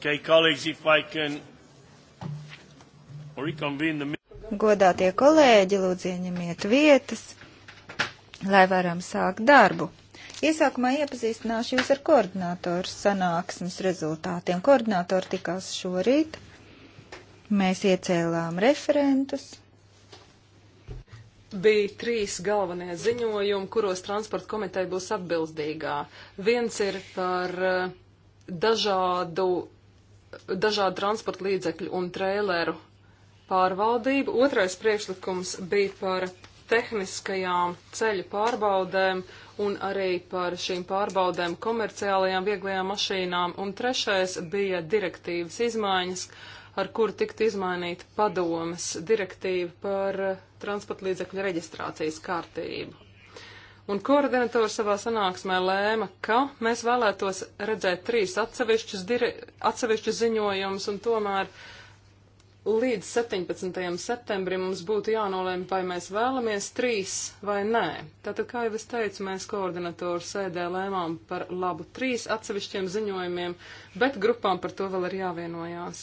Okay, colleagues, if I can reconvene the Godātie kolēģi, lūdzu ieņemiet vietas, lai varam sākt darbu. Iesākumā iepazīstināšu jūs ar koordinātoru sanāksmes rezultātiem. Koordinātori tikās šorīt. Mēs iecēlām referentus. Bija trīs galvenie ziņojumi, kuros transporta komiteja būs atbildīgā. Viens ir par eh, dažādu dažādu transporta līdzekļu un trēleru pārvaldību. Otrais priekšlikums bija par tehniskajām ceļu pārbaudēm un arī par šīm pārbaudēm komerciālajām vieglajām mašīnām. Un trešais bija direktīvas izmaiņas, ar kuru tikt izmainīta padomas direktīva par transporta līdzekļu reģistrācijas kārtību. Un koordinatori savā sanāksmē lēma, ka mēs vēlētos redzēt trīs atsevišķus, diri, atsevišķus ziņojumus, un tomēr līdz 17. septembrim mums būtu jānolēma, vai mēs vēlamies trīs vai nē. Tātad, kā jau es teicu, mēs koordinatoru sēdē lēmām par labu trīs atsevišķiem ziņojumiem, bet grupām par to vēl ir jāvienojās.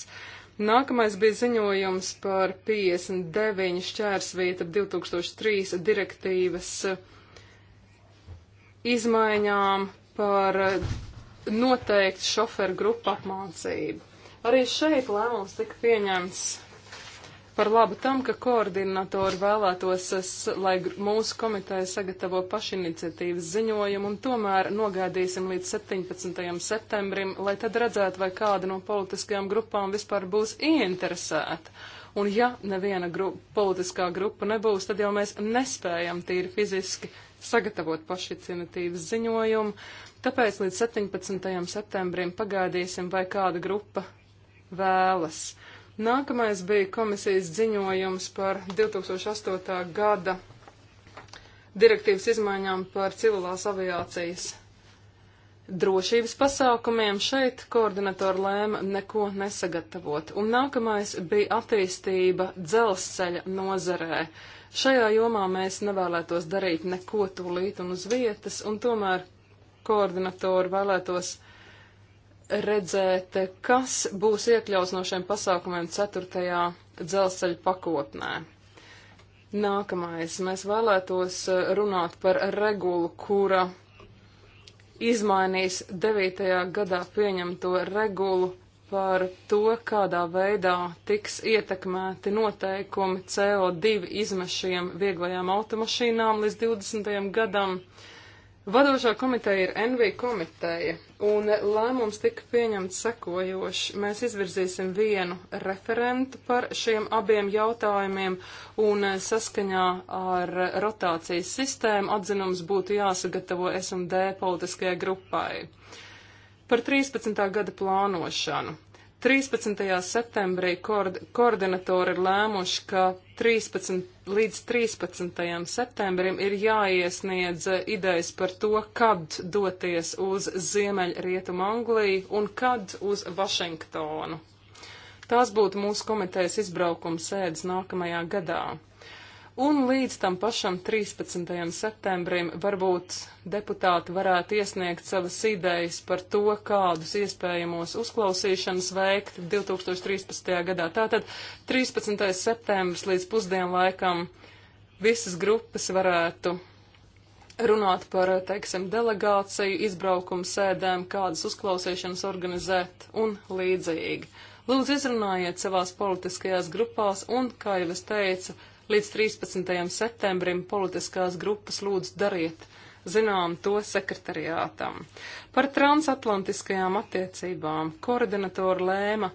Nākamais bija ziņojums par 59 šķērsvīta 2003 direktīvas uh, izmaiņām par eh, noteiktu šoferu grupu apmācību. Arī šeit lēmums tika pieņemts par labu tam, ka koordinatori vēlētos, lai mūsu komiteja sagatavo pašiniciatīvas ziņojumu, un tomēr nogaidīsim līdz 17. septembrim, lai tad redzētu, vai kāda no politiskajām grupām vispār būs ieinteresēta. Un ja neviena gru politiskā grupa nebūs, tad jau mēs nespējam tīri fiziski sagatavot pašicinatīvas ziņojumu, tāpēc līdz 17. septembrim pagaidīsim, vai kāda grupa vēlas. Nākamais bija komisijas ziņojums par 2008. gada direktīvas izmaiņām par civilās aviācijas drošības pasākumiem šeit koordinatori lēma neko nesagatavot. Un nākamais bija attīstība dzelzceļa nozarē. Šajā jomā mēs nevēlētos darīt neko tūlīt un uz vietas, un tomēr koordinatori vēlētos redzēt, kas būs iekļauts no šiem pasākumiem ceturtajā dzelzceļa pakotnē. Nākamais. Mēs vēlētos eh, runāt par regulu, kura izmainīs 9. gadā pieņemto regulu par to, kādā veidā tiks ietekmēti noteikumi CO2 izmešiem vieglajām automašīnām līdz 20. gadam. Vadošā komiteja ir NV komiteja, un lēmums tika pieņemts sekojoši. Mēs izvirzīsim vienu referentu par šiem abiem jautājumiem, un saskaņā ar rotācijas sistēmu atzinums būtu jāsagatavo S&D politiskajai grupai par 13. gada plānošanu. 13. septembrī koord koordinatori ir lēmuši, ka 13, līdz 13. septembrim ir jāiesniedz idejas par to, kad doties uz Ziemeļrietumu Angliju un kad uz Vašingtonu. Tās būtu mūsu komitejas izbraukuma sēdes nākamajā gadā. Un līdz tam pašam 13. septembrim varbūt deputāti varētu iesniegt savas idejas par to, kādus iespējamos uzklausīšanas veikt 2013. gadā. Tātad 13. septembris līdz pusdienlaikam visas grupas varētu runāt par, teiksim, delegāciju, izbraukumu sēdēm, kādas uzklausīšanas organizēt un līdzīgi. Lūdzu, izrunājiet savās politiskajās grupās un, kā jau es teicu, Līdz 13. septembrim politiskās grupas lūdz dariet zinām to sekretariātam. Par transatlantiskajām attiecībām koordinatori lēma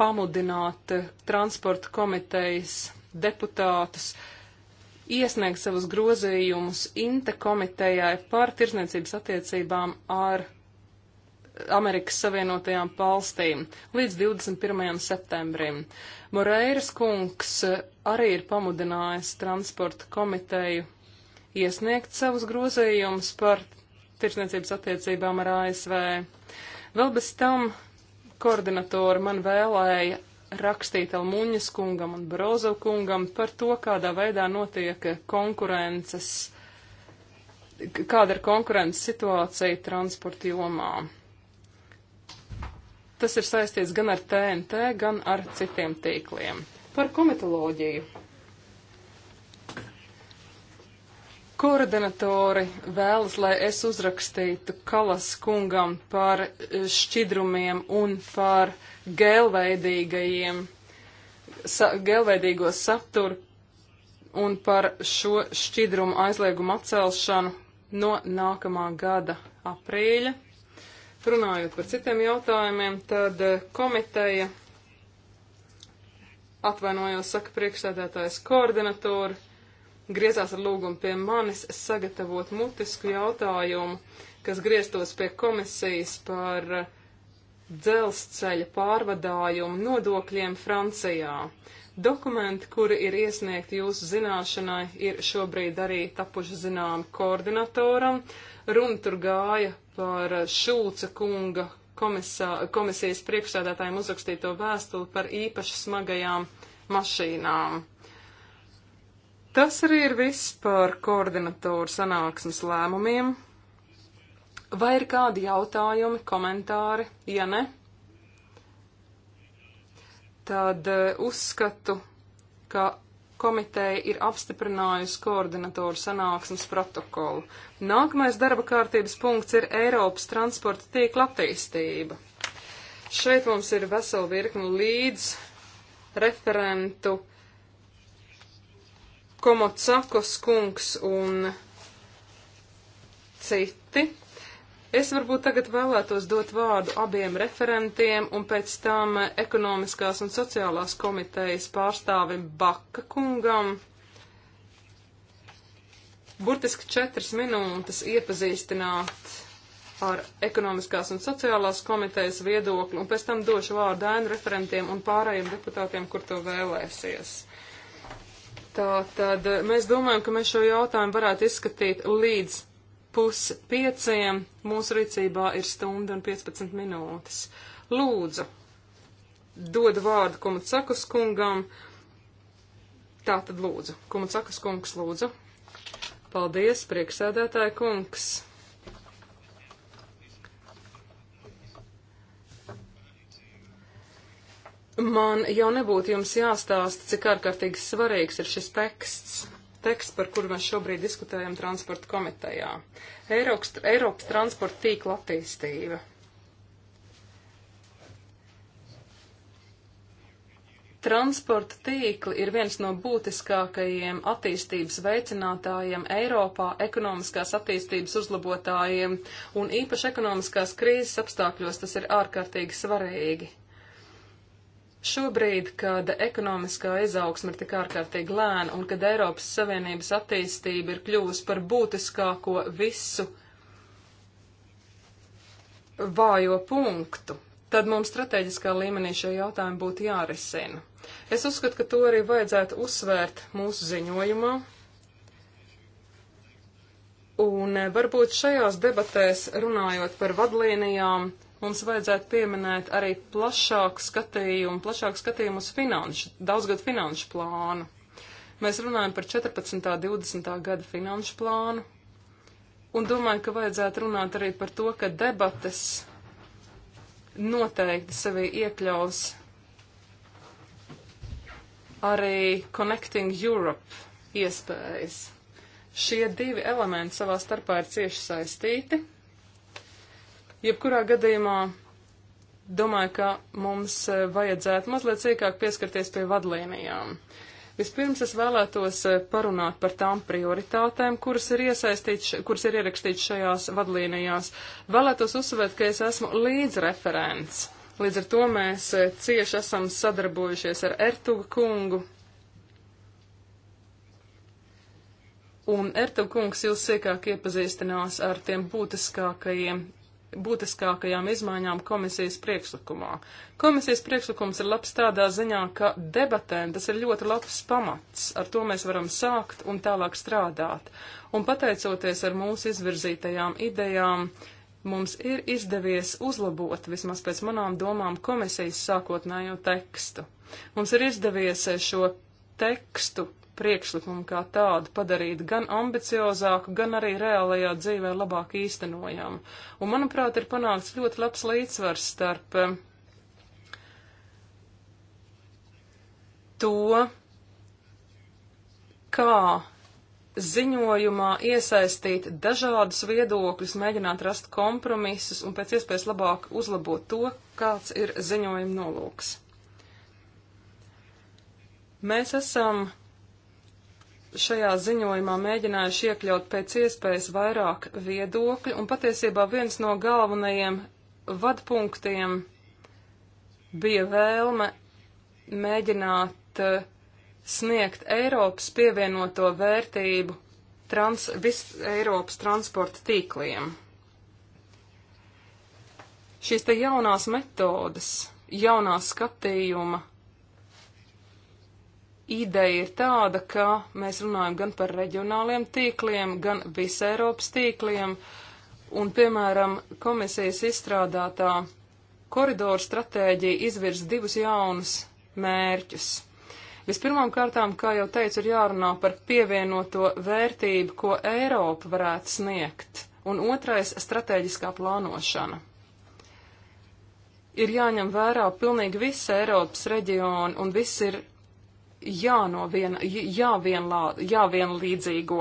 pamudināt transporta komitejas deputātus iesniegt savus grozījumus INTE komitejai par tirzniecības attiecībām ar Amerikas Savienotajām valstīm līdz 21. septembrim. Moreiras kungs arī ir pamudinājis transporta komiteju iesniegt savus grozījumus par tirsniecības attiecībām ar ASV. Vēl bez tam koordinatori man vēlēja rakstīt Almuņas kungam un Brozo kungam par to, kādā veidā notiek konkurences, kāda ir konkurences situācija transporta jomā. Tas ir saistīts gan ar TNT, gan ar citiem tīkliem. Par komitoloģiju. Koordinatori vēlas, lai es uzrakstītu Kalas kungam par šķidrumiem un par gelveidīgajiem, sa, gelveidīgo saturu un par šo šķidrumu aizliegumu atcelšanu no nākamā gada aprīļa. Runājot par citiem jautājumiem, tad eh, komiteja, atvainojos, saka priekšsēdētājs koordinatori, griezās ar lūgumu pie manis sagatavot mutisku jautājumu, kas grieztos pie komisijas par eh, dzelzceļa pārvadājumu nodokļiem Francijā. Dokumenti, kuri ir iesniegti jūsu zināšanai, ir šobrīd arī tapuši zinām koordinatoram. Runa tur gāja par Šulca kunga komisā, komisijas priekšsēdētājiem uzrakstīto vēstuli par īpaši smagajām mašīnām. Tas arī ir viss par koordinatoru sanāksmes lēmumiem. Vai ir kādi jautājumi, komentāri? Ja ne, tad eh, uzskatu, ka komiteja ir apstiprinājusi koordinatoru sanāksmes protokolu. Nākamais darba kārtības punkts ir Eiropas transporta tīkla attīstība. Šeit mums ir vesela virkni līdz referentu Komotsakos kungs un citi. Es varbūt tagad vēlētos dot vārdu abiem referentiem un pēc tam ekonomiskās un sociālās komitejas pārstāvim Baka kungam. Burtiski četras minūtes iepazīstināt ar ekonomiskās un sociālās komitejas viedokli, un pēc tam došu vārdu ēnu referentiem un pārējiem deputātiem, kur to vēlēsies. Tā tad mēs domājam, ka mēs šo jautājumu varētu izskatīt līdz pus pieciem mūsu rīcībā ir stunda un 15 minūtes. Lūdzu, dod vārdu Komatsakas kungam. Tā tad lūdzu, Komatsakas kungs lūdzu. Paldies, prieksēdētāja kungs. Man jau nebūtu jums jāstāsta, cik ārkārtīgi svarīgs ir šis teksts teksts, par kuru mēs šobrīd diskutējam transporta komitejā. Eiropas, Eiropas transporta tīkla attīstība. Transporta tīkli ir viens no būtiskākajiem attīstības veicinātājiem Eiropā, ekonomiskās attīstības uzlabotājiem, un īpaši ekonomiskās krīzes apstākļos tas ir ārkārtīgi svarīgi. Šobrīd, kad ekonomiskā izaugsme ir tik ārkārtīgi lēna un kad Eiropas Savienības attīstība ir kļuvusi par būtiskāko visu vājo punktu, tad mums strateģiskā līmenī šie jautājumi būtu jārisina. Es uzskatu, ka to arī vajadzētu uzsvērt mūsu ziņojumā. Un eh, varbūt šajās debatēs runājot par vadlīnijām, uh, mums vajadzētu pieminēt arī plašāku skatījumu, plašāku skatījumu uz finanšu, daudzgad finanšu plānu. Mēs runājam par 14. 20. gada finanšu plānu, un domāju, ka vajadzētu runāt arī par to, ka debates noteikti sevī iekļaus arī Connecting Europe iespējas. Šie divi elementi savā starpā ir cieši saistīti Jebkurā gadījumā domāju, ka mums eh, vajadzētu mazliet cīkāk pieskarties pie vadlīnijām. Vispirms es vēlētos eh, parunāt par tām prioritātēm, kuras ir, kuras ir ierakstīts šajās vadlīnijās. Vēlētos uzsvērt, ka es esmu līdzreferents. Līdz ar to mēs eh, cieši esam sadarbojušies ar Ertuga kungu. Un Ertuga kungs jūs sīkāk iepazīstinās ar tiem būtiskākajiem būtiskākajām izmaiņām komisijas priekšlikumā. Komisijas priekšlikums ir labs tādā ziņā, ka debatēm tas ir ļoti labs pamats, ar to mēs varam sākt un tālāk strādāt. Un pateicoties ar mūsu izvirzītajām idejām, mums ir izdevies uzlabot, vismaz pēc manām domām, komisijas sākotnējo tekstu. Mums ir izdevies šo tekstu priekšlikumu kā tādu padarīt gan ambiciozāku, gan arī reālajā dzīvē labāk īstenojamu. Un, manuprāt, ir panākts ļoti labs līdzsvars starp eh, to, kā ziņojumā iesaistīt dažādus viedokļus, mēģināt rast kompromisus un pēc iespējas labāk uzlabot to, kāds ir ziņojuma nolūks. Mēs esam šajā ziņojumā mēģinājuši iekļaut pēc iespējas vairāk viedokļu, un patiesībā viens no galvenajiem vadpunktiem bija vēlme mēģināt uh, sniegt Eiropas pievienoto vērtību trans, vis Eiropas transporta tīkliem. Šīs te jaunās metodas, jaunā skatījuma ideja ir tāda, ka mēs runājam gan par reģionāliem tīkliem, gan visai Eiropas tīkliem, un, piemēram, komisijas izstrādātā koridoru stratēģija izvirs divus jaunus mērķus. Vispirmām kārtām, kā jau teicu, ir jārunā par pievienoto vērtību, ko Eiropa varētu sniegt, un otrais - strateģiskā plānošana. Ir jāņem vērā pilnīgi visi Eiropas reģioni, un viss ir jānovien, jāvienlā, jāvienlīdzīgo,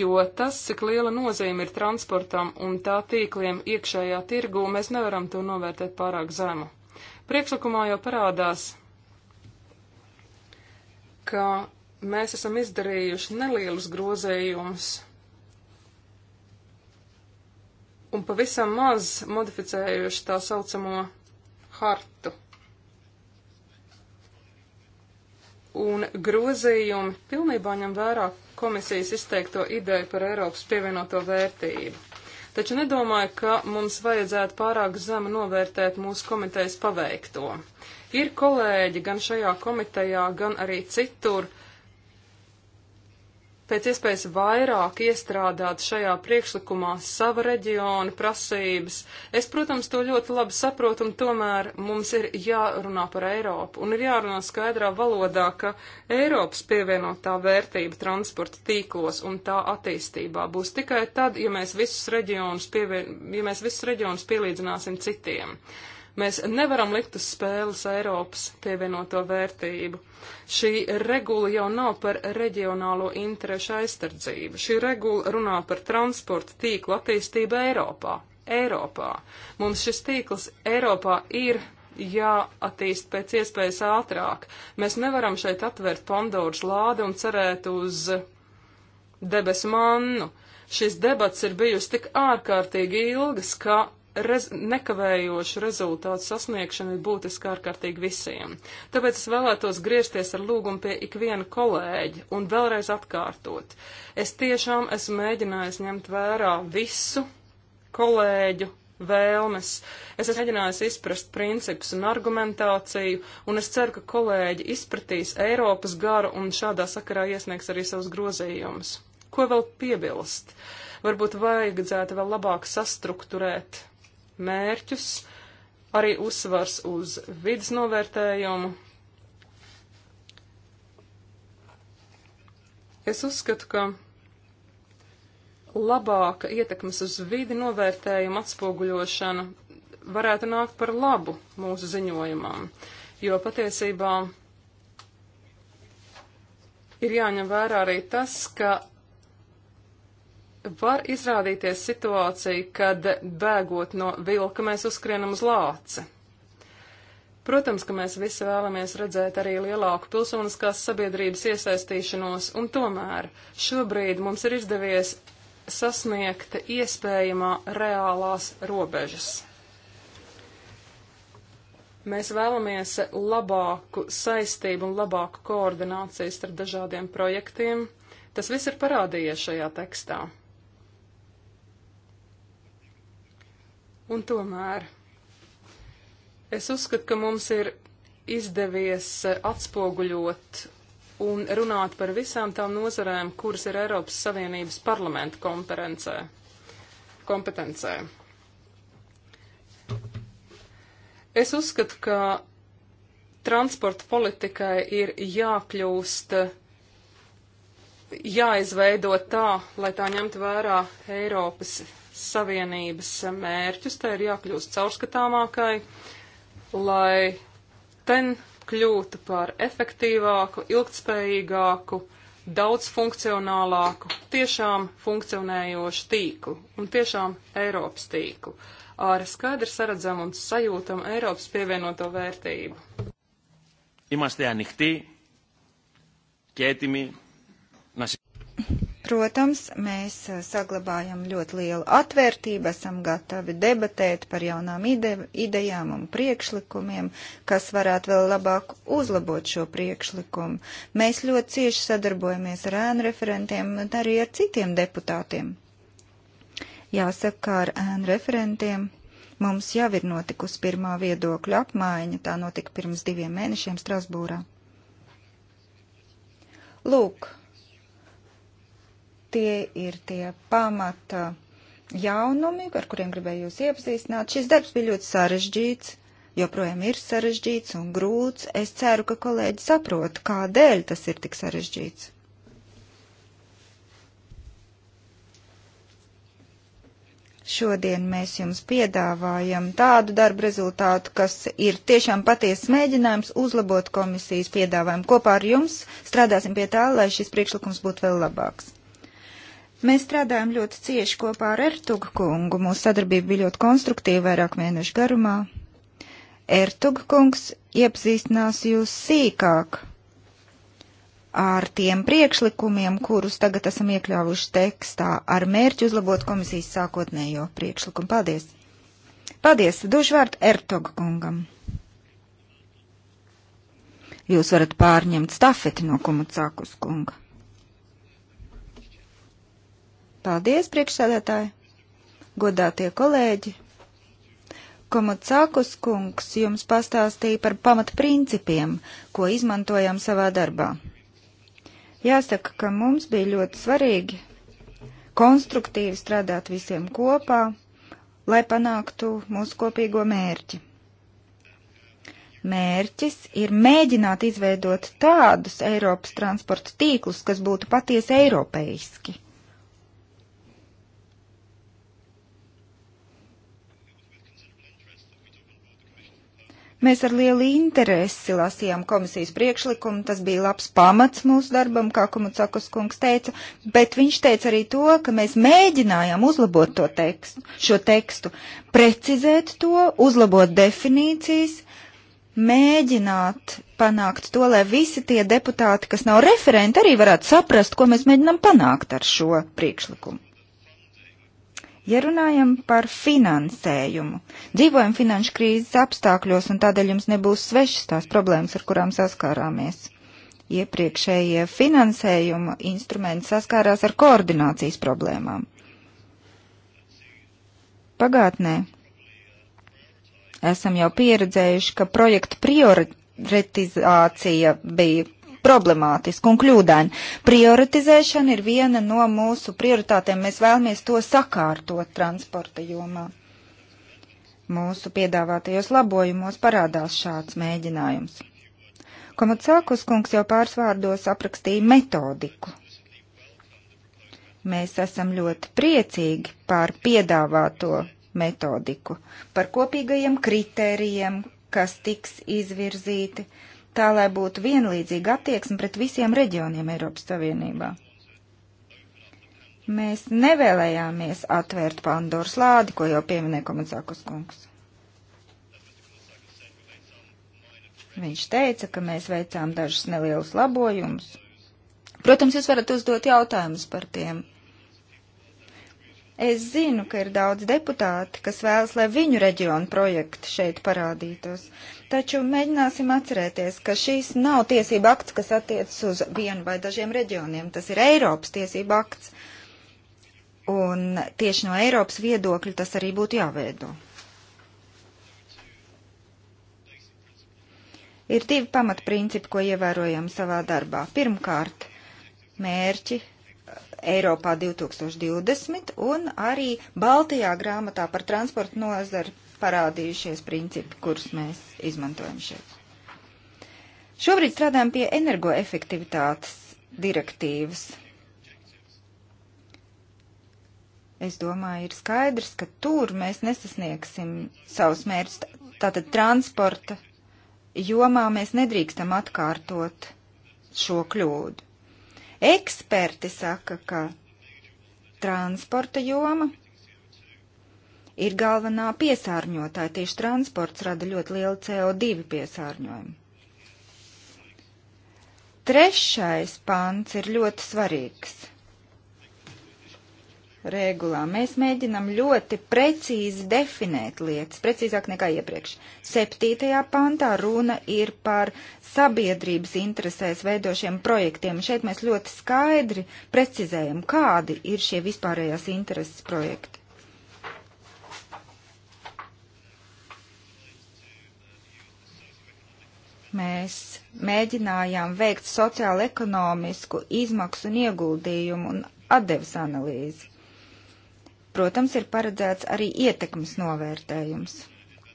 jo tas, cik liela nozīme ir transportam un tā tīkliem iekšējā tirgū, mēs nevaram to novērtēt pārāk zemu. Priekšlikumā jau parādās, ka mēs esam izdarījuši nelielus grozējumus un pavisam maz modificējuši tā saucamo hartu. un grozījumi pilnībā ņem vērā komisijas izteikto ideju par Eiropas pievienoto vērtību. Taču nedomāju, ka mums vajadzētu pārāk zemi novērtēt mūsu komitejas paveikto. Ir kolēģi gan šajā komitejā, gan arī citur, uh, pēc iespējas vairāk iestrādāt šajā priekšlikumā sava reģiona prasības. Es, protams, to ļoti labi saprotu, un tomēr mums ir jārunā par Eiropu, un ir jārunā skaidrā valodā, ka Eiropas pievienotā vērtība transporta tīklos un tā attīstībā būs tikai tad, ja mēs visus reģionus, pievien... ja mēs visus reģionus pielīdzināsim citiem. Uh, Mēs nevaram likt uz spēles Eiropas pievienoto vērtību. Šī regula jau nav par reģionālo interešu aizstardzību. Šī regula runā par transporta tīklu attīstību Eiropā. Eiropā. Mums šis tīkls Eiropā ir jāattīst pēc iespējas ātrāk. Mēs nevaram šeit atvērt Pandoras lādi un cerēt uz debesu mannu. Šis debats ir bijusi tik ārkārtīgi ilgas, ka rez nekavējošu rezultātu sasniegšana ir būtiska ārkārtīgi visiem. Tāpēc es vēlētos griezties ar lūgumu pie ikviena kolēģa un vēlreiz atkārtot. Es tiešām esmu mēģinājis ņemt vērā visu kolēģu vēlmes. Es esmu mēģinājis izprast principus un argumentāciju, un es ceru, ka kolēģi izpratīs Eiropas garu un šādā sakarā iesniegs arī savus grozījumus. Ko vēl piebilst? Varbūt vajadzētu vēl labāk sastruktūrēt mērķus, arī uzsvars uz vidas novērtējumu. Es uzskatu, ka labāka ietekmes uz vidi novērtējuma atspoguļošana varētu nākt par labu mūsu ziņojumam, jo patiesībā ir jāņem vērā arī tas, ka var izrādīties situācija, kad bēgot no vilka mēs uzskrienam uz lāci. Protams, ka mēs visi vēlamies redzēt arī lielāku pilsoniskās sabiedrības iesaistīšanos, un tomēr šobrīd mums ir izdevies sasniegt iespējamā reālās robežas. Mēs vēlamies labāku saistību un labāku koordināciju starp dažādiem projektiem. Tas viss ir parādījies šajā tekstā. Un tomēr es uzskatu, ka mums ir izdevies eh, atspoguļot un runāt par visām tām nozarēm, kuras ir Eiropas Savienības parlamenta kompetencē. kompetencē. Es uzskatu, ka transporta politikai ir jākļūst, eh, jāizveido tā, lai tā ņemtu vērā Eiropas Savienības mērķus, tai ir jākļūst caurskatāmākai, lai ten kļūtu par efektīvāku, ilgtspējīgāku, daudzfunkcionālāku, tiešām funkcionējošu tīklu un tiešām Eiropas tīklu ar skaidri saredzamu un sajūtamu Eiropas pievienoto vērtību. Είμαστε ανοιχτοί και έτοιμοι να Protams, mēs eh, saglabājam ļoti lielu atvērtību, esam gatavi debatēt par jaunām ide idejām un priekšlikumiem, kas varētu vēl labāk uzlabot šo priekšlikumu. Mēs ļoti cieši sadarbojamies ar ēnu referentiem un arī ar citiem deputātiem. Jāsaka, kā ar ēnu referentiem. Mums jau ir notikusi pirmā viedokļa apmaiņa, tā notika pirms diviem mēnešiem Strasbūrā. Lūk, Tie ir tie pamata jaunumi, ar kuriem gribēju jūs iepazīstināt. Šis darbs bija ļoti sarežģīts, joprojām ir sarežģīts un grūts. Es ceru, ka kolēģi saprot, kādēļ tas ir tik sarežģīts. Šodien mēs jums piedāvājam tādu darbu rezultātu, kas ir tiešām patiesas mēģinājums uzlabot komisijas piedāvājumu. Kopā ar jums strādāsim pie tā, lai šis priekšlikums būtu vēl labāks. Mēs strādājam ļoti cieši kopā ar Ertuga kungu. Mūsu sadarbība bija ļoti konstruktīva vairāk mēnešu garumā. Ertuga kungs iepazīstinās jūs sīkāk ar tiem priekšlikumiem, kurus tagad esam iekļāvuši tekstā, ar mērķi uzlabot komisijas sākotnējo priekšlikumu. Paldies! Paldies! Došu vārdu Ertoga kungam. Jūs varat pārņemt stafeti no Kumucākus kunga. Paldies, priekšsēdētāji! Godātie kolēģi! Komatsākus kungs jums pastāstīja par pamatprincipiem, ko izmantojam savā darbā. Jāsaka, ka mums bija ļoti svarīgi konstruktīvi strādāt visiem kopā, lai panāktu mūsu kopīgo mērķi. Mērķis ir mēģināt izveidot tādus Eiropas transporta tīklus, kas būtu patiesi eiropeiski. Mēs ar lielu interesi lasījām komisijas priekšlikumu, tas bija labs pamats mūsu darbam, kā Komucakas kungs teica, bet viņš teica arī to, ka mēs mēģinājām uzlabot to tekstu, šo tekstu, precizēt to, uzlabot definīcijas, mēģināt panākt to, lai visi tie deputāti, kas nav referenti, arī varētu saprast, ko mēs mēģinām panākt ar šo priekšlikumu. Ja runājam par finansējumu, dzīvojam finanšu krīzes apstākļos un tādēļ jums nebūs svešas tās problēmas, ar kurām saskārāmies. Iepriekšējie finansējuma instrumenti saskārās ar koordinācijas problēmām. Pagātnē esam jau pieredzējuši, ka projektu prioritizācija bija problemātiska un kļūdaina. Prioritizēšana ir viena no mūsu prioritātēm. Mēs vēlamies to sakārtot transporta jomā. Mūsu piedāvātajos labojumos parādās šāds mēģinājums. Komatsākus kungs jau pāris vārdos aprakstīja metodiku. Mēs esam ļoti priecīgi pār piedāvāto metodiku, par kopīgajiem kritērijiem, kas tiks izvirzīti, uh, tā lai būtu vienlīdzīga attieksme pret visiem reģioniem Eiropas Savienībā. Mēs nevēlējāmies atvērt Pandoras lādi, ko jau pieminēja komisākus kungs. Viņš teica, ka mēs veicām dažus nelielus labojumus. Protams, jūs varat uzdot jautājumus par tiem, Es zinu, ka ir daudz deputāti, kas vēlas, lai viņu reģionu projekti šeit parādītos, Taču mēģināsim atcerēties, ka šīs nav tiesība akts, kas attiecas uz vienu vai dažiem reģioniem. Tas ir Eiropas tiesība akts. Un tieši no Eiropas viedokļa tas arī būtu jāveido. Ir divi pamatprincipi, ko ievērojam savā darbā. Pirmkārt, mērķi eh, Eiropā 2020 un arī Baltijā grāmatā par transportu nozaru parādījušies principi, kurus mēs izmantojam šeit. Šobrīd strādājam pie energoefektivitātes direktīvas. Es domāju, ir skaidrs, ka tur mēs nesasniegsim savus mērķus. Tātad transporta jomā mēs nedrīkstam atkārtot šo kļūdu. Eksperti saka, ka transporta joma ir galvenā piesārņotāja. Tieši transports rada ļoti lielu CO2 piesārņojumu. Trešais pants ir ļoti svarīgs. Regulā mēs mēģinam ļoti precīzi definēt lietas, precīzāk nekā iepriekš. Septītajā pantā runa ir par sabiedrības interesēs veidošiem projektiem. Šeit mēs ļoti skaidri precizējam, kādi ir šie vispārējās intereses projekti. Mēs mēģinājām veikt sociālo-ekonomisku izmaksu un ieguldījumu un atdevas analīzi. Protams, ir paredzēts arī ietekmes novērtējums.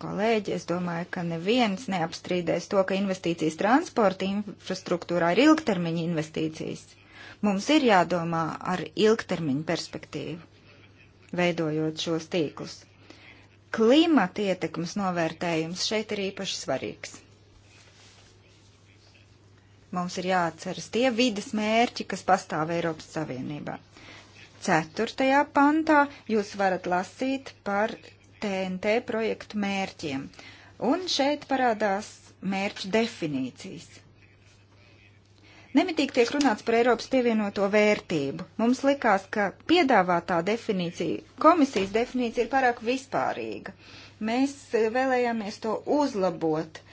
Kolēģi, es domāju, ka neviens neapstrīdēs to, ka investīcijas transporta infrastruktūrā ir ilgtermiņa investīcijas. Mums ir jādomā ar ilgtermiņu perspektīvu, veidojot šos tīklus. Klimata ietekmes novērtējums šeit ir īpaši svarīgs. Mums ir jāatceras tie vides mērķi, kas pastāv Eiropas Savienībā. Ceturtajā pantā jūs varat lasīt par TNT projektu mērķiem. Un šeit parādās mērķu definīcijas. Nemitīgi tiek runāts par Eiropas pievienoto vērtību. Mums likās, ka piedāvātā definīcija, komisijas definīcija ir pārāk vispārīga. Mēs eh, vēlējāmies to uzlabot,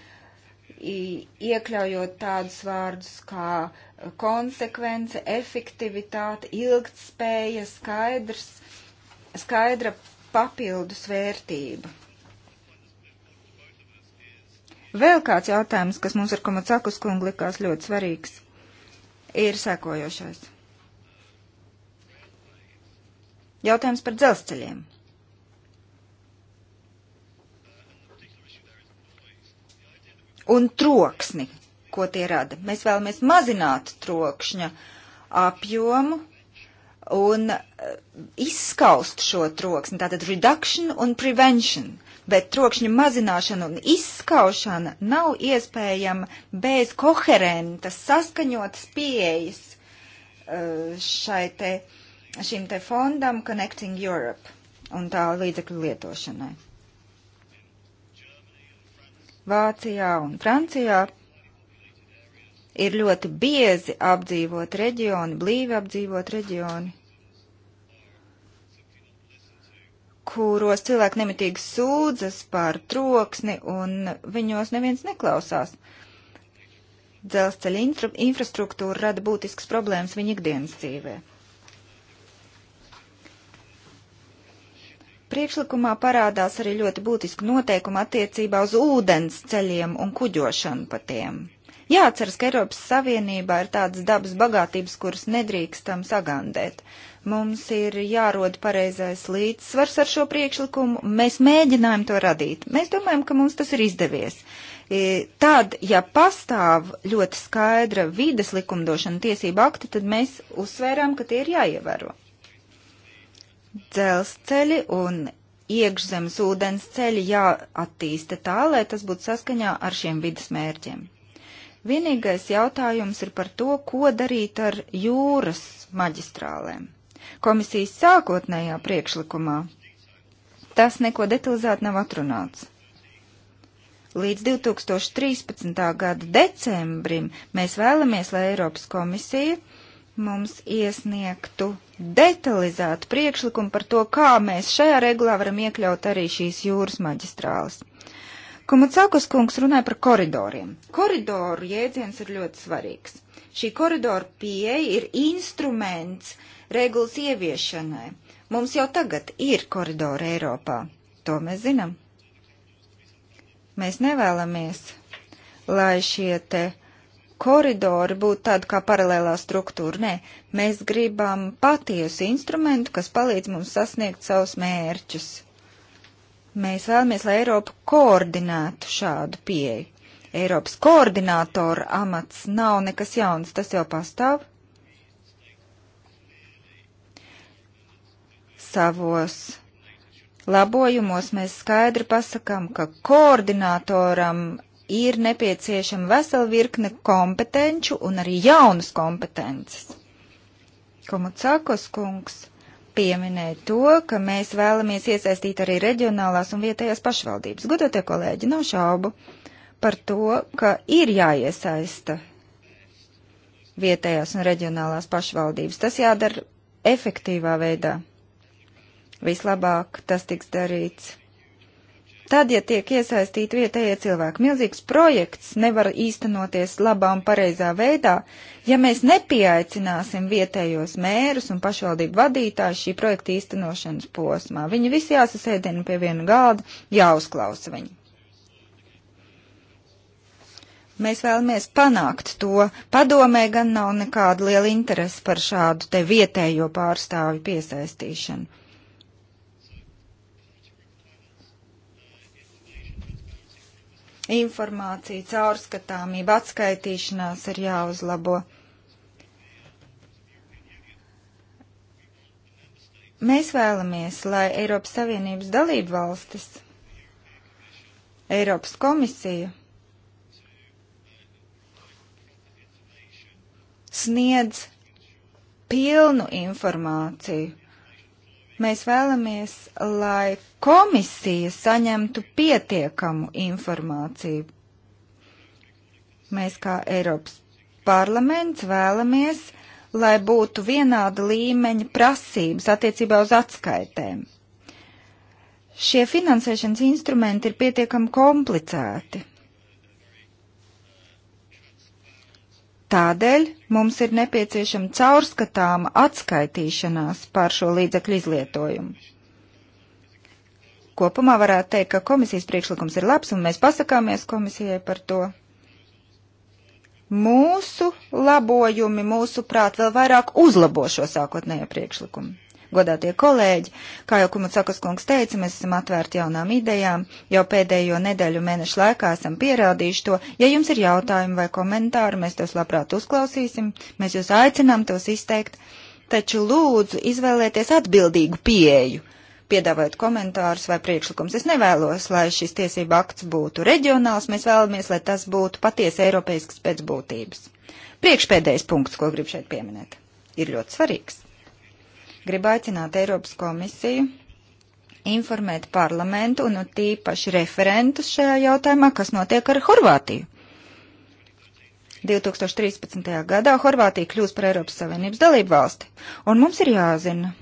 iekļaujot tādus vārdus kā konsekvence, efektivitāte, ilgtspēja, skaidrs, skaidra papildus vērtība. Vēl kāds jautājums, kas mums ar Komacakus kungu likās ļoti svarīgs, ir sekojošais. Jautājums par dzelzceļiem. un troksni, ko tie rada. Mēs vēlamies mazināt trokšņa apjomu un e, izskaust šo troksni, tātad reduction un prevention. Bet trokšņa mazināšana un izskaušana nav iespējama bez koherentas, saskaņotas pieejas e, šai te, šim te fondam Connecting Europe un tā līdzekļu lietošanai. Vācijā un Francijā ir ļoti biezi apdzīvot reģioni, blīvi apdzīvot reģioni, kuros cilvēki nemitīgi sūdzas par troksni un viņos neviens neklausās. Dzelzceļa infra infrastruktūra rada būtiskas problēmas viņa ikdienas dzīvē. Priekšlikumā parādās arī ļoti būtiski noteikumi attiecībā uz ūdens ceļiem un kuģošanu pa tiem. Jāatceras, ka Eiropas Savienībā ir tādas dabas bagātības, kuras nedrīkstam sagandēt. Mums ir jārod pareizais līdzsvars ar šo priekšlikumu. Mēs mēģinājam to radīt. Mēs domājam, ka mums tas ir izdevies e, tad, ja pastāv ļoti skaidra vides likumdošana tiesība akti, tad mēs uzsvērām, ka tie ir jāievēro dzelzceļi un iekšzemes ūdens ceļi jāattīsta tā, lai tas būtu saskaņā ar šiem vidas mērķiem. Vienīgais jautājums ir par to, ko darīt ar jūras maģistrālēm. Komisijas sākotnējā priekšlikumā tas neko detalizēti nav atrunāts. Līdz 2013. gada decembrim mēs vēlamies, lai Eiropas komisija mums iesniegtu detalizētu priekšlikumu par to, kā mēs šajā regulā varam iekļaut arī šīs jūras maģistrāles. Komacakus kungs runāja par koridoriem. Koridoru jēdziens ir ļoti svarīgs. Šī koridoru pieeja ir instruments regulas ieviešanai. Mums jau tagad ir koridori Eiropā. To mēs zinām. Mēs nevēlamies, lai šie te koridori būtu tāda kā paralēlā struktūra. Nē, mēs gribam patiesu instrumentu, kas palīdz mums sasniegt savus mērķus. Mēs vēlamies, lai Eiropa koordinētu šādu pieeju. Eiropas koordinātora amats nav nekas jauns, tas jau pastāv. Savos labojumos mēs skaidri pasakām, ka koordinātoram ir nepieciešama vesela virkne kompetenču un arī jaunas kompetences. Komucakos kungs pieminēja to, ka mēs vēlamies iesaistīt arī reģionālās un vietējās pašvaldības. Gudotie kolēģi, nav šaubu par to, ka ir jāiesaista vietējās un reģionālās pašvaldības. Tas jādara efektīvā veidā. Vislabāk tas tiks darīts Tad, ja tiek iesaistīti vietējie cilvēki, milzīgs projekts nevar īstenoties labā un pareizā veidā, ja mēs nepieaicināsim vietējos mērus un pašvaldību vadītājus šī projekta īstenošanas posmā. Viņi visi jāsasēdina pie viena galda, jāuzklausa viņi. Mēs vēlamies panākt to. Padomē gan nav nekāda liela interese par šādu te vietējo pārstāvi piesaistīšanu. Informācija, caurskatāmība, atskaitīšanās ir jāuzlabo. Mēs vēlamies, lai Eiropas Savienības dalību valstis, Eiropas komisija sniedz pilnu informāciju Mēs vēlamies, lai komisija saņemtu pietiekamu informāciju. Mēs kā Eiropas parlaments vēlamies, lai būtu vienāda līmeņa prasības attiecībā uz atskaitēm. Šie finansēšanas instrumenti ir pietiekami komplicēti. Tādēļ mums ir nepieciešama caurskatāma atskaitīšanās par šo līdzekļu izlietojumu. Kopumā varētu teikt, ka komisijas priekšlikums ir labs, un mēs pasakāmies komisijai par to. Mūsu labojumi, mūsu prāt, vēl vairāk uzlabo šo sākotnējo priekšlikumu godātie kolēģi. Kā jau Kumatsakas kungs teica, mēs esam atvērti jaunām idejām, jau pēdējo nedēļu mēnešu laikā esam pierādījuši to. Ja jums ir jautājumi vai komentāri, mēs tos labprāt uzklausīsim, mēs jūs aicinām tos izteikt, taču lūdzu izvēlēties atbildīgu pieeju piedāvājot komentārus vai priekšlikumus. Es nevēlos, lai šis tiesība akts būtu reģionāls, mēs vēlamies, lai tas būtu patiesi eiropeisks pēc būtības. Priekšpēdējais punkts, ko gribu šeit pieminēt, ir ļoti svarīgs. Gribu aicināt Eiropas komisiju informēt parlamentu un nu tīpaši referentus šajā jautājumā, kas notiek ar Horvātiju. 2013. gadā Horvātija kļūs par Eiropas Savienības dalību valsti, un mums ir jāzina,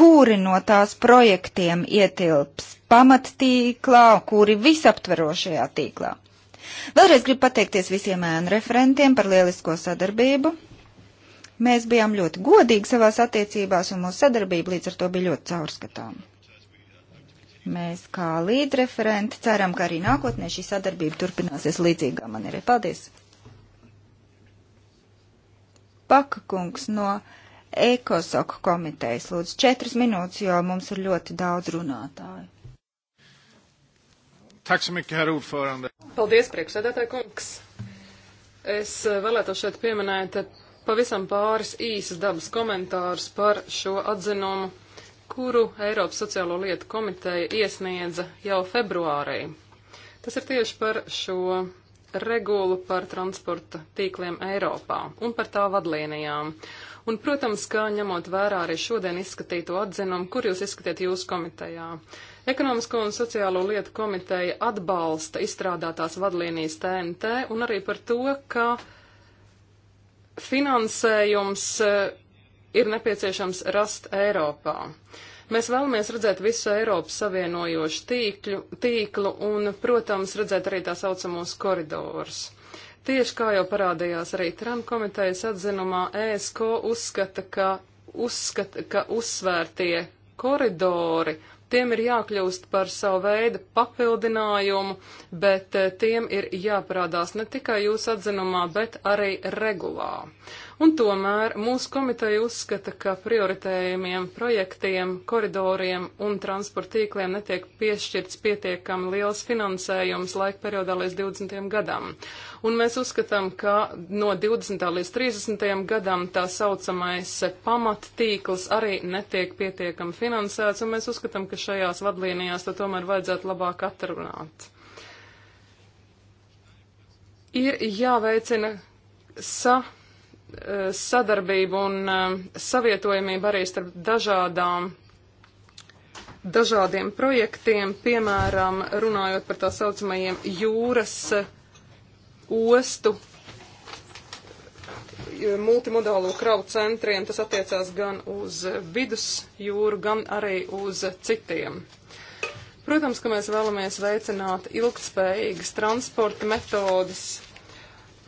kuri no tās projektiem ietilps pamattīklā, kuri visaptverošajā tīklā. Vēlreiz gribu pateikties visiem ēnu referentiem par lielisko sadarbību. Mēs bijām ļoti godīgi savās attiecībās, un mūsu sadarbība līdz ar to bija ļoti caurskatāma. Mēs kā līdreferenti ceram, ka arī nākotnē šī sadarbība turpināsies līdzīgā manierē. Paldies! Paka kungs no Ekosoku komitejas lūdzu četras minūtes, jo mums ir ļoti daudz runātāju. Tack så mycket, herr ordförande. Paldies, priekšsēdētāji kungs. Es eh, vēlētos šeit pieminēt eh, pavisam pāris īsas dabas komentārus par šo atzinumu, kuru Eiropas sociālo lietu komiteja iesniedza jau februārī. Tas ir tieši par šo regulu par transporta tīkliem Eiropā un par tā vadlīnijām. Un, protams, kā ņemot vērā arī šodien izskatīto atzinumu, kur jūs izskatiet jūsu komitejā. Uh, Ekonomisko un sociālo lietu komiteja atbalsta izstrādātās vadlīnijas TNT un arī par to, ka finansējums eh, ir nepieciešams rast Eiropā. Mēs vēlamies redzēt visu Eiropas savienojošu tīkļu, tīklu un, protams, redzēt arī tā saucamos koridorus. Tieši kā jau parādījās arī Tran komitejas atzinumā, ESK uzskata, ka, uzskata, ka uzsvērtie koridori Tiem ir jākļūst par savu veidu papildinājumu, bet eh, tiem ir jāparādās ne tikai jūsu atzinumā, bet arī regulā. Un tomēr mūsu komiteja uzskata, ka prioritējumiem projektiem, koridoriem un transporta tīkliem netiek piešķirts pietiekami liels finansējums laika periodā līdz 20. gadam. Un mēs uzskatām, ka no 20. līdz 30. gadam tā saucamais pamattīkls arī netiek pietiekami finansēts, un mēs uzskatām, ka šajās vadlīnijās to tomēr vajadzētu labāk atrunāt ir jāveicina sa Eh, sadarbību un eh, savietojamību arī starp dažādām dažādiem projektiem, piemēram, runājot par tā saucamajiem jūras eh, ostu multimodālo kravu centriem. Tas attiecās gan uz vidusjūru, gan arī uz citiem. Protams, ka mēs vēlamies veicināt ilgtspējīgas transporta metodas.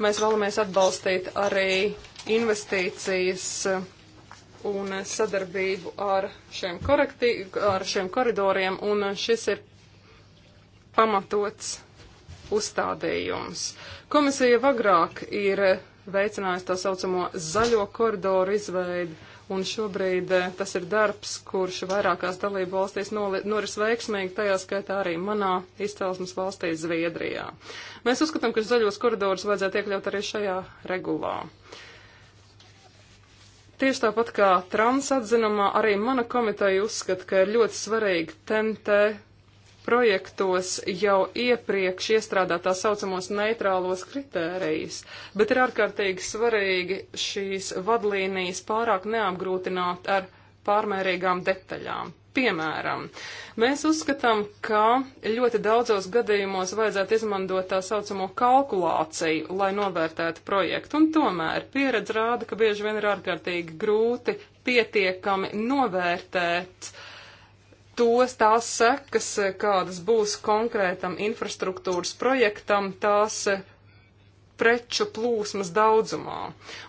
Mēs vēlamies atbalstīt arī investīcijas eh, un eh, sadarbību ar šiem, korekti, ar šiem koridoriem, un eh, šis ir pamatots uzstādījums. Komisija agrāk ir veicinājusi tā saucamo zaļo koridoru izveidi, un šobrīd tas ir darbs, kurš vairākās dalību valstīs noris veiksmīgi, tajā skaitā arī manā izcelsmes valstī Zviedrijā. Mēs uzskatām, ka zaļos koridorus vajadzētu iekļaut arī šajā regulā. Uh, Tieši tāpat kā trans atzinumā, arī mana komiteja uzskata, ka ir ļoti svarīgi TNT projektos jau iepriekš iestrādāt tā saucamos neitrālos kritērijus, bet ir ārkārtīgi svarīgi šīs vadlīnijas pārāk neapgrūtināt ar pārmērīgām detaļām. Piemēram, mēs uzskatām, ka ļoti daudzos gadījumos vajadzētu izmantot tā saucamo kalkulāciju, lai novērtētu projektu, un tomēr pieredze rāda, ka bieži vien ir ārkārtīgi grūti pietiekami novērtēt tos tās sekas, kādas būs konkrētam infrastruktūras projektam, tās preču plūsmas daudzumā.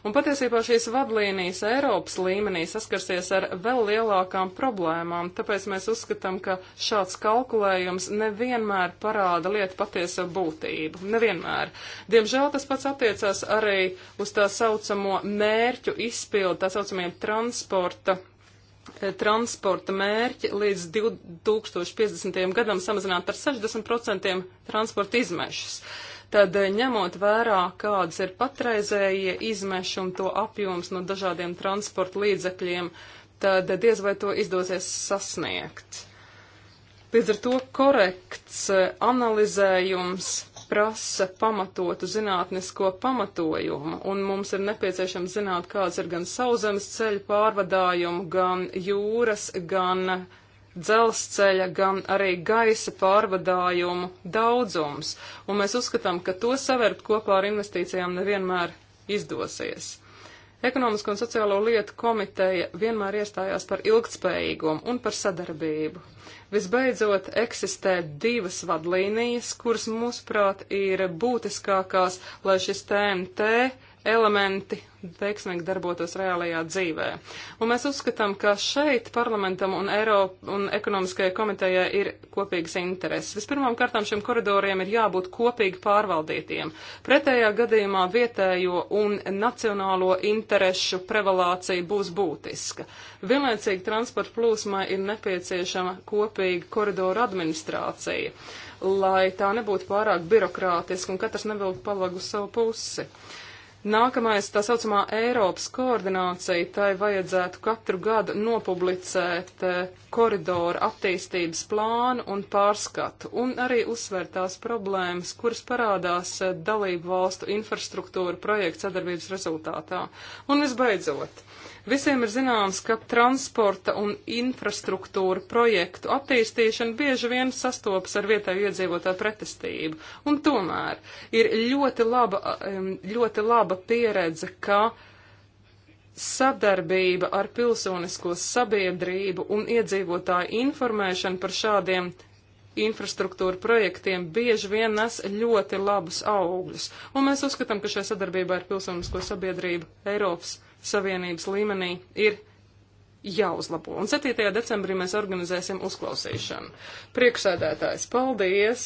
Un patiesībā šīs vadlīnijas Eiropas līmenī saskarsies ar vēl lielākām problēmām, tāpēc mēs uzskatām, ka šāds kalkulējums nevienmēr parāda lietu patieso būtību. Nevienmēr. Diemžēl tas pats attiecās arī uz tā saucamo mērķu izpildu, tā saucamiem transporta eh, transporta mērķi līdz 2050. gadam samazināt par 60% transporta izmešus. Uh, tad eh, ņemot vērā, kādas ir patreizējie izmeši un to apjoms no dažādiem transporta līdzekļiem, tad diez vai to izdosies sasniegt. Līdz ar to korekts eh, analizējums prasa pamatotu zinātnisko pamatojumu, un mums ir nepieciešams zināt, kāds ir gan sauszemes ceļu pārvadājumu, gan jūras, gan uh, dzelzceļa, gan arī gaisa pārvadājumu daudzums, un mēs uzskatām, ka to savērt kopā ar investīcijām nevienmēr izdosies. Ekonomisko un sociālo lietu komiteja vienmēr iestājās par ilgtspējīgumu un par sadarbību. Visbeidzot, eksistē divas vadlīnijas, kuras, mūsuprāt, ir būtiskākās, lai šis TNT elementi veiksmīgi darbotos reālajā dzīvē. Un mēs uzskatām, ka šeit parlamentam un, Eiropa, un ekonomiskajai komitejai ir kopīgas intereses. Vispirmām kārtām šiem koridoriem ir jābūt kopīgi pārvaldītiem. Pretējā gadījumā vietējo un nacionālo interešu prevalācija būs būtiska. Vienlaicīgi transporta plūsmai ir nepieciešama kopīga koridoru administrācija lai tā nebūtu pārāk birokrātiska un katrs nevilk palagu savu pusi. Uh, Nākamais tā saucamā Eiropas koordinācija, tai vajadzētu katru gadu nopublicēt eh, koridoru attīstības plānu un pārskatu, un arī uzsvērt tās problēmas, kuras parādās eh, dalību valstu infrastruktūra projekta sadarbības rezultātā. Un visbeidzot, Visiem ir zināms, ka transporta un infrastruktūra projektu attīstīšana bieži vien sastopas ar vietēju iedzīvotāju pretestību. Un tomēr ir ļoti laba, ļoti laba pieredze, ka sadarbība ar pilsonisko sabiedrību un iedzīvotāju informēšana par šādiem infrastruktūra projektiem bieži vien nes ļoti labus augļus, un mēs uzskatām, ka šai sadarbībā ar pilsonisko sabiedrību Eiropas Savienības līmenī ir jāuzlabo. Un 7. decembrī mēs organizēsim uzklausīšanu. Priekšsēdētājs, paldies!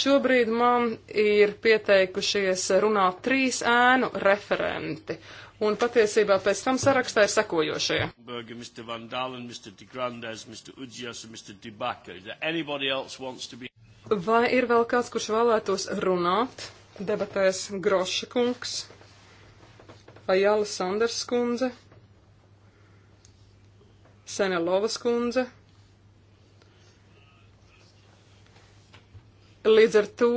Šobrīd man ir pieteikušies runāt trīs ēnu referenti. Un patiesībā pēc tam sarakstā ir sekojošie. Berger, Mr. Van Dalen, Mr. De Grandes, Mr. Udzias un Mr. Dibaka. Anybody else wants to be... Vai ir vēl kāds, kurš vēlētos runāt? Debatēs Groša kungs. Ajala Sanders kundze, Sena Lovas kundze. Līdz ar to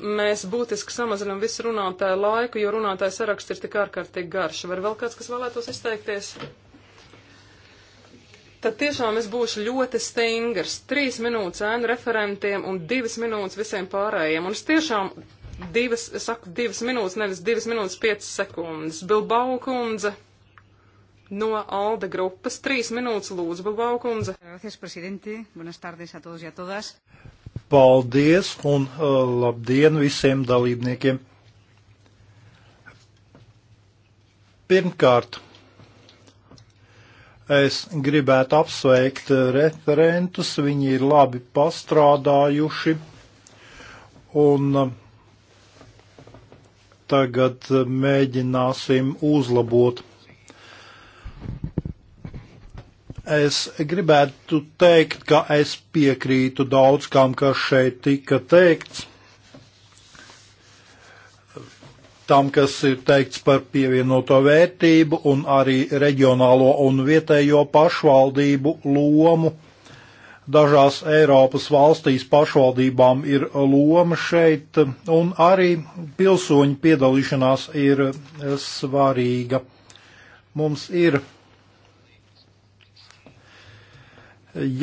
mēs būtiski samazinām visu runātāju laiku, jo runātāju saraksts ir tik ārkārtīgi garš. Var vēl kāds, kas vēlētos izteikties? Tad tiešām es būšu ļoti stingrs. Trīs minūtes ēnu referentiem un divas minūtes visiem pārējiem. Un es tiešām divas, es saku divas minūtes, nevis divas minūtes piecas sekundes. Bilbao kundze no Alde grupas, trīs minūtes lūdzu, Bilbao kundze. Gracias, presidenti. Buenas tardes a todos y a todas. Paldies un uh, labdien visiem dalībniekiem. Pirmkārt, es gribētu apsveikt referentus, viņi ir labi pastrādājuši un uh, tagad eh, mēģināsim uzlabot. Es gribētu teikt, ka es piekrītu daudz kam, kas šeit tika teikts. Tam, kas ir teikts par pievienoto vērtību un arī reģionālo un vietējo pašvaldību lomu Dažās Eiropas valstīs pašvaldībām ir loma šeit, un arī pilsoņu piedalīšanās ir svarīga. Mums ir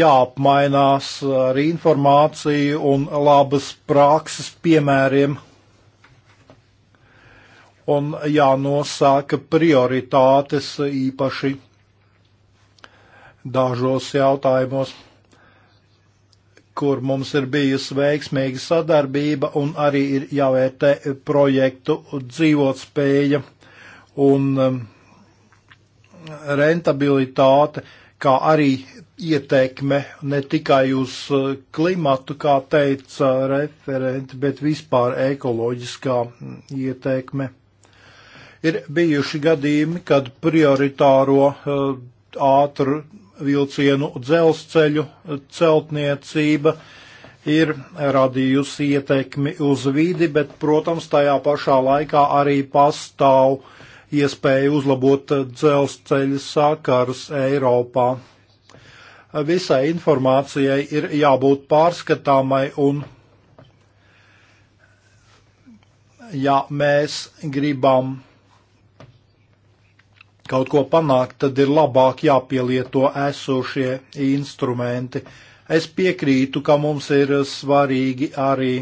jāapmainās ar informāciju un labas prakses piemēriem un jānosaka prioritātes īpaši dažos jautājumos kur mums ir bijusi veiksmīga sadarbība un arī ir jāvērtē projektu dzīvotspēja un um, rentabilitāte, kā arī ietekme ne tikai uz uh, klimatu, kā teica referenti, bet vispār ekoloģiskā mm, ietekme. Ir bijuši gadījumi, kad prioritāro uh, ātru vilcienu dzelzceļu celtniecība ir radījusi ietekmi uz vidi, bet, protams, tajā pašā laikā arī pastāv iespēja uzlabot dzelzceļa sakars Eiropā. Visai informācijai ir jābūt pārskatāmai un, ja mēs gribam kaut ko panākt, tad ir labāk jāpielieto esošie instrumenti. Es piekrītu, ka mums ir svarīgi arī,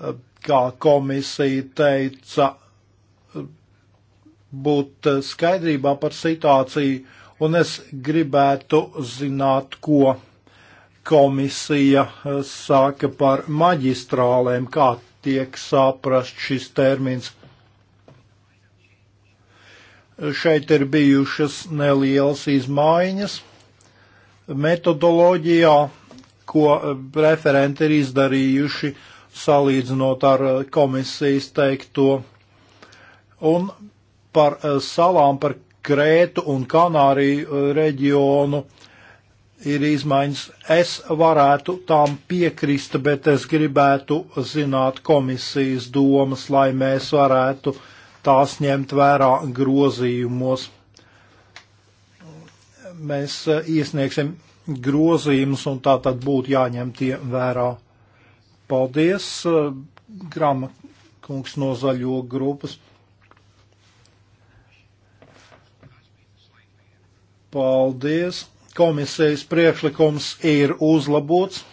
eh, kā komisija teica, būt skaidrībā par situāciju, un es gribētu zināt, ko komisija eh, saka par maģistrālēm, kā tiek saprast šis termins. Šeit ir bijušas nelielas izmaiņas metodoloģijā, ko referenti ir izdarījuši salīdzinot ar komisijas teikto. Un par salām, par Krētu un Kanāriju reģionu ir izmaiņas. Es varētu tām piekrist, bet es gribētu zināt komisijas domas, lai mēs varētu uh, tās ņemt vērā grozījumos. Mēs e, iesniegsim grozījumus, un tā tad būtu jāņem tie vērā. Paldies, e, Grama kungs no zaļo grupas. Paldies. Komisijas priekšlikums ir uzlabots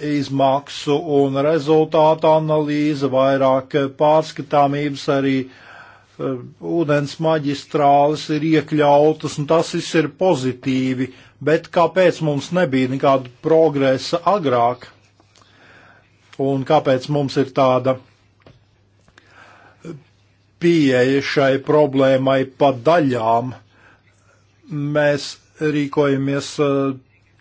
izmaksu un rezultātu analīze, vairāk pārskatāmības arī eh, ūdens maģistrāles ir iekļautas, un tas viss ir pozitīvi, bet kāpēc mums nebija nekāda progresa agrāk? Un kāpēc mums ir tāda pieeja šai problēmai pa daļām? Mēs rīkojamies eh,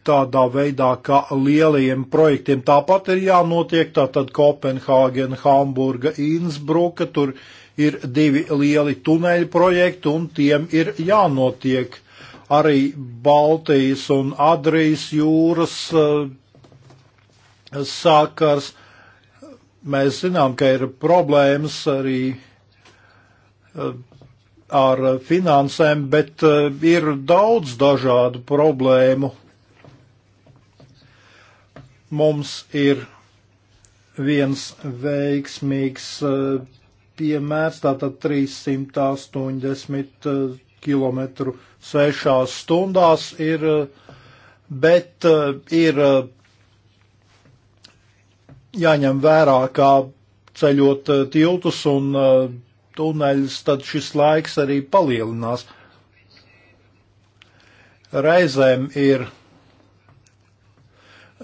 tādā veidā, ka lielajiem projektiem tāpat ir jānotiek, tātad Kopenhāgena, Hamburga, Innsbruka, tur ir divi lieli tuneļu projekti un tiem ir jānotiek. Arī Baltijas un Adrijas jūras uh, sakars. Mēs zinām, ka ir problēmas arī uh, ar finansēm, bet eh, ir daudz dažādu problēmu. Mums ir viens veiksmīgs uh, piemērs, tātad 380 km 6 stundās ir, uh, bet uh, ir jāņem vērā, kā ceļot tiltus un tuneļus, tad šis laiks arī palielinās. Reizēm ir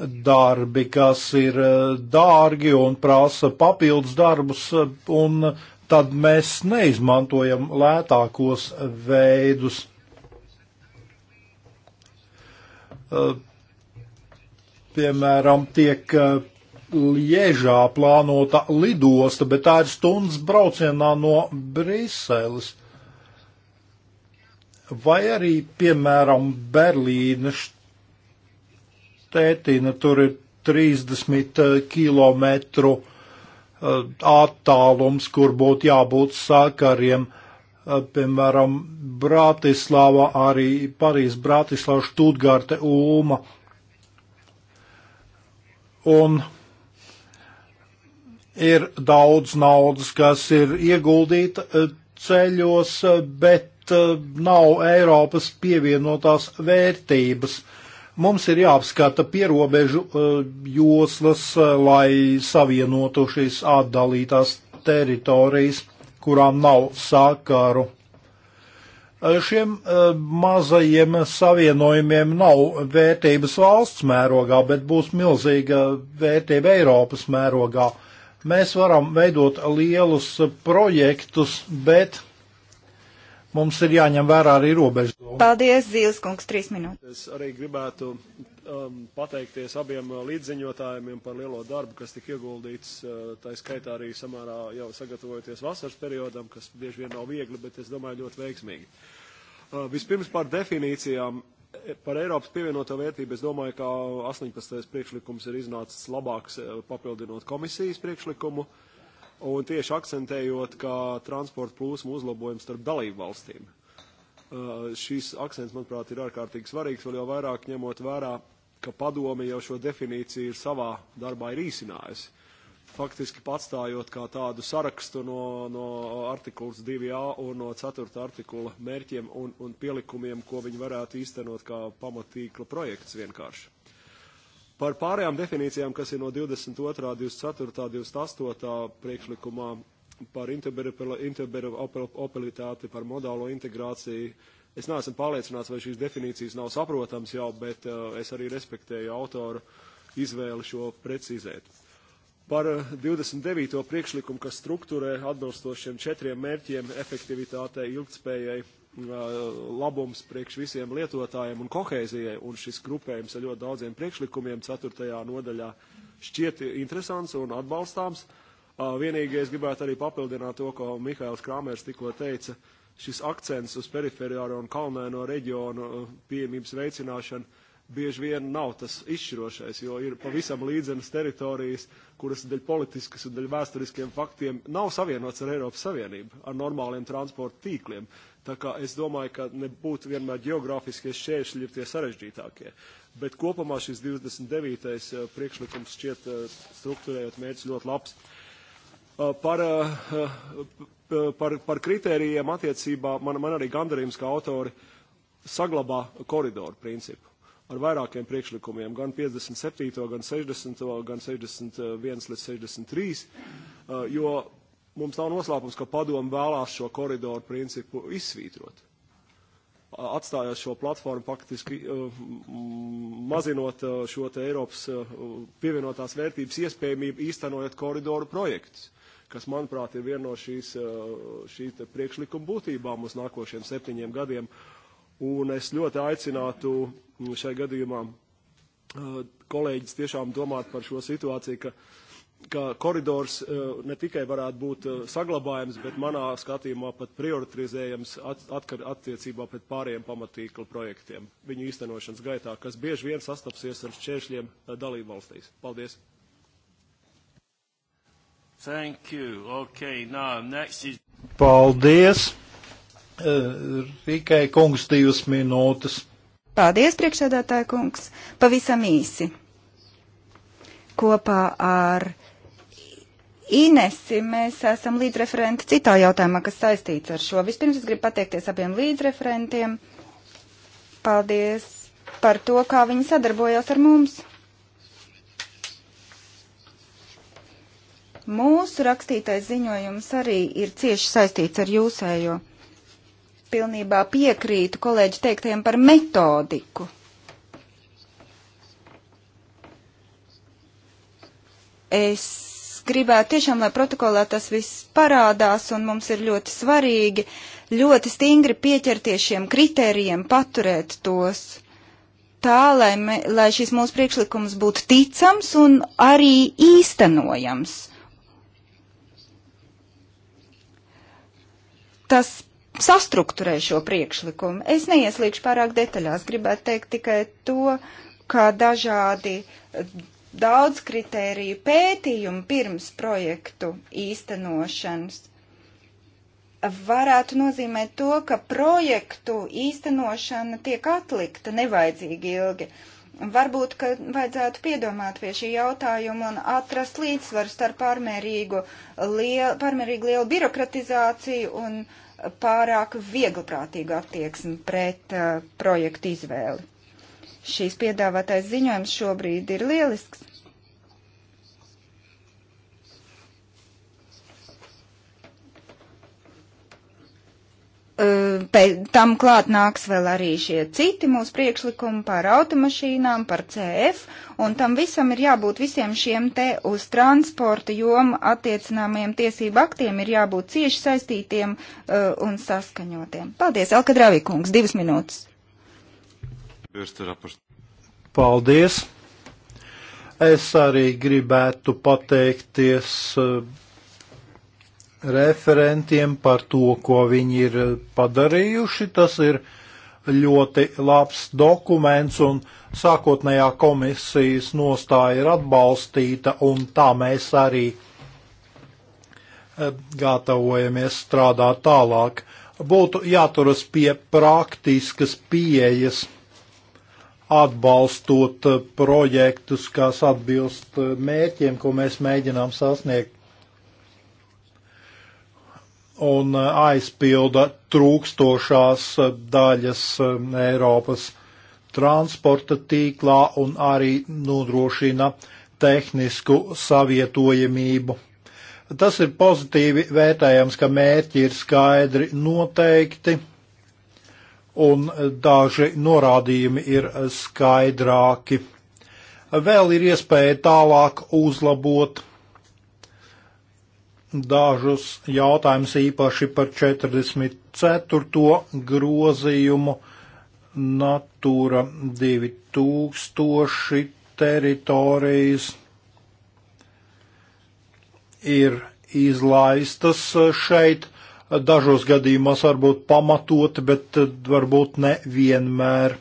darbi, kas ir eh, dārgi un prasa papildus darbus, eh, un tad mēs neizmantojam lētākos veidus. Eh, piemēram, tiek Liežā plānota lidosta, bet tā ir stundas braucienā no Briseles. Vai arī, piemēram, Berlīna Tētina, nu, tur ir 30 eh, km eh, attālums, kur būtu jābūt sakariem. Eh, piemēram, Bratislava, arī Parīz, Bratislava, Študgārte, Ulma. Un ir daudz naudas, kas ir ieguldīta ceļos, bet nav Eiropas pievienotās vērtības. Uh, Mums ir jāapskata pierobežu eh, joslas, eh, lai savienotu šīs atdalītās teritorijas, kurām nav sākāru. Eh, šiem mazajiem savienojumiem nav vērtības valsts mērogā, bet būs milzīga vērtība Eiropas mērogā. Mēs varam veidot lielus projektus, bet mums ir jāņem vērā arī robežas. Paldies, Zīles kungs, trīs minūtes. Es arī gribētu um, pateikties abiem uh, līdziņotājiem par lielo darbu, kas tika ieguldīts, uh, tā skaitā arī samērā jau sagatavojoties vasaras periodam, kas bieži vien nav viegli, bet es domāju ļoti veiksmīgi. Uh, vispirms par definīcijām. Par Eiropas pievienoto vērtību es domāju, ka 18. priekšlikums ir iznācis labāks, uh, papildinot komisijas priekšlikumu. Uh, un tieši akcentējot, ka transporta plūsmu uzlabojums starp dalību valstīm. Uh, šis akcents, manuprāt, ir ārkārtīgi svarīgs, vēl jau vairāk ņemot vērā, ka padome jau šo definīciju ir savā darbā ir īsinājusi. Faktiski patstājot kā tādu sarakstu no, no artikulas 2a un no 4. artikula mērķiem un, un pielikumiem, ko viņi varētu īstenot kā pamatīkla projekts vienkārši. Par pārējām definīcijām, kas ir no 22., 24., 28. priekšlikumā par interoperabilitāti, par modālo integrāciju, es neesmu pārliecināts, vai šīs definīcijas nav saprotams jau, bet uh, es arī respektēju autoru izvēli šo precizēt. Par 29. Eh, priekšlikumu, kas struktūrē atbilstošiem četriem mērķiem - efektivitātei, ilgtspējai labums priekš visiem lietotājiem un kohēzijai, un šis grupējums ar ļoti daudziem priekšlikumiem ceturtajā nodaļā šķiet interesants un atbalstāms. Vienīgais gribētu arī papildināt to, ko Mihails Krāmers tikko teica, šis akcents uz periferiāro un kalnēno reģionu pieejamības veicināšanu bieži vien nav tas izšķirošais, jo ir pavisam līdzenas teritorijas, kuras dēļ politiskas un dēļ vēsturiskiem faktiem nav savienots ar Eiropas Savienību, ar normāliem transporta tīkliem. Tā kā es domāju, ka nebūtu vienmēr geogrāfiskie šķēršļi ir tie sarežģītākie. Bet kopumā šis 29. Eh, priekšlikums šķiet eh, struktūrējot mērķis ļoti labs. Eh, par, par, par kritērijiem attiecībā man, man arī gandarījums, ka autori saglabā koridoru principu ar vairākiem priekšlikumiem, gan 57., gan 60., gan 61 līdz 63, jo mums nav noslēpums, ka padomu vēlās šo koridoru principu izsvītrot, atstājot šo platformu faktiski e, mazinot e, šo te Eiropas e, pievienotās vērtības iespējamību īstenojot koridoru projektus kas, manuprāt, ir viena no šīs, šīs priekšlikuma būtībām uz nākošiem septiņiem gadiem. Un es ļoti aicinātu šai gadījumā kolēģis tiešām domāt par šo situāciju, ka uh, ka koridors eh, ne tikai varētu būt eh, saglabājams, bet manā skatījumā pat prioritizējams atkar attiecībā pret pārējiem pamatīklu projektiem viņu īstenošanas gaitā, kas bieži vien sastapsies ar šķēršļiem eh, dalību valstīs. Paldies! Thank you. Okay, now next is... Paldies! Tikai kungs divas minūtes. Paldies, priekšsēdētāja kungs. Pavisam īsi. Kopā ar Inesi, mēs esam līdzreferenti citā jautājumā, kas saistīts ar šo. Vispirms es gribu pateikties abiem līdzreferentiem. Paldies par to, kā viņi sadarbojās ar mums. Mūsu rakstītais ziņojums arī ir cieši saistīts ar jūsējo. Pilnībā piekrītu kolēģi teiktajiem par metodiku. Es gribētu tiešām, lai protokolā tas viss parādās, un mums ir ļoti svarīgi ļoti stingri pieķerties šiem kritērijiem, paturēt tos tā, lai, me, lai šis mūsu priekšlikums būtu ticams un arī īstenojams. Tas sastruktūrē šo priekšlikumu. Es neieslīgšu pārāk detaļās, gribētu teikt tikai to, kā dažādi daudz kritēriju pētījumu pirms projektu īstenošanas varētu nozīmēt to, ka projektu īstenošana tiek atlikta nevajadzīgi ilgi. Varbūt, ka vajadzētu piedomāt pie šī jautājuma un atrast līdzsvaru starp pārmērīgu lielu, pārmērīgu lielu birokratizāciju un pārāk vieglprātīgu attieksmi pret uh, projektu izvēli. Šīs piedāvātais ziņojums šobrīd ir lielisks. Pēc tam klāt nāks vēl arī šie citi mūsu priekšlikumi par automašīnām, par CF, un tam visam ir jābūt visiem šiem te uz transporta jomu attiecināmajiem tiesību aktiem ir jābūt cieši saistītiem uh, un saskaņotiem. Paldies, Elka Dravikungs, divas minūtes. Paldies! Es arī gribētu pateikties eh, referentiem par to, ko viņi ir eh, padarījuši. Tas ir ļoti labs dokuments, un sākotnējā komisijas nostāja ir atbalstīta, un tā mēs arī eh, gatavojamies strādāt tālāk. Būtu jāturas pie praktiskas pieejas atbalstot eh, projektus, kas atbilst eh, mērķiem, ko mēs mēģinām sasniegt, un eh, aizpilda trūkstošās daļas Eiropas transporta tīklā un arī nodrošina tehnisku savietojamību. Tas ir pozitīvi vērtējams, ka mērķi ir skaidri noteikti un daži norādījumi ir skaidrāki. Vēl ir iespēja tālāk uzlabot dažus jautājumus īpaši par 44. grozījumu Natūra 2000 teritorijas ir izlaistas šeit dažos gadījumos varbūt pamatoti, bet eh, varbūt ne vienmēr.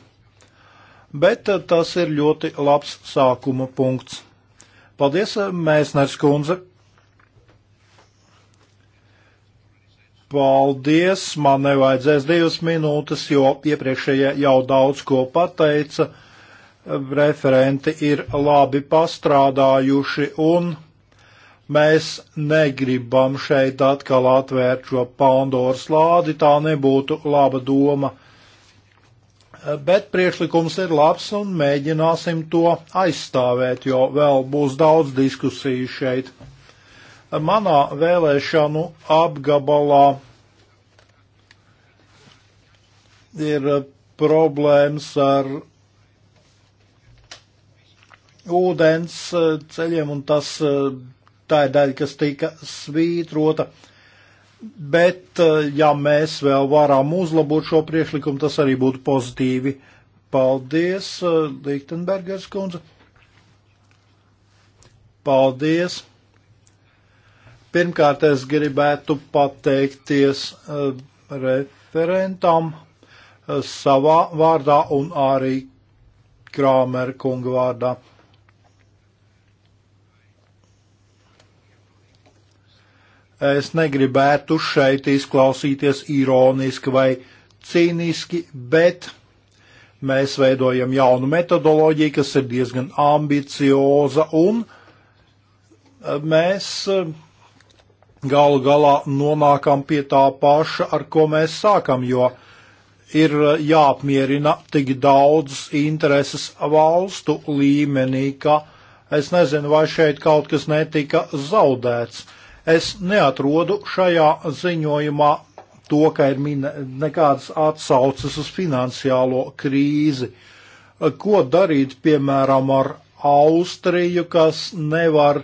Bet eh, tas ir ļoti labs sākuma punkts. Paldies, eh, Mēsners kundze! Paldies, man nevajadzēs divas minūtes, jo iepriekšējie jau daudz ko pateica. Referenti ir labi pastrādājuši un Mēs negribam šeit atkal atvērt šo Pandoras lādi, tā nebūtu laba doma. Bet priekšlikums ir labs un mēģināsim to aizstāvēt, jo vēl būs daudz diskusiju šeit. Manā vēlēšanu apgabalā ir problēmas ar ūdens ceļiem, un tas tā ir daļa, kas tika svītrota. Bet, eh, ja mēs vēl varam uzlabot šo priekšlikumu, tas arī būtu pozitīvi. Paldies, eh, Lichtenbergers kundze. Paldies. Pirmkārt, es gribētu pateikties eh, referentam savā vārdā un arī Krāmer kunga vārdā. Es negribētu šeit izklausīties ironiski vai cīniski, bet mēs veidojam jaunu metodoloģiju, kas ir diezgan ambicioza un e, mēs e, galu galā nonākam pie tā paša, ar ko mēs sākam, jo ir jāapmierina tik daudz intereses valstu līmenī, ka es nezinu, vai šeit kaut kas netika zaudēts. Es neatrodu šajā ziņojumā to, ka ir min nekādas atsauces uz finansiālo krīzi. Ko darīt, piemēram, ar Austriju, kas nevar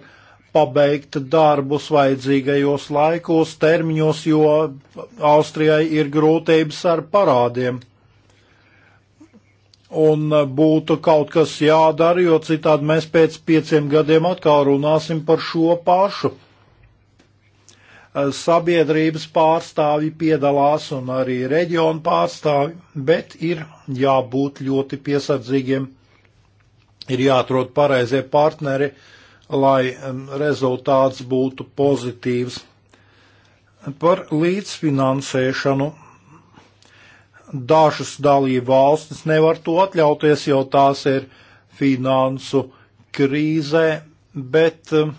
pabeigt darbus vajadzīgajos laikos, termiņos, jo Austrijai ir grūtības ar parādiem. Un būtu kaut kas jādara, jo citādi mēs pēc pieciem gadiem atkal runāsim par šo pašu. Eh, sabiedrības pārstāvji piedalās un arī reģionu pārstāvji, bet ir jābūt ļoti piesardzīgiem, ir jāatrod pareizie partneri, lai rezultāts būtu pozitīvs. Par līdzfinansēšanu dažas dalību valstis nevar to atļauties, jo tās ir finansu krīzē, bet uh,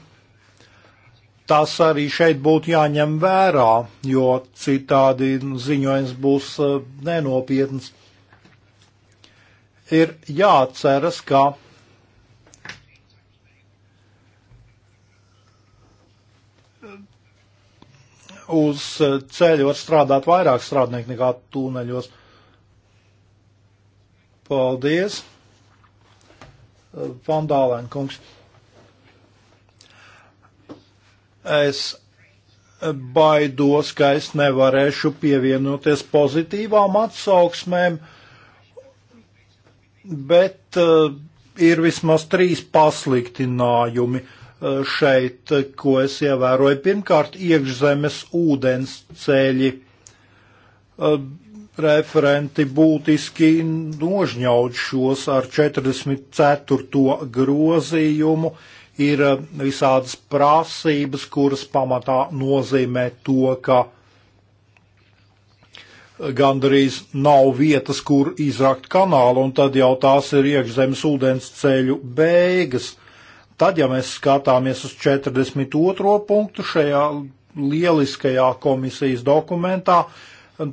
tas arī šeit būtu jāņem vērā, jo citādi ziņojums būs e, nenopietns. Ir jāatceras, ka uz ceļu var strādāt vairāk strādnieku nekā tūneļos. Paldies, e, Vandālēn kungs. Es baidos, ka es nevarēšu pievienoties pozitīvām atsauksmēm, bet eh, ir vismaz trīs pasliktinājumi eh, šeit, ko es ievēroju. Pirmkārt, iekšzemes ūdens ceļi eh, referenti būtiski nožņaut šos ar 44. grozījumu. Uh, ir eh, visādas prasības, kuras pamatā nozīmē to, ka gandrīz nav vietas, kur izrakt kanālu, un tad jau tās ir iekšzemes ūdens ceļu beigas. Tad, ja mēs skatāmies uz 42. punktu šajā lieliskajā komisijas dokumentā,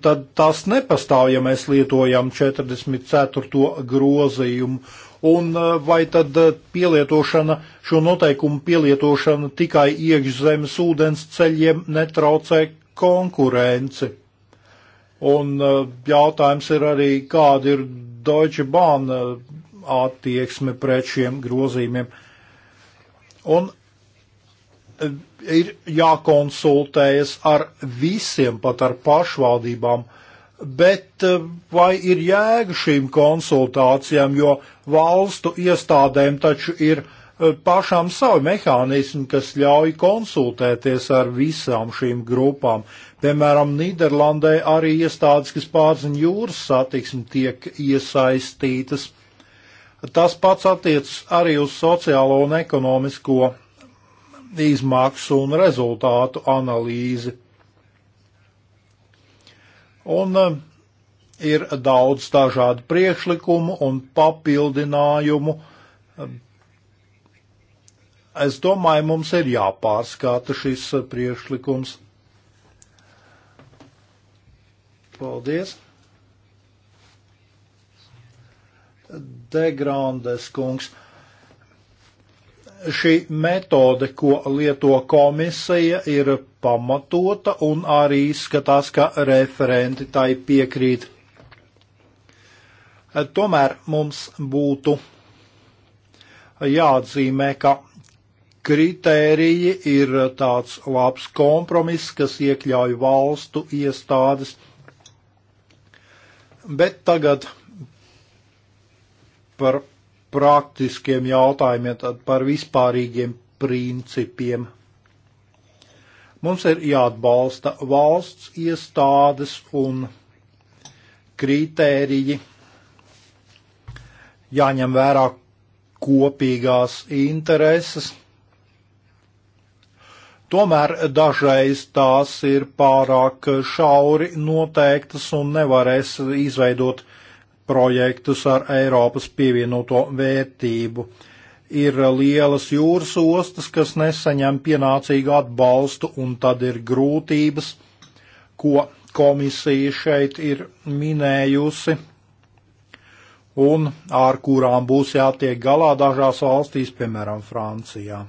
tad tas nepastāv, ja mēs lietojam 44. grozījumu, un e, vai tad e, pielietošana, šo noteikumu pielietošana tikai iekšzemes ūdens ceļiem netraucē konkurenci. Un e, jautājums ir arī, kāda ir Deutsche Bahn attieksme pret šiem grozījumiem. Un ir jākonsultējas ar visiem, pat ar pašvaldībām bet eh, vai ir jēga šīm konsultācijām, jo valstu iestādēm taču ir eh, pašām savi mehānismi, kas ļauj konsultēties ar visām šīm grupām. Piemēram, Nīderlandē arī iestādes, kas pārzina jūras satiksmi, tiek iesaistītas. Tas pats attiecas arī uz sociālo un ekonomisko izmaksu un rezultātu analīzi. Un um, ir daudz dažādu priekšlikumu un papildinājumu. Um, es domāju, mums ir jāpārskata šis uh, priekšlikums. Paldies! Degrandes kungs šī metode, ko lieto komisija, ir pamatota un arī izskatās, ka referenti tai piekrīt. Tomēr mums būtu jāatzīmē, ka kritēriji ir tāds labs kompromiss, kas iekļauj valstu iestādes. Bet tagad par praktiskiem jautājumiem, tad par vispārīgiem principiem. Mums ir jāatbalsta valsts iestādes un kritēriji, jāņem vērā kopīgās intereses. Tomēr dažreiz tās ir pārāk šauri noteiktas un nevarēs izveidot projektus ar Eiropas pievienoto vērtību. Ir lielas jūras ostas, kas nesaņem pienācīgu atbalstu, un tad ir grūtības, ko komisija šeit ir minējusi, un ar kurām būs jātiek galā dažās valstīs, piemēram, Francijā.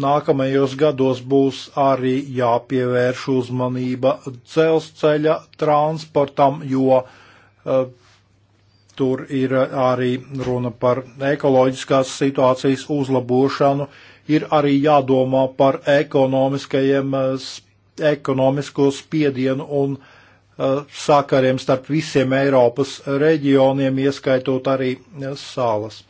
nākamajos gados būs arī jāpievērš uzmanība dzelzceļa transportam, jo uh, tur ir arī runa par ekoloģiskās situācijas uzlabošanu, ir arī jādomā par ekonomiskajiem, eh, ekonomisko spiedienu un uh, sakariem starp visiem Eiropas reģioniem, ieskaitot arī salas.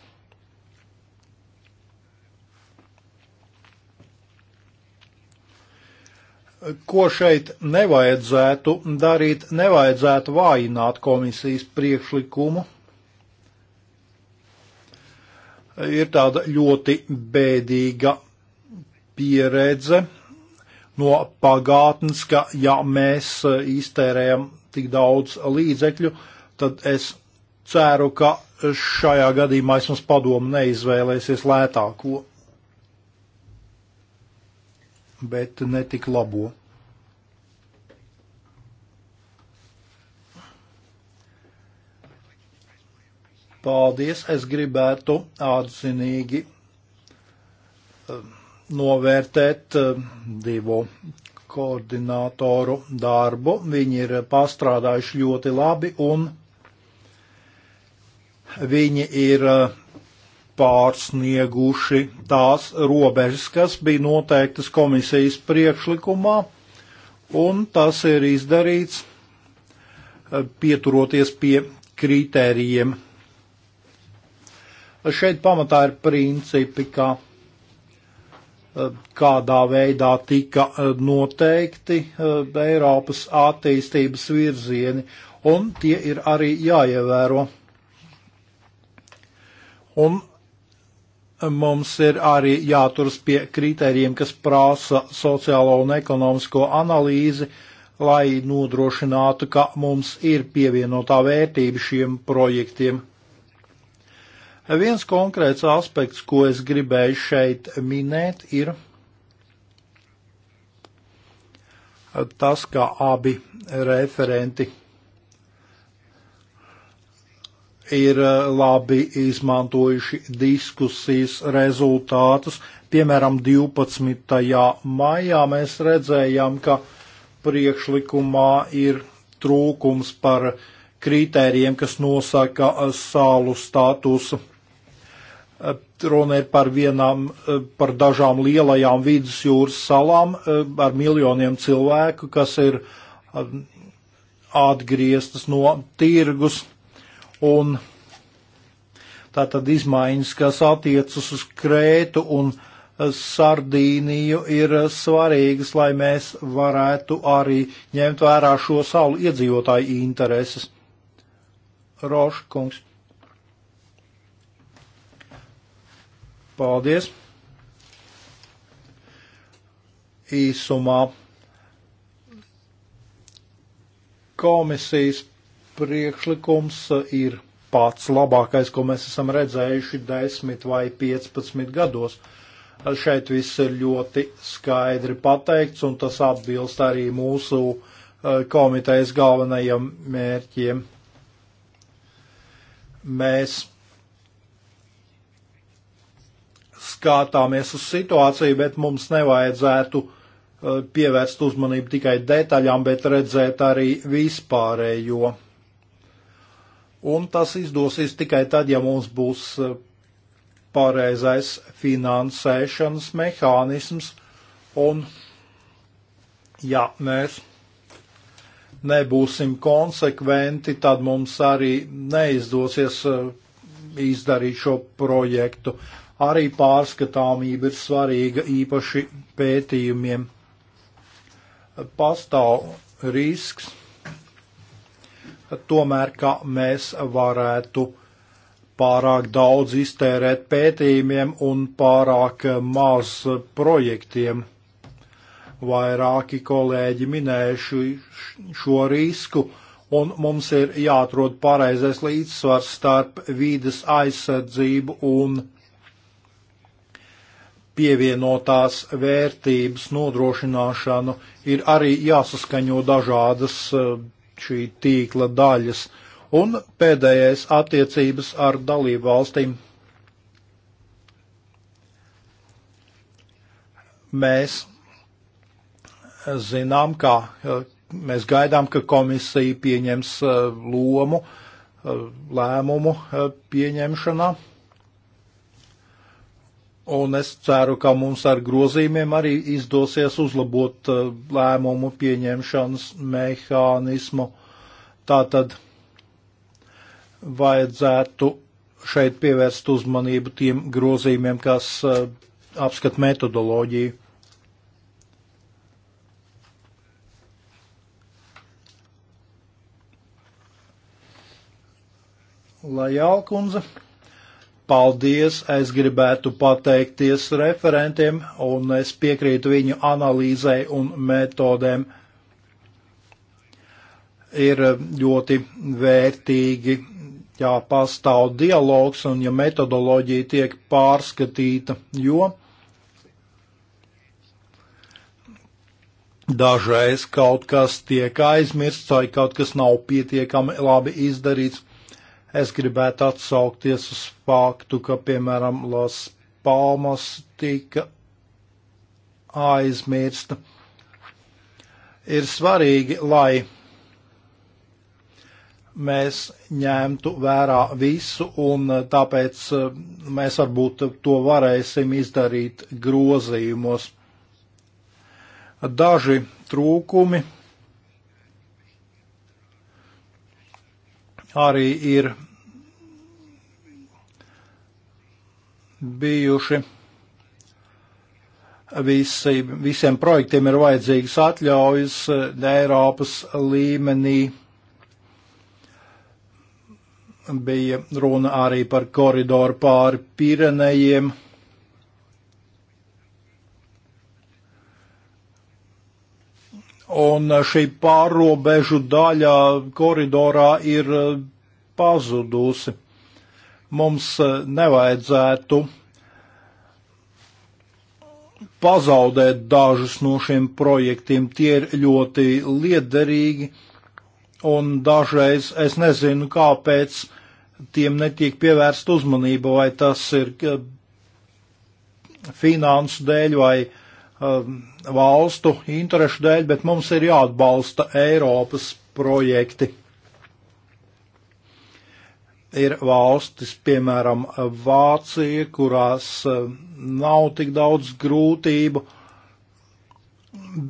Ko šeit nevajadzētu darīt? Nevajadzētu vājināt komisijas priekšlikumu. Ir tāda ļoti bēdīga pieredze no pagātnes, ka ja mēs iztērējam tik daudz līdzekļu, tad es ceru, ka šajā gadījumā vismaz padomu neizvēlēsies lētāko bet netik labo. Paldies, es gribētu atzinīgi um, novērtēt um, divu koordinātoru darbu. Viņi ir pastrādājuši ļoti labi un viņi ir uh, pārsnieguši tās robežas, kas bija noteiktas komisijas priekšlikumā, un tas ir izdarīts eh, pieturoties pie kritērijiem. Šeit pamatā ir principi, ka eh, kādā veidā tika eh, noteikti Eiropas attīstības virzieni, un tie ir arī jāievēro. Un mums ir arī jāturas pie kritērijiem, kas prasa sociālo un ekonomisko analīzi, lai nodrošinātu, ka mums ir pievienotā vērtība šiem projektiem. Viens konkrēts aspekts, ko es gribēju šeit minēt, ir tas, ka abi referenti ir eh, labi izmantojuši diskusijas rezultātus. Piemēram, 12. maijā mēs redzējām, ka priekšlikumā ir trūkums par kritērijiem, kas nosaka eh, salu statusu. Eh, runa ir par vienām, par dažām lielajām vidusjūras salām ar miljoniem cilvēku, kas ir atgrieztas no tirgus Un tātad izmaiņas, kas attiecas uz Krētu un eh, Sardīniju, ir svarīgas, lai mēs varētu arī ņemt vērā šo salu iedzīvotāju intereses. Roškungs. Paldies. Īsumā komisijas priekšlikums ir pats labākais, ko mēs esam redzējuši 10 vai 15 gados. Šeit viss ir ļoti skaidri pateikts, un tas atbilst arī mūsu eh, komitejas galvenajiem mērķiem. Mēs skatāmies uz situāciju, bet mums nevajadzētu eh, pievērst uzmanību tikai detaļām, bet redzēt arī vispārējo un tas izdosies tikai tad, ja mums būs eh, pareizais finansēšanas mehānisms, un ja mēs nebūsim konsekventi, tad mums arī neizdosies eh, izdarīt šo projektu. Arī pārskatāmība ir svarīga īpaši pētījumiem. Pastāv risks tomēr, ka mēs varētu pārāk daudz iztērēt pētījumiem un pārāk maz projektiem. Vairāki kolēģi minējuši šo risku, un mums ir jāatrod pareizais līdzsvars starp vīdes aizsardzību un pievienotās vērtības nodrošināšanu. Ir arī jāsaskaņo dažādas šī tīkla daļas. Un pēdējais attiecības ar dalību valstīm. Mēs zinām, ka eh, mēs gaidām, ka komisija pieņems eh, lomu eh, lēmumu pieņemšanā Un es ceru, ka mums ar grozījumiem arī izdosies uzlabot uh, lēmumu pieņemšanas mehānismu. Tātad vajadzētu šeit pievērst uzmanību tiem grozījumiem, kas uh, apskat metodoloģiju. Lajālkundze. Paldies! Es gribētu pateikties referentiem, un es piekrītu viņu analīzei un metodēm. Ir ļoti vērtīgi, ja pastāv dialogs un ja metodoloģija tiek pārskatīta, jo dažreiz kaut kas tiek aizmirsts vai kaut kas nav pietiekami labi izdarīts Es gribētu atsaukties uz faktu, ka, piemēram, Las Palmas tika aizmirsta. Ir svarīgi, lai mēs ņemtu vērā visu, un tāpēc eh, mēs varbūt to varēsim izdarīt grozījumos. Daži trūkumi arī ir bijuši visi, visiem projektiem ir vajadzīgas atļaujas eh, Eiropas līmenī. Bija runa arī par koridoru pāri Pirenejiem. un eh, šī pārobežu daļa koridorā ir eh, pazudusi. Mums eh, nevajadzētu pazaudēt dažus no šiem projektiem. Tie ir ļoti liederīgi, un dažreiz es nezinu, kāpēc tiem netiek pievērsta uzmanība, vai tas ir finansu dēļ vai uh, Um, valstu interešu dēļ, bet mums ir jāatbalsta Eiropas projekti. Ir valstis, piemēram, Vācija, kurās um, nav tik daudz grūtību,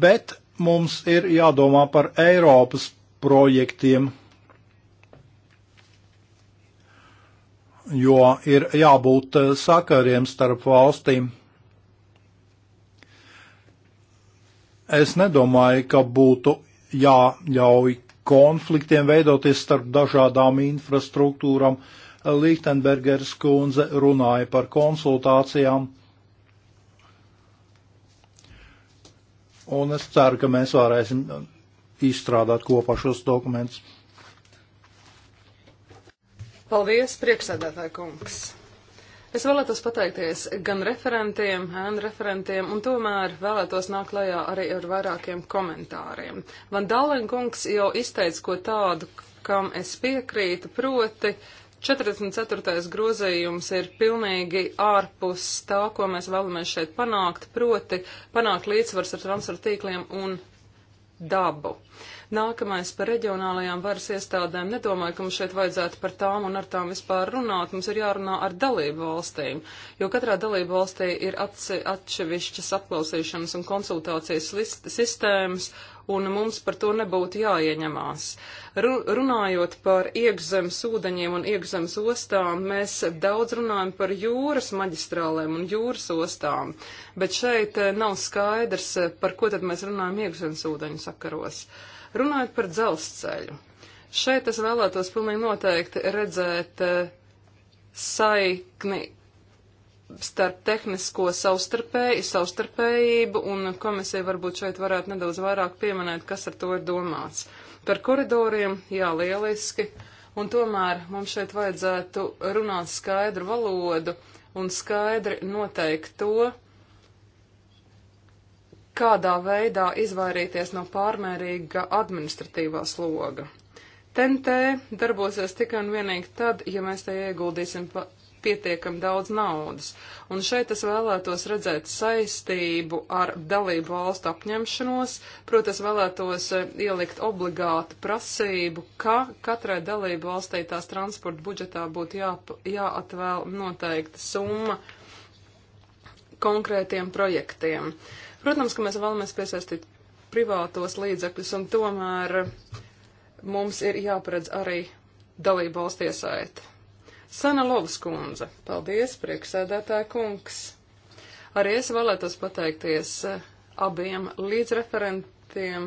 bet mums ir jādomā par Eiropas projektiem, jo ir jābūt uh, sakariem starp valstīm. es nedomāju, ka būtu jāļauj konfliktiem veidoties starp dažādām infrastruktūram. Lichtenbergers kundze runāja par konsultācijām. Un es ceru, ka mēs varēsim izstrādāt kopā šos dokumentus. Paldies, priekšsēdētāji kungs! Es vēlētos pateikties gan referentiem, gan referentiem, un tomēr vēlētos nākt lejā arī ar vairākiem komentāriem. Van Dālenkungs jau izteica ko tādu, kam es piekrītu, proti 44. grozījums ir pilnīgi ārpus tā, ko mēs vēlamies šeit panākt, proti panākt līdzsvars ar transporta tīkliem un dabu. Uh, Nākamais par reģionālajām varas iestādēm. Nedomāju, ka mums šeit vajadzētu par tām un ar tām vispār runāt. Mums ir jārunā ar dalību valstīm, jo katrā dalību valstī ir atsevišķas apklausīšanas un konsultācijas list, sistēmas, un mums par to nebūtu jāieņemās. Ru runājot par iekšzemes ūdeņiem un iekšzemes ostām, mēs daudz runājam par jūras maģistrālēm un jūras ostām, bet šeit eh, nav skaidrs, eh, par ko tad mēs runājam iekšzemes ūdeņu sakaros. Uh, Runājot par dzelzceļu, šeit es vēlētos pilnīgi noteikti redzēt eh, saikni starp tehnisko savstarpēju, savstarpējību, un komisija varbūt šeit varētu nedaudz vairāk pieminēt, kas ar to ir domāts. Par koridoriem, jā, lieliski, un tomēr mums šeit vajadzētu runāt skaidru valodu un skaidri noteikt to, kādā veidā izvairīties no pārmērīga administratīvā sloga. TNT darbosies tikai un vienīgi tad, ja mēs te ieguldīsim pietiekami daudz naudas. Un šeit es vēlētos redzēt saistību ar dalību valstu apņemšanos, proti es vēlētos eh, ielikt obligātu prasību, ka katrai dalību valstī tās transporta budžetā būtu jā, jāatvēl noteikta summa konkrētiem projektiem. Uh, Protams, ka mēs vēlamies piesaistīt privātos līdzekļus, un tomēr mums ir jāparedz arī dalību valsts iesaiti. Sana Lovas kundze, paldies, prieksēdētāja kungs. Arī es vēlētos pateikties eh, abiem līdzreferentiem,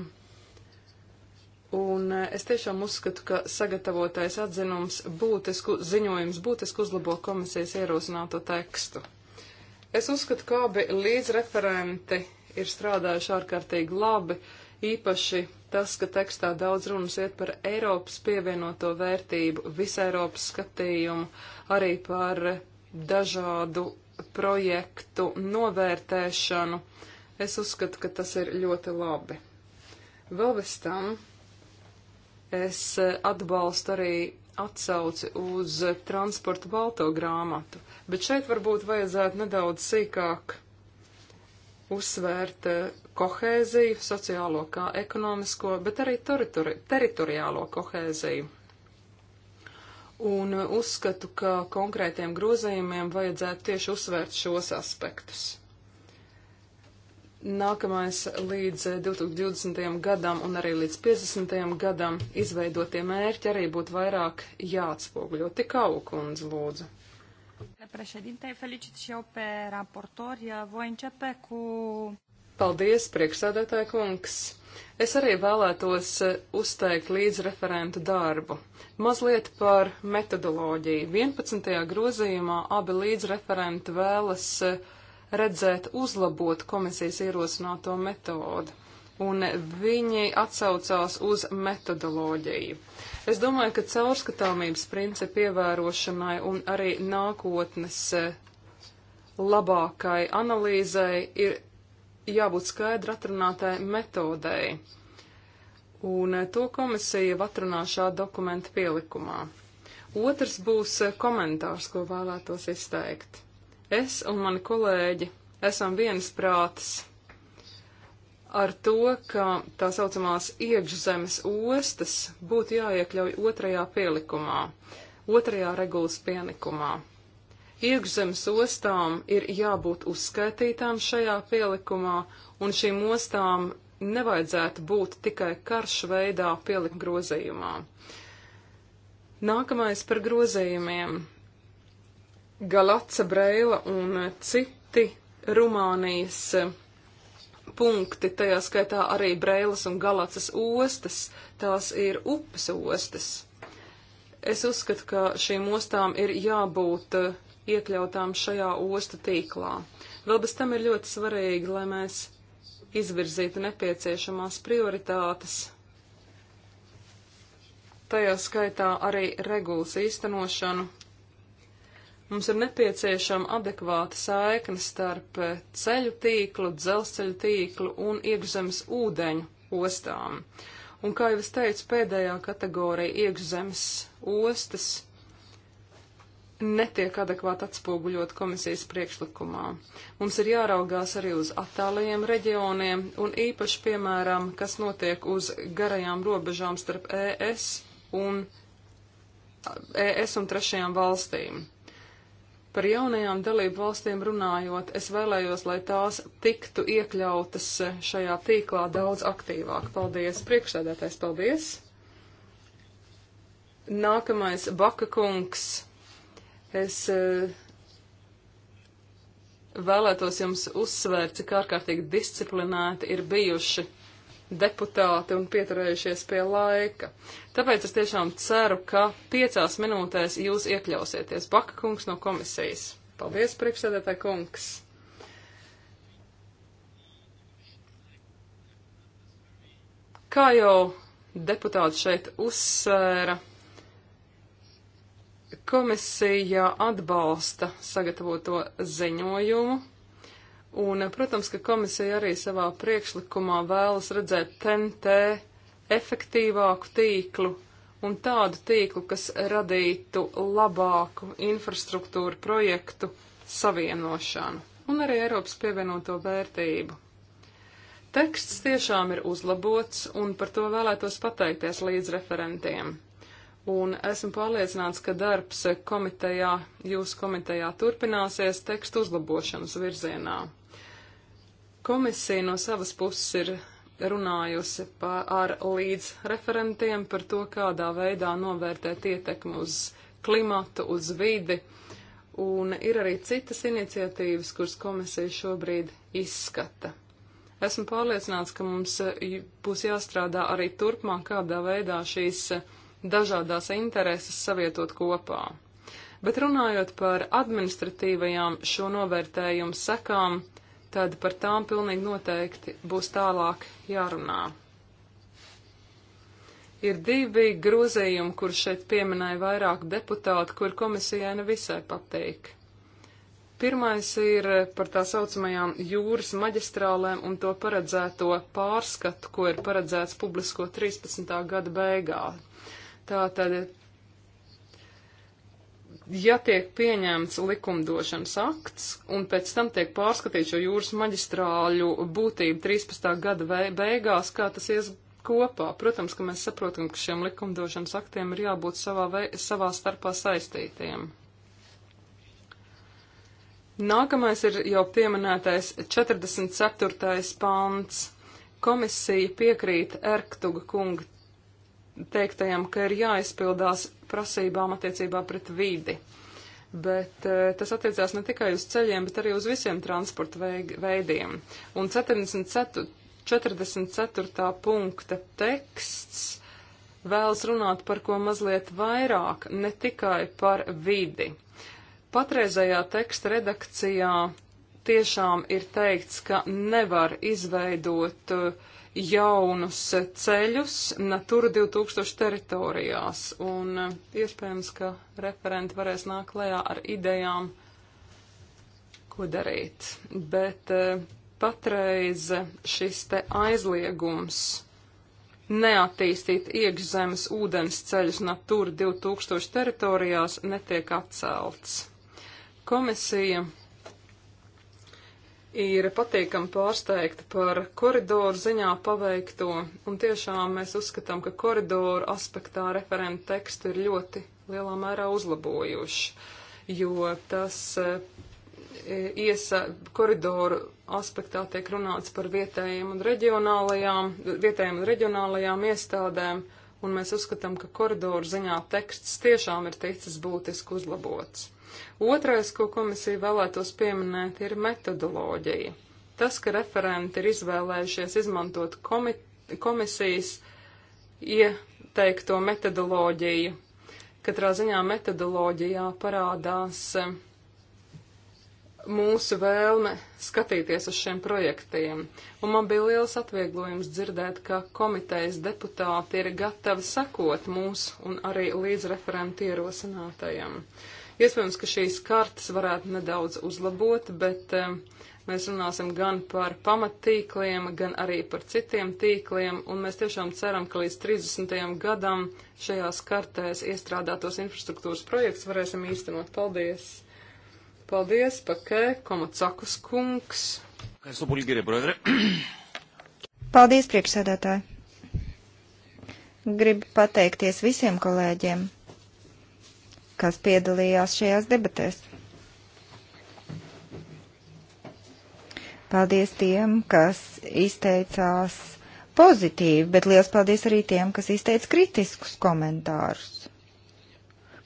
un eh, es tiešām uzskatu, ka sagatavotais atzinums būtisku ziņojums būtisku uzlabo komisijas ierosināto tekstu. Es uzskatu, ka abi līdzreferenti ir strādājuši ārkārtīgi labi. Īpaši tas, ka tekstā daudz runas iet par Eiropas pievienoto vērtību, visu Eiropas skatījumu, arī par dažādu projektu novērtēšanu. Es uzskatu, ka tas ir ļoti labi. Vēl bez tam es atbalstu arī atsauci uz transporta balto grāmatu, bet šeit varbūt vajadzētu nedaudz sīkāk uzsvērt eh, kohēziju, sociālo kā ekonomisko, bet arī teritori teritoriālo kohēziju. Un eh, uzskatu, ka konkrētiem grozījumiem vajadzētu tieši uzsvērt šos aspektus. Nākamais līdz 2020. Eh, gadam un arī līdz 50. gadam izveidotie mērķi arī būtu vairāk jāatspoguļo. Tik augundz, lūdzu. Președinte, felicit și eu pe raportori. Voi începe cu... Paldies, priekšsēdētāja kungs! Es arī vēlētos eh, uzteikt līdzreferentu darbu. Mazliet par metodoloģiju. 11. grozījumā abi līdzreferenti vēlas eh, redzēt uzlabot komisijas ierosināto metodu un viņi atsaucās uz metodoloģiju. Es domāju, ka caurskatāmības principu ievērošanai un arī nākotnes eh, labākai analīzai ir jābūt skaidri atrunātai metodei. Un eh, to komisija atrunā šā dokumenta pielikumā. Otrs būs eh, komentārs, ko vēlētos izteikt. Es un mani kolēģi esam viensprātis ar to, ka tā saucamās iekšzemes ostas būtu jāiekļauj otrajā pielikumā, otrajā regulas pielikumā. Iekšzemes ostām ir jābūt uzskaitītām šajā pielikumā, un šīm ostām nevajadzētu būt tikai karš veidā pielikt grozījumā. Nākamais par grozījumiem. Galaca Breila un citi Rumānijas punkti, tajā skaitā arī Breilas un Galacas ostas, tās ir upes ostas. Es uzskatu, ka šīm ostām ir jābūt eh, iekļautām šajā ostu tīklā. Vēl bez tam ir ļoti svarīgi, lai mēs izvirzītu nepieciešamās prioritātes, tajā skaitā arī regulas īstenošanu Mums ir nepieciešama adekvāta saikne starp ceļu tīklu, dzelzceļu tīklu un iekšzemes ūdeņu ostām. Un, kā jau es teicu, pēdējā kategorija iekšzemes ostas netiek adekvāti atspoguļot komisijas priekšlikumā. Mums ir jāraugās arī uz attālajiem reģioniem un īpaši, piemēram, kas notiek uz garajām robežām starp ES un, ES un trešajām valstīm. Par jaunajām dalību valstīm runājot, es vēlējos, lai tās tiktu iekļautas šajā tīklā daudz aktīvāk. Paldies, priekšsēdētājs, paldies! Nākamais Baka kungs. Es eh, vēlētos jums uzsvērt, cik ārkārtīgi disciplinēti ir bijuši deputāti un pieturējušies pie laika. Tāpēc es tiešām ceru, ka piecās minūtēs jūs iekļausieties. Baka kungs no komisijas. Paldies, priekšsēdētāji kungs! Kā jau deputāti šeit uzsvēra, komisija atbalsta sagatavoto ziņojumu Un, protams, ka komisija arī savā priekšlikumā vēlas redzēt TNT efektīvāku tīklu un tādu tīklu, kas radītu labāku infrastruktūru projektu savienošanu un arī Eiropas pievienoto vērtību. Teksts tiešām ir uzlabots, un par to vēlētos pateikties līdz referentiem. Un esmu pārliecināts, ka darbs komitejā, jūsu komitejā turpināsies tekstu uzlabošanas virzienā. Komisija no savas puses ir runājusi par, ar līdzreferentiem par to, kādā veidā novērtēt ietekmi uz klimatu, uz vidi, un ir arī citas iniciatīvas, kuras komisija šobrīd izskata. Esmu pārliecināts, ka mums eh, būs jāstrādā arī turpmāk, kādā veidā šīs eh, dažādās intereses savietot kopā. Bet runājot par administratīvajām šo novērtējumu sekām, tad par tām pilnīgi noteikti būs tālāk jārunā. Ir divi grozījumi, kur šeit pieminēja vairāk deputāti, kur komisijai nevisai patīk. Pirmais ir par tā saucamajām jūras maģistrālēm un to paredzēto pārskatu, ko ir paredzēts publisko 13. gada beigā. Tātad ja tiek pieņemts likumdošanas akts un pēc tam tiek pārskatīts šo jūras maģistrāļu būtību 13. gada beigās, kā tas ies kopā. Protams, ka mēs saprotam, ka šiem likumdošanas aktiem ir jābūt savā, vei, savā starpā saistītiem. Nākamais ir jau pieminētais 44. pants. Komisija piekrīt Erktuga kunga teiktajam, ka ir jāizpildās prasībām attiecībā pret vidi. Bet eh, tas attiecās ne tikai uz ceļiem, bet arī uz visiem transporta veidiem. Un 74. 44. punkta teksts vēlas runāt par ko mazliet vairāk, ne tikai par vidi. Patreizējā teksta redakcijā tiešām ir teikts, ka nevar izveidot uh, jaunus ceļus Natura 2000 teritorijās, un eh, iespējams, ka referenti varēs nākt klajā ar idejām, ko darīt. Bet eh, patreiz šis te aizliegums neattīstīt iekšzemes ūdens ceļus Natura 2000 teritorijās netiek atcelts. Komisija ir patīkami pārsteigta par koridoru ziņā paveikto, un tiešām mēs uzskatām, ka koridoru aspektā referenta tekstu ir ļoti lielā mērā uzlabojuši, jo tas e, iesa koridoru aspektā tiek runāts par vietējiem un reģionālajām, vietējiem un reģionālajām iestādēm, un mēs uzskatām, ka koridoru ziņā teksts tiešām ir ticis būtiski uzlabots. Otrais, ko komisija vēlētos pieminēt, ir metodoloģija. Tas, ka referenti ir izvēlējušies izmantot komi komisijas ieteikto metodoloģiju, katrā ziņā metodoloģijā parādās mūsu vēlme skatīties uz šiem projektiem. Un man bija liels atvieglojums dzirdēt, ka komitejas deputāti ir gatavi sekot mūsu un arī līdzreferentu ierosinātajam. Iespējams, ka šīs kartas varētu nedaudz uzlabot, bet um, mēs runāsim gan par pamattīkliem, gan arī par citiem tīkliem, un mēs tiešām ceram, ka līdz 30. gadam šajās kartēs iestrādātos infrastruktūras projekts varēsim īstenot. Paldies! Paldies, Pakē, Komatsakus kungs. Paldies, priekšsēdētāji. Gribu pateikties visiem kolēģiem, kas piedalījās šajās debatēs. Paldies tiem, kas izteicās pozitīvi, bet liels paldies arī tiem, kas izteica kritiskus komentārus.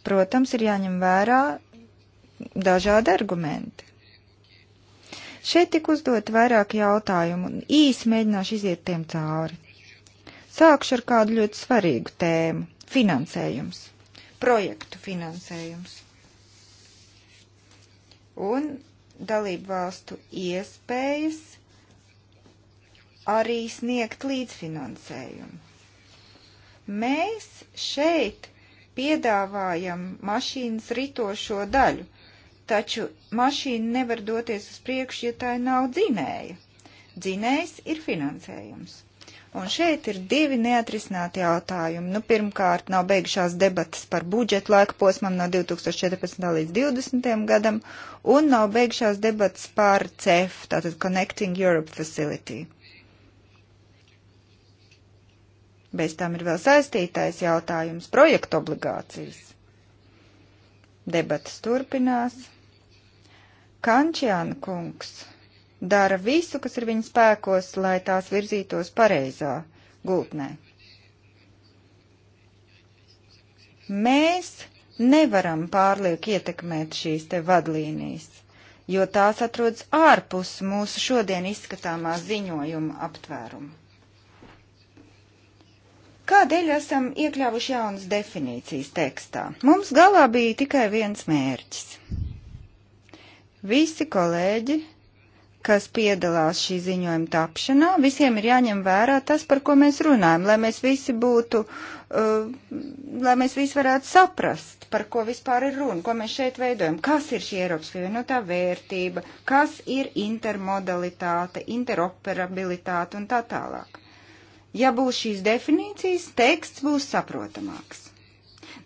Protams, ir jāņem vērā dažādi argumenti. Šeit tik uzdot vairāk jautājumu un īsi mēģināšu iziet tiem cauri. Sākšu ar kādu ļoti svarīgu tēmu - finansējums, projektu finansējums un dalību valstu iespējas arī sniegt līdzfinansējumu. Mēs šeit piedāvājam mašīnas ritošo daļu, taču mašīna nevar doties uz priekšu, ja tā nav dzinēja. Dzinējs ir finansējums. Un šeit ir divi neatrisināti jautājumi. Nu, pirmkārt, nav beigušās debatas par budžetu laika posmam no 2014. līdz 2020. gadam, un nav beigušās debatas par CEF, tātad Connecting Europe Facility. Bez tam ir vēl saistītais jautājums - projektu obligācijas. Debatas turpinās. Kančiāna kungs dara visu, kas ir viņa spēkos, lai tās virzītos pareizā gultnē. Mēs nevaram pārlieku ietekmēt šīs te vadlīnijas, jo tās atrodas ārpus mūsu šodien izskatāmā ziņojuma aptvērumu. Kādēļ esam iekļāvuši jaunas definīcijas tekstā? Mums galā bija tikai viens mērķis Visi kolēģi, kas piedalās šī ziņojuma tapšanā, visiem ir jāņem vērā tas, par ko mēs runājam, lai mēs visi būtu, uh, lai mēs visi varētu saprast, par ko vispār ir runa, ko mēs šeit veidojam, kas ir šī Eiropas pievienotā vērtība, kas ir intermodalitāte, interoperabilitāte un tā tālāk. Ja būs šīs definīcijas, teksts būs saprotamāks.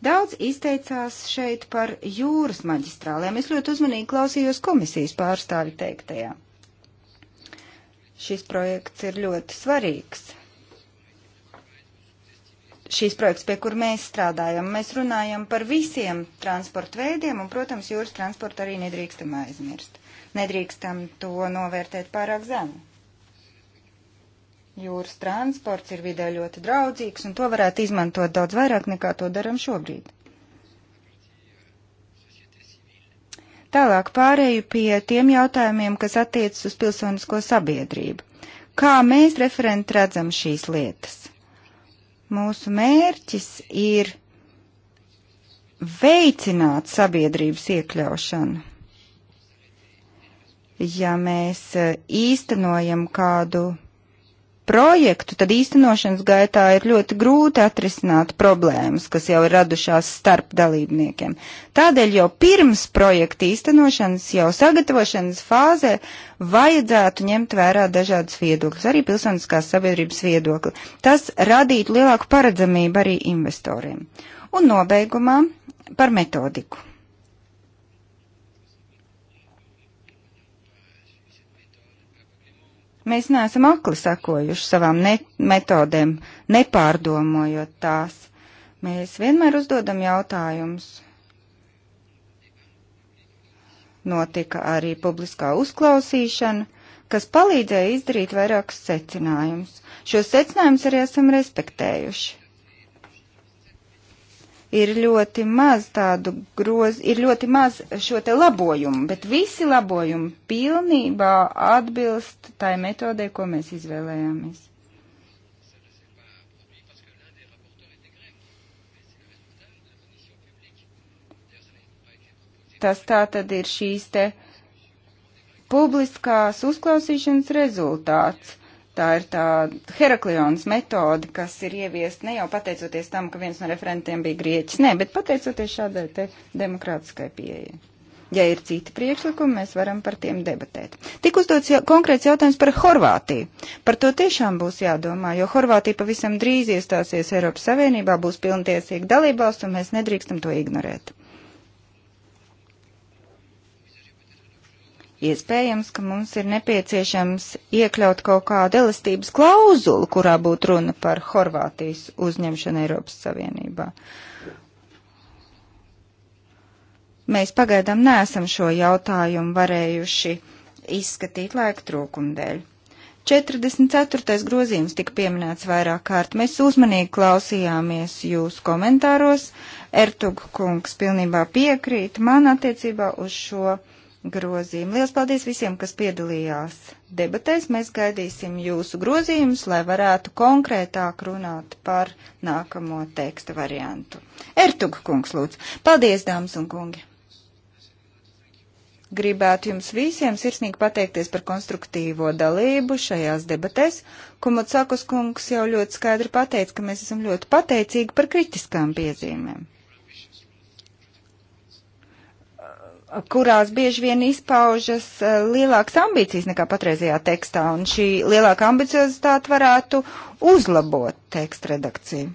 Daudz izteicās šeit par jūras maģistrālēm. Es ļoti uzmanīgi klausījos komisijas pārstāvi teiktajā. Šis projekts ir ļoti svarīgs. Šīs projekts, pie kur mēs strādājam, mēs runājam par visiem transporta veidiem, un, protams, jūras transportu arī nedrīkstam aizmirst. Nedrīkstam to novērtēt pārāk zemu. Jūras transports ir vidē ļoti draudzīgs, un to varētu izmantot daudz vairāk nekā to daram šobrīd. Tālāk pārēju pie tiem jautājumiem, kas attiecas uz pilsonisko sabiedrību. Kā mēs referenti redzam šīs lietas? Mūsu mērķis ir veicināt sabiedrības iekļaušanu. Ja mēs eh, īstenojam kādu projektu, tad īstenošanas gaitā ir ļoti grūti atrisināt problēmas, kas jau ir radušās starp dalībniekiem. Tādēļ jau pirms projekta īstenošanas, jau sagatavošanas fāzē vajadzētu ņemt vērā dažādas viedokļas, arī pilsoniskās sabiedrības viedokli. Tas radītu lielāku paredzamību arī investoriem. Un nobeigumā par metodiku. Mēs neesam akli sekojuši savām ne metodēm, nepārdomojot tās. Mēs vienmēr uzdodam jautājumus. Notika arī publiskā uzklausīšana, kas palīdzēja izdarīt vairākus secinājumus. Šos secinājumus arī esam respektējuši ir ļoti maz tādu groz, ir ļoti maz šo te labojumu, bet visi labojumi pilnībā atbilst tai metodē, ko mēs izvēlējāmies. Tas tā tad ir šīs te publiskās uzklausīšanas rezultāts Tā ir tā Heraklions metode, kas ir ieviest ne jau pateicoties tam, ka viens no referentiem bija grieķis, nē, bet pateicoties šādai te demokrātiskai pieejai. Ja ir citi priekšlikumi, mēs varam par tiem debatēt. Tik uzdots jau, konkrēts jautājums par Horvātiju. Par to tiešām būs jādomā, jo Horvātija pavisam drīz iestāsies Eiropas Savienībā, būs pilntiesīga dalībvalsts, un mēs nedrīkstam to ignorēt. Iespējams, ka mums ir nepieciešams iekļaut kaut kādu elastības klauzulu, kurā būtu runa par Horvātijas uzņemšanu Eiropas Savienībā. Mēs pagaidām neesam šo jautājumu varējuši izskatīt laika trūkuma dēļ. 44. grozījums tika pieminēts vairāk kārt. Mēs uzmanīgi klausījāmies jūsu komentāros. Ertug kungs pilnībā piekrīt man attiecībā uz šo grozījumu. Lielas paldies visiem, kas piedalījās debatēs. Mēs gaidīsim jūsu grozījumus, lai varētu konkrētāk runāt par nākamo teksta variantu. Ertuga kungs, lūdzu. Paldies, dāmas un kungi. Gribētu jums visiem sirsnīgi pateikties par konstruktīvo dalību šajās debatēs. Kumotsakus kungs jau ļoti skaidri pateica, ka mēs esam ļoti pateicīgi par kritiskām piezīmēm. kurās bieži vien izpaužas e, lielākas ambīcijas nekā patreizajā tekstā, un šī lielāka ambiciozitāte varētu uzlabot tekstu redakciju.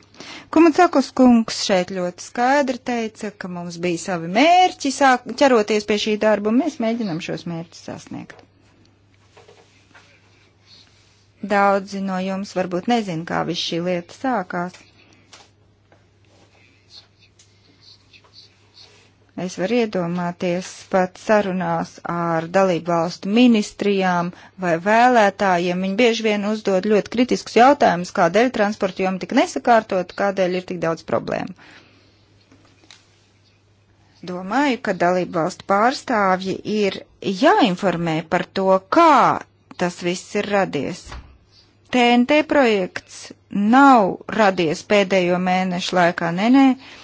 Kumacakus kungs šeit ļoti skaidri teica, ka mums bija savi mērķi, sāk ķeroties pie šī darba, un mēs mēģinam šos mērķus sasniegt. Daudzi no jums varbūt nezin, kā viss šī lieta sākās. Es varu iedomāties pat sarunās ar dalību valstu ministrijām vai vēlētājiem. Viņi bieži vien uzdod ļoti kritiskus jautājumus, kādēļ transporta joma tik nesakārtot, kādēļ ir tik daudz problēmu. Domāju, ka dalību valstu pārstāvji ir jāinformē par to, kā tas viss ir radies. TNT projekts nav radies pēdējo mēnešu laikā, nē, nē. Ne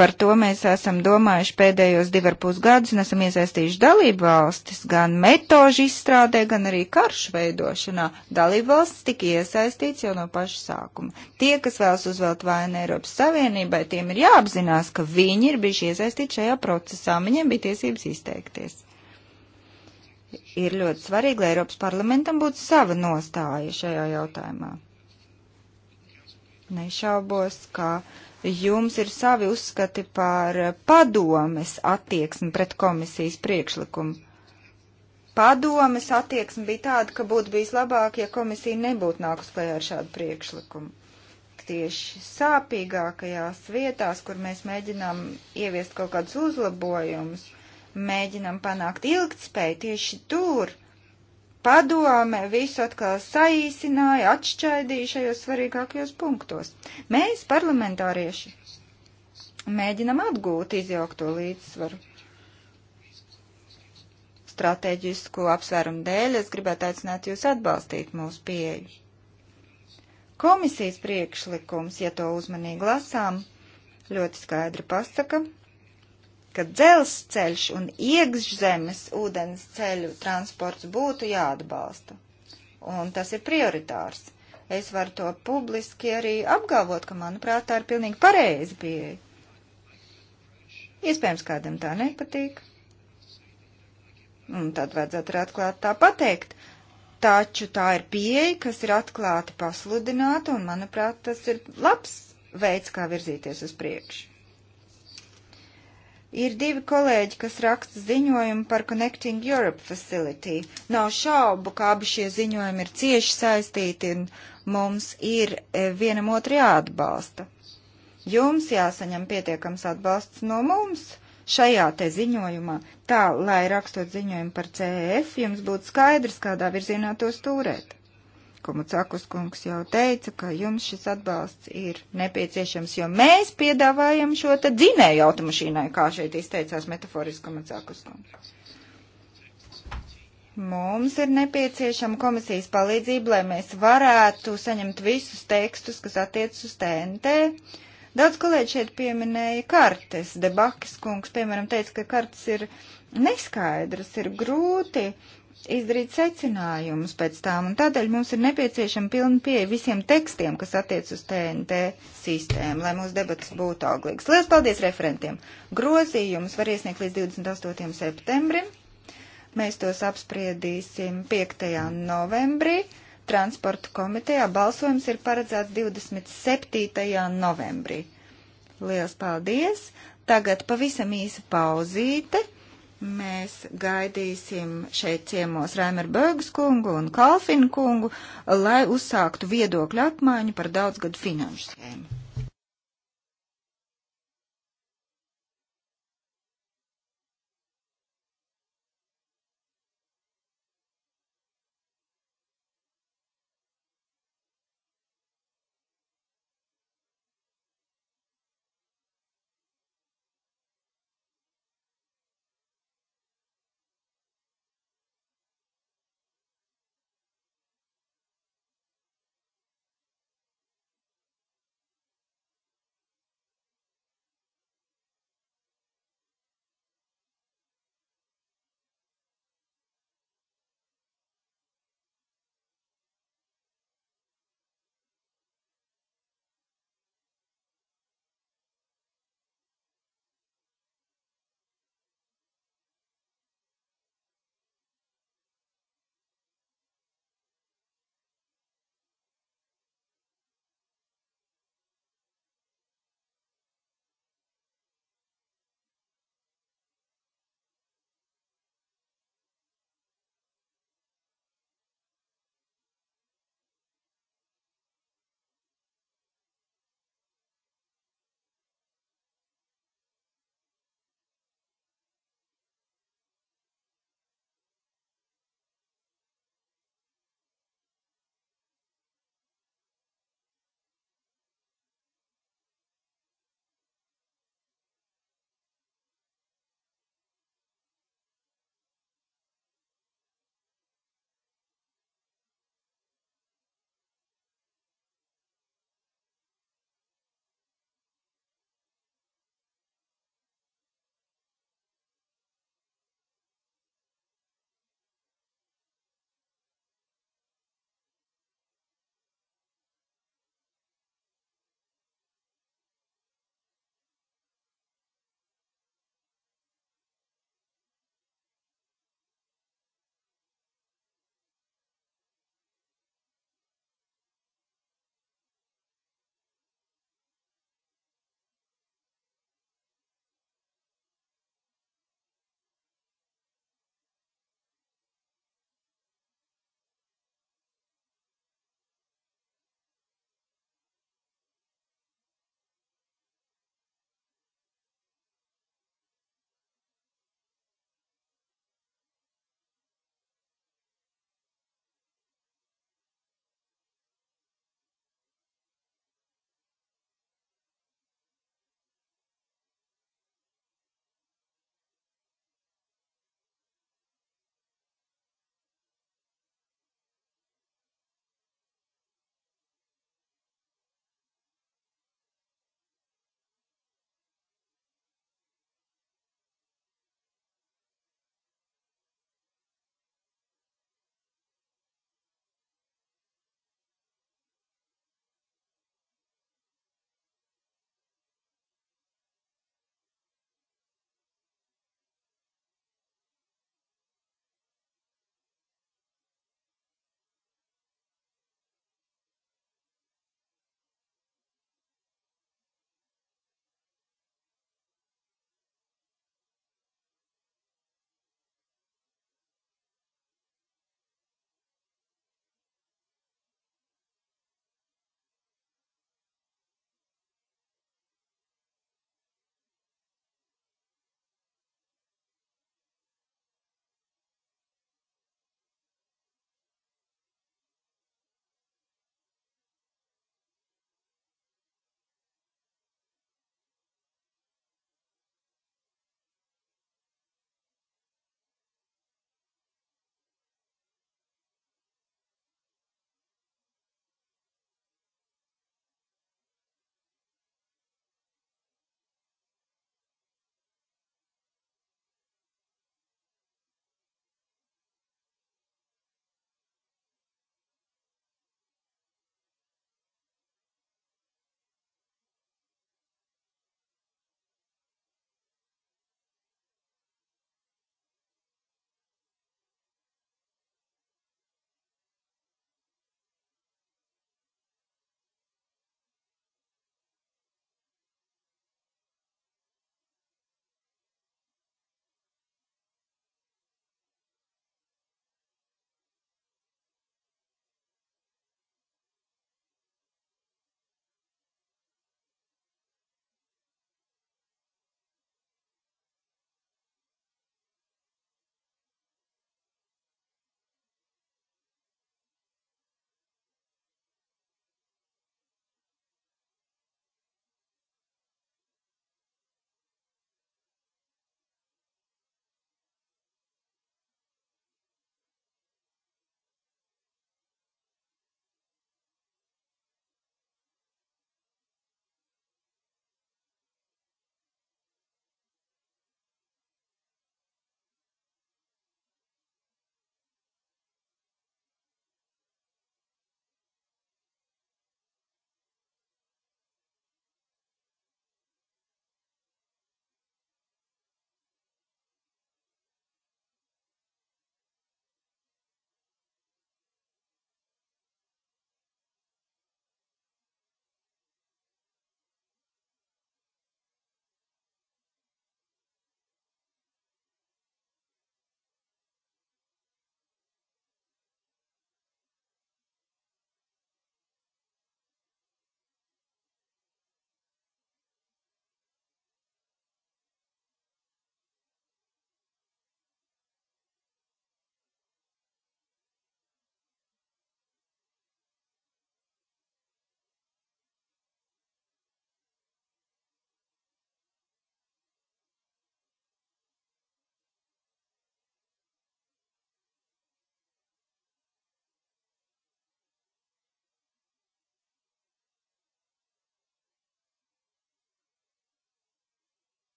Par to mēs esam domājuši pēdējos divarpus gadus un esam iesaistījuši dalību valstis gan metožu izstrādē, gan arī karšu veidošanā. Dalību valstis tika iesaistīts jau no paša sākuma. Tie, kas vēlas uzvelt vainu Eiropas Savienībai, tiem ir jāapzinās, ka viņi ir bijuši iesaistīti šajā procesā, viņiem bija tiesības izteikties. Ir ļoti svarīgi, lai Eiropas parlamentam būtu sava nostāja šajā jautājumā. Nešaubos, ka jums ir savi uzskati par padomes attieksmi pret komisijas priekšlikumu. Padomes attieksme bija tāda, ka būtu bijis labāk, ja komisija nebūtu nākus klajā ar šādu priekšlikumu. Tieši sāpīgākajās vietās, kur mēs mēģinām ieviest kaut kādus uzlabojumus, mēģinām panākt ilgtspēju tieši tur padome visu atkal saīsināja, atšķaidīja šajos svarīgākajos punktos. Mēs, parlamentārieši, mēģinam atgūt izjaukto līdzsvaru. Stratēģisku apsvērumu dēļ es gribētu aicināt jūs atbalstīt mūsu pieeju. Komisijas priekšlikums, ja to uzmanīgi lasām, ļoti skaidri pasaka, ka dzelzceļš un iekšzemes ūdens ceļu transports būtu jāatbalsta. Un tas ir prioritārs. Es varu to publiski arī apgalvot, ka, manuprāt, tā ir pilnīgi pareizi pieeja. Iespējams, kādam tā nepatīk. Un tad vajadzētu arī atklāt tā pateikt. Taču tā ir pieeja, kas ir atklāti pasludināta, un, manuprāt, tas ir labs veids, kā virzīties uz priekšu. Ir divi kolēģi, kas raksta ziņojumu par Connecting Europe Facility. Nav šaubu, ka abi šie ziņojumi ir cieši saistīti un mums ir e, vienam otru jāatbalsta. Jums jāsaņem pietiekams atbalsts no mums šajā te ziņojumā, tā, lai rakstot ziņojumu par CEF, jums būtu skaidrs, kādā virzienā to stūrēt. Komucakus kungs jau teica, ka jums šis atbalsts ir nepieciešams, jo mēs piedāvājam šo te dzinēju automašīnai, kā šeit izteicās metaforiski Komucakus kungs. Mums ir nepieciešama komisijas palīdzība, lai mēs varētu saņemt visus tekstus, kas attiec uz TNT. Daudz kolēģi šeit pieminēja kartes. Debakis kungs, piemēram, teica, ka kartes ir neskaidras, ir grūti izdarīt secinājumus pēc tām, un tādēļ mums ir nepieciešama pilna pieeja visiem tekstiem, kas attiec uz TNT sistēmu, lai mūsu debatas būtu auglīgas. Lielas paldies referentiem! Grozījumus var iesniegt līdz 28. septembrim. Mēs tos apspriedīsim 5. novembrī. Transporta komitejā balsojums ir paredzēts 27. novembrī. Lielas paldies! Tagad pavisam īsa pauzīte Mēs gaidīsim šeit ciemos Raimer Bergs kungu un Kalfinu kungu, lai uzsāktu viedokļu apmaiņu par daudzgadu finanšu schēmu.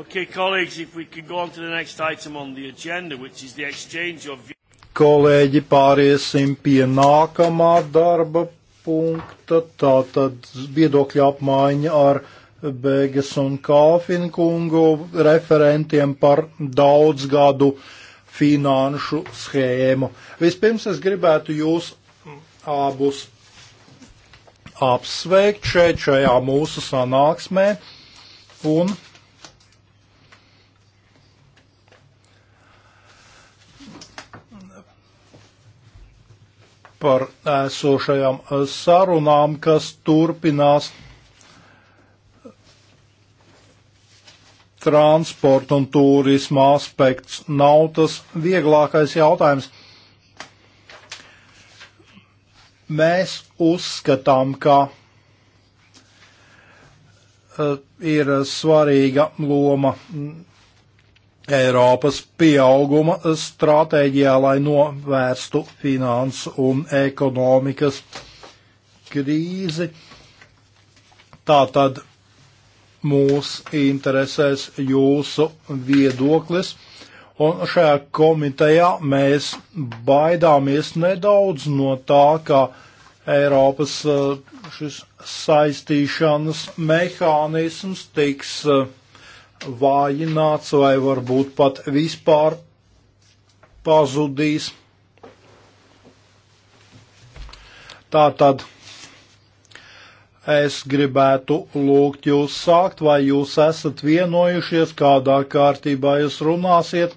Okay, colleagues, if we could go on to the next item on the agenda, which is the exchange of Kolēģi, pāriesim pie nākamā darba punkta, tātad viedokļa apmaiņa ar Bēgas un Kāfin kungu referentiem par daudzgadu finanšu schēmu. Vispirms es gribētu jūs abus apsveikt šeit šajā mūsu sanāksmē un par esošajām eh, sarunām, kas turpinās transporta un turisma aspekts nav tas vieglākais jautājums. Mēs uzskatām, ka uh, ir svarīga loma Eiropas pieauguma stratēģijā, lai novērstu finansu un ekonomikas krīzi. Tātad mūs interesēs jūsu viedoklis, un šajā komitejā mēs baidāmies nedaudz no tā, ka Eiropas uh, šis saistīšanas mehānisms tiks uh, vājināts vai varbūt pat vispār pazudīs. Tātad es gribētu lūgt jūs sākt, vai jūs esat vienojušies, kādā kārtībā jūs runāsiet.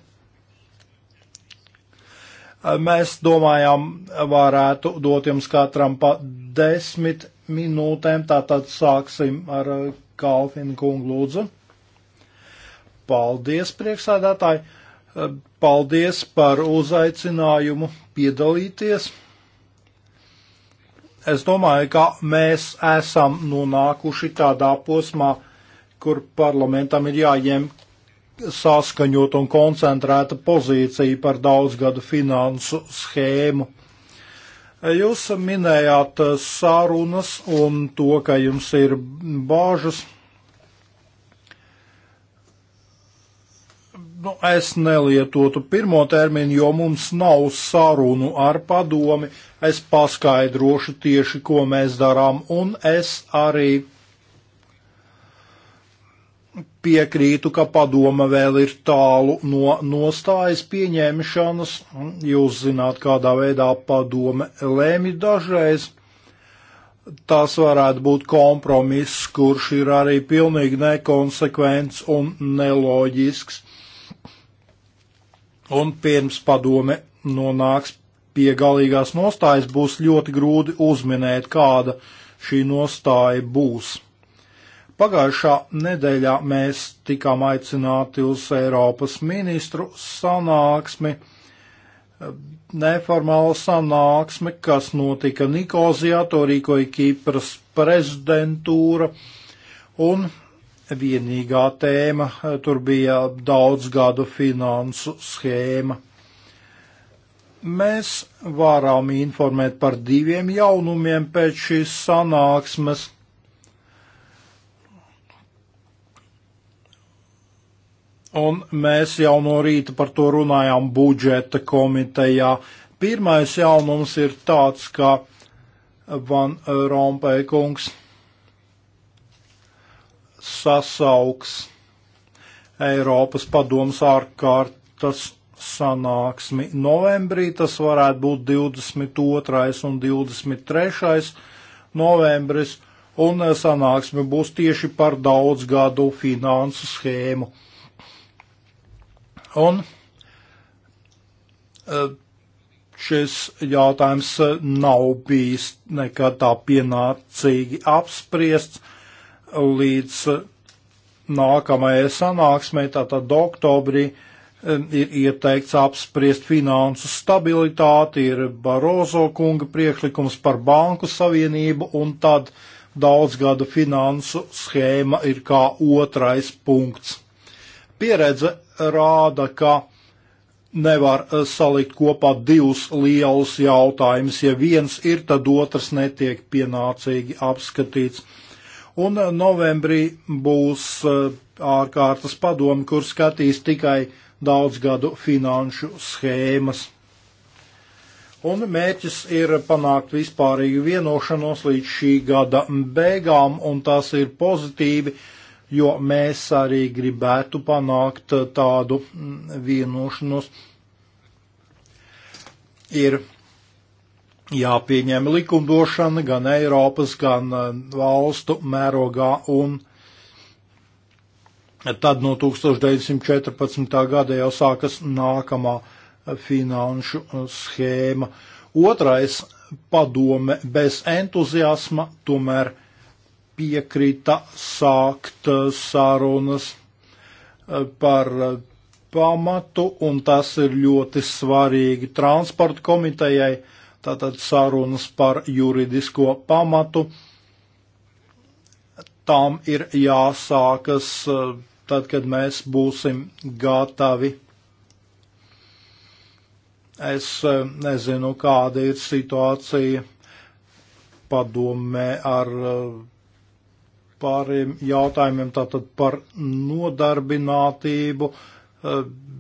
Mēs domājām, varētu dot jums katram pa desmit minūtēm, tātad sāksim ar Kalfinu kungu lūdzu. Paldies, priekšsādātāji! Paldies par uzaicinājumu piedalīties. Es domāju, ka mēs esam nonākuši tādā posmā, kur parlamentam ir jāņem saskaņot un koncentrēta pozīcija par daudzgadu finansu schēmu. Jūs minējāt sārunas un to, ka jums ir bāžas Nu, es nelietotu pirmo terminu, jo mums nav sarunu ar padomi. Es paskaidrošu tieši, ko mēs darām, un es arī piekrītu, ka padoma vēl ir tālu no nostājas pieņemšanas. Jūs zināt, kādā veidā padome lēmi dažreiz. Tas varētu būt kompromiss, kurš ir arī pilnīgi nekonsekvents un neloģisks un pirms padome nonāks pie galīgās nostājas, būs ļoti grūti uzminēt, kāda šī nostāja būs. Pagājušā nedēļā mēs tikām aicināti uz Eiropas ministru sanāksmi, neformāla sanāksme, kas notika Nikozijā, to rīkoja Kipras prezidentūra, un vienīgā tēma. Tur bija daudz gadu finansu schēma. Mēs varam informēt par diviem jaunumiem pēc šīs sanāksmes. Un mēs jau no rīta par to runājām budžeta komitejā. Pirmais jaunums ir tāds, ka Van Rompēkungs sasauks Eiropas padomus ārkārtas sanāksmi novembrī. Tas varētu būt 22. un 23. novembris, un eh, sanāksme būs tieši par daudzgadu finansu schēmu. Un eh, šis jautājums eh, nav bijis nekad tā pienācīgi apspriests līdz uh, nākamajai sanāksmei, tātad oktobrī, um, ir ieteikts apspriest finansu stabilitāti, ir Barozo kunga priekšlikums par banku savienību un tad daudzgada finansu schēma ir kā otrais punkts. Pieredze rāda, ka nevar uh, salikt kopā divus lielus jautājumus. Ja viens ir, tad otrs netiek pienācīgi apskatīts un eh, novembrī būs eh, ārkārtas padomi, kur skatīs tikai daudzgadu finanšu schēmas. Un mērķis ir panākt vispārīgu vienošanos līdz šī gada beigām, un tas ir pozitīvi, jo mēs arī gribētu panākt eh, tādu mm, vienošanos. Ir jāpieņem likumdošana gan Eiropas, gan eh, valstu mērogā un tad no 1914. gada jau sākas nākamā eh, finanšu eh, schēma. Otrais padome bez entuziasma tomēr piekrita sākt sarunas par pamatu, un tas ir ļoti svarīgi transporta komitejai, tātad sarunas par juridisko pamatu. Tām ir jāsākas e, tad, kad mēs būsim gatavi. Es e, nezinu, kāda ir situācija padomē ar e, pāriem jautājumiem, tātad par nodarbinātību.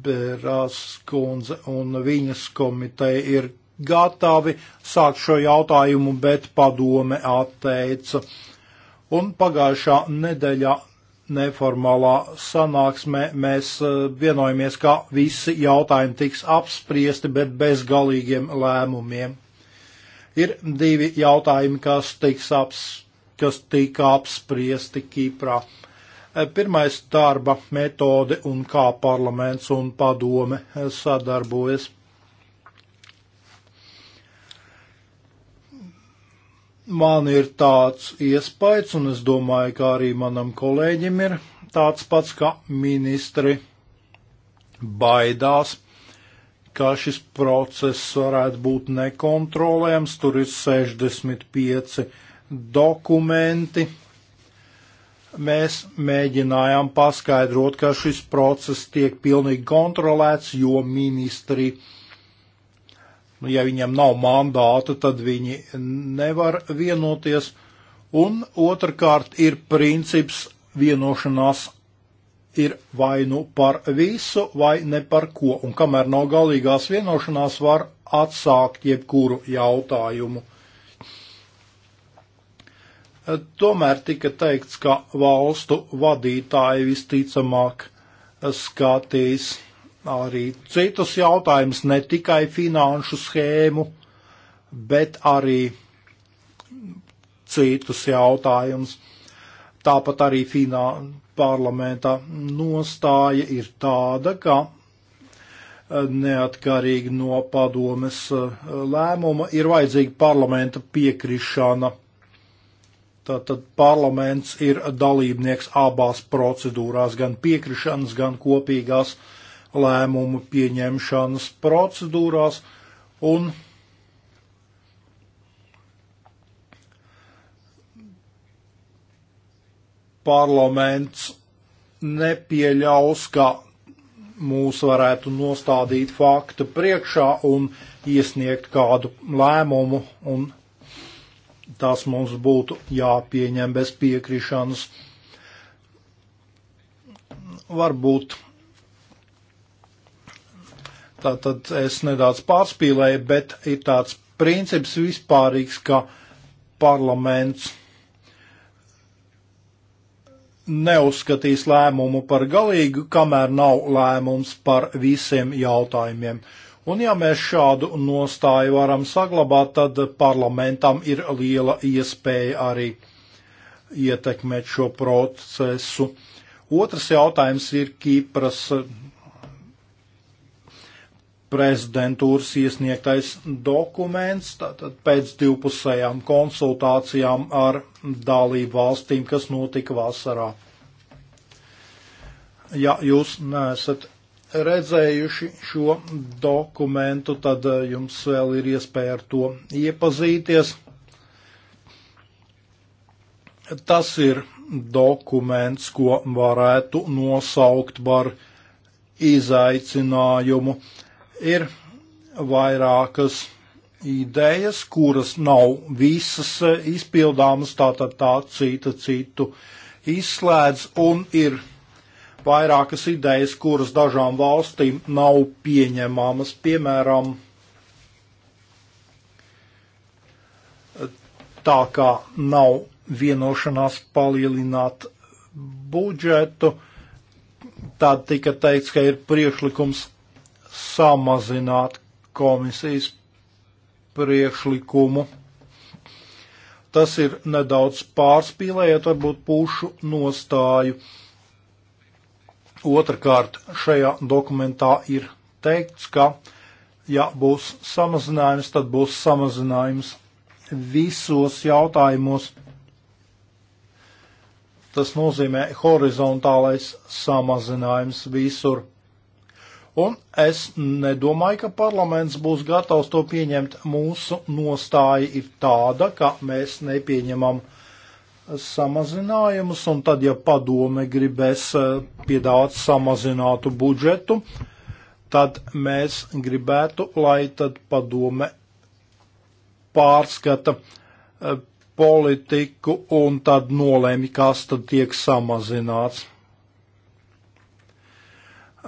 Berās kundze un viņas komiteja ir gatavi sākt šo jautājumu, bet padome atteica. Un pagājušā nedēļā neformālā sanāksmē mēs eh, vienojamies, ka visi jautājumi tiks apspriesti, bet bez galīgiem lēmumiem. Ir divi jautājumi, kas, tiks aps, kas tika apspriesti Kiprā. Eh, pirmais - darba metode un kā parlaments un padome eh, sadarbojas man ir tāds iespējas, un es domāju, ka arī manam kolēģim ir tāds pats, ka ministri baidās, ka šis process varētu būt nekontrolējams. Tur ir 65 dokumenti. Mēs mēģinājām paskaidrot, ka šis process tiek pilnīgi kontrolēts, jo ministri uh, Nu, ja viņam nav mandāta, tad viņi nevar vienoties. Un otrkārt ir princips vienošanās ir vai nu par visu, vai ne par ko. Un kamēr nav galīgās vienošanās, var atsākt jebkuru jautājumu. Tomēr tika teikts, ka valstu vadītāji visticamāk skatīs arī citus jautājumus, ne tikai finanšu schēmu, bet arī citus jautājumus. Tāpat arī finā, parlamenta nostāja ir tāda, ka e, neatkarīgi no padomes e, lēmuma ir vajadzīga parlamenta piekrišana. Tātad parlaments ir dalībnieks abās procedūrās, gan piekrišanas, gan kopīgās uh, lēmumu pieņemšanas procedūrās un parlaments nepieļaus, ka mūs varētu nostādīt faktu priekšā un iesniegt kādu lēmumu, un tas mums būtu jāpieņem bez piekrišanas. Varbūt Tātad es nedaudz pārspīlēju, bet ir tāds princips vispārīgs, ka parlaments neuzskatīs lēmumu par galīgu, kamēr nav lēmums par visiem jautājumiem. Un ja mēs šādu nostāju varam saglabāt, tad parlamentam ir liela iespēja arī ietekmēt šo procesu. Otrs jautājums ir Kīpras prezidentūras iesniegtais dokuments, tātad pēc divpusējām konsultācijām ar dalību valstīm, kas notika vasarā. Ja jūs neesat redzējuši šo dokumentu, tad eh, jums vēl ir iespēja ar to iepazīties. Tas ir dokuments, ko varētu nosaukt par izaicinājumu uh, Ir vairākas idejas, kuras nav visas e, izpildāmas, tātad tā cita citu izslēdz, un ir vairākas idejas, kuras dažām valstīm nav pieņemamas, piemēram, tā kā nav vienošanās palielināt budžetu, tad tika teikts, ka ir priekšlikums samazināt komisijas priekšlikumu. Tas ir nedaudz pārspīlējot varbūt pušu nostāju. Otrakārt, šajā dokumentā ir teikts, ka, ja būs samazinājums, tad būs samazinājums visos jautājumos. Tas nozīmē horizontālais samazinājums visur un es nedomāju, ka parlaments būs gatavs to pieņemt. Mūsu nostāja ir tāda, ka mēs nepieņemam samazinājumus, un tad, ja padome gribēs eh, piedāvāt samazinātu budžetu, tad mēs gribētu, lai tad padome pārskata eh, politiku un tad nolēmi, kas tad tiek samazināts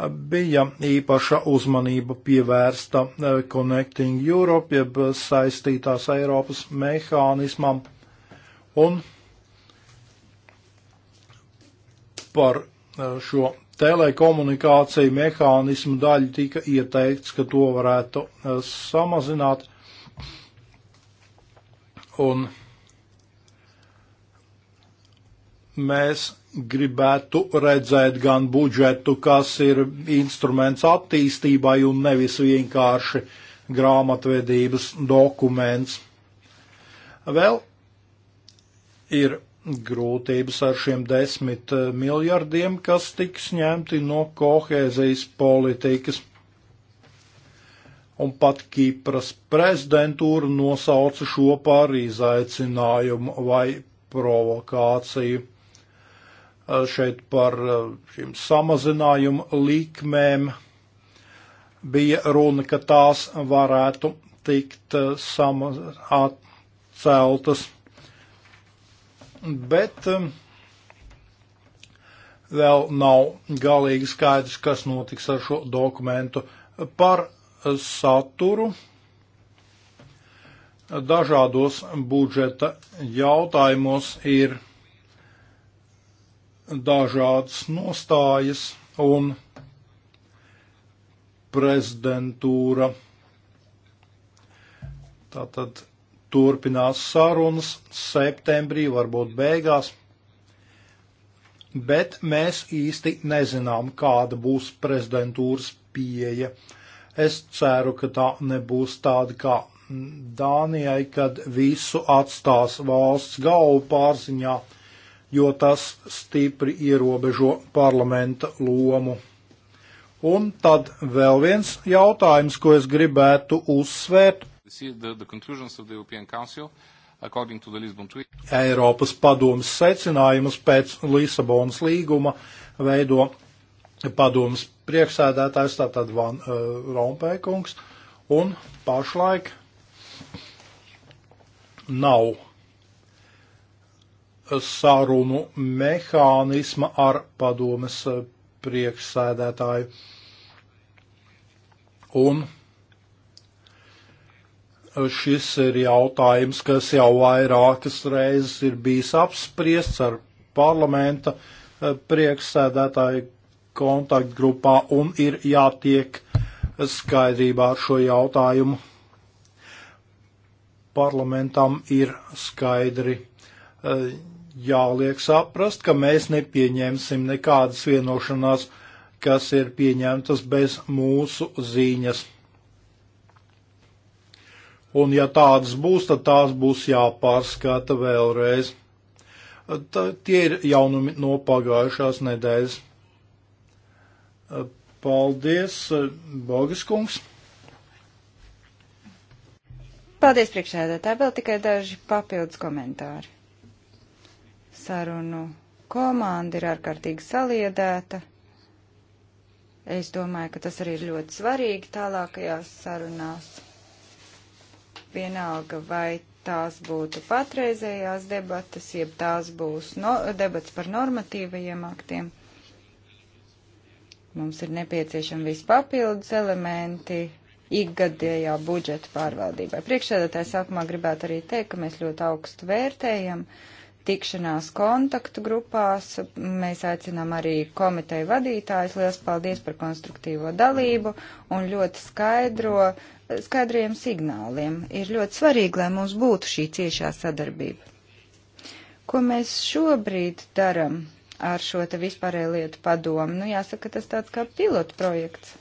bija īpaša uzmanība pievērsta e, Connecting Europe, jeb saistītās Eiropas mehānismam, un par e, šo telekomunikāciju mehānismu daļu tika ieteikts, ka to varētu e, samazināt, un mēs gribētu redzēt gan budžetu, kas ir instruments attīstībai un nevis vienkārši grāmatvedības dokuments. Vēl ir grūtības ar šiem desmit miljardiem, kas tiks ņemti no kohēzijas politikas. Un pat Kipras prezidentūra nosauca šo par izaicinājumu vai provokāciju Eh, šeit par eh, šīm samazinājumu likmēm bija runa, ka tās varētu tikt eh, sama, atceltas. Bet vēl nav galīgi skaidrs, kas notiks ar šo dokumentu par saturu dažādos budžeta jautājumos ir dažādas nostājas un prezidentūra. Tātad turpinās sarunas septembrī, varbūt beigās, bet mēs īsti nezinām, kāda būs prezidentūras pieeja. Es ceru, ka tā nebūs tāda kā Dānijai, kad visu atstās valsts galvu pārziņā jo tas stipri ierobežo parlamenta lomu. Un tad vēl viens jautājums, ko es gribētu uzsvērt. Eiropas padomas secinājumus pēc Lisabonas līguma veido padomas priekšsēdētājs, tātad Van uh, Rompēkungs, un pašlaik nav sarunu mehānisma ar padomes eh, priekšsēdētāju. Un šis ir jautājums, kas jau vairākas reizes ir bijis apspriests ar parlamenta eh, priekšsēdētāju kontaktgrupā un ir jātiek skaidrībā ar šo jautājumu. Parlamentam ir skaidri uh, jāliek saprast, ka mēs nepieņemsim nekādas vienošanās, kas ir pieņemtas bez mūsu ziņas. Un ja tādas būs, tad tās būs jāpārskata vēlreiz. Tā, tie ir jaunumi no pagājušās nedēļas. Paldies, Bogas kungs! Paldies, priekšsēdētāji. Vēl tikai daži papildus komentāri sarunu komanda ir ārkārtīgi saliedēta. Es domāju, ka tas arī ir ļoti svarīgi tālākajās sarunās. Vienalga, vai tās būtu patreizējās debatas, jeb tās būs no, debats par normatīvajiem aktiem. Mums ir nepieciešami visi papildus elementi ikgadējā budžeta pārvaldībai. Priekšsēdētāji sākumā gribētu arī teikt, ka mēs ļoti augstu vērtējam uh, tikšanās kontaktu grupās. Mēs aicinām arī komiteju vadītājus. Lielas paldies par konstruktīvo dalību un ļoti skaidro, skaidriem signāliem. Ir ļoti svarīgi, lai mums būtu šī ciešā sadarbība. Ko mēs šobrīd daram ar šo te vispārēju lietu padomu? Nu, jāsaka, tas tāds kā pilotprojekts,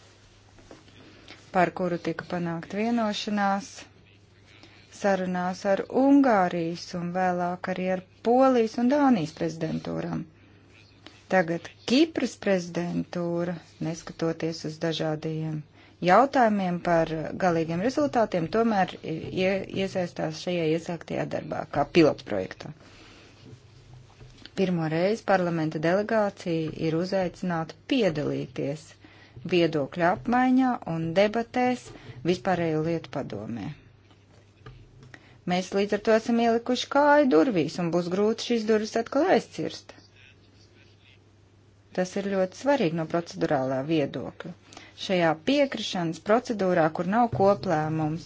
par kuru tika panākt vienošanās sarunās ar Ungārijas un vēlāk arī ar Polijas un Dānijas prezidentūrām. Tagad Kipras prezidentūra, neskatoties uz dažādiem jautājumiem par galīgiem rezultātiem, tomēr ie, iesaistās šajā iesāktajā darbā kā pilotprojektā. Pirmo reizi parlamenta delegācija ir uzaicināta piedalīties viedokļu apmaiņā un debatēs vispārējo lietu padomē. Mēs līdz ar to esam ielikuši kāju durvīs, un būs grūti šīs durvis atkal aizcirst. Tas ir ļoti svarīgi no procedurālā viedokļa. Šajā piekrišanas procedūrā, kur nav koplēmums,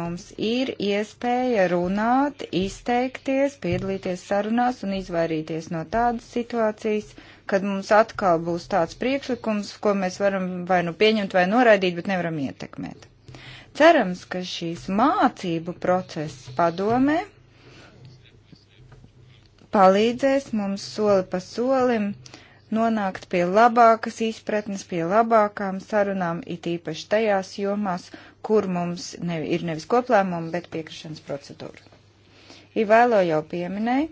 mums ir iespēja runāt, izteikties, piedalīties sarunās un izvairīties no tādas situācijas, kad mums atkal būs tāds priekšlikums, ko mēs varam vai nu pieņemt, vai noraidīt, bet nevaram ietekmēt. Cerams, ka šīs mācību process padomē palīdzēs mums soli pa solim nonākt pie labākas izpratnes, pie labākām sarunām, it īpaši tajās jomās, kur mums ne, ir nevis koplēmuma, bet piekrišanas procedūra. Ivēlo jau pieminēja,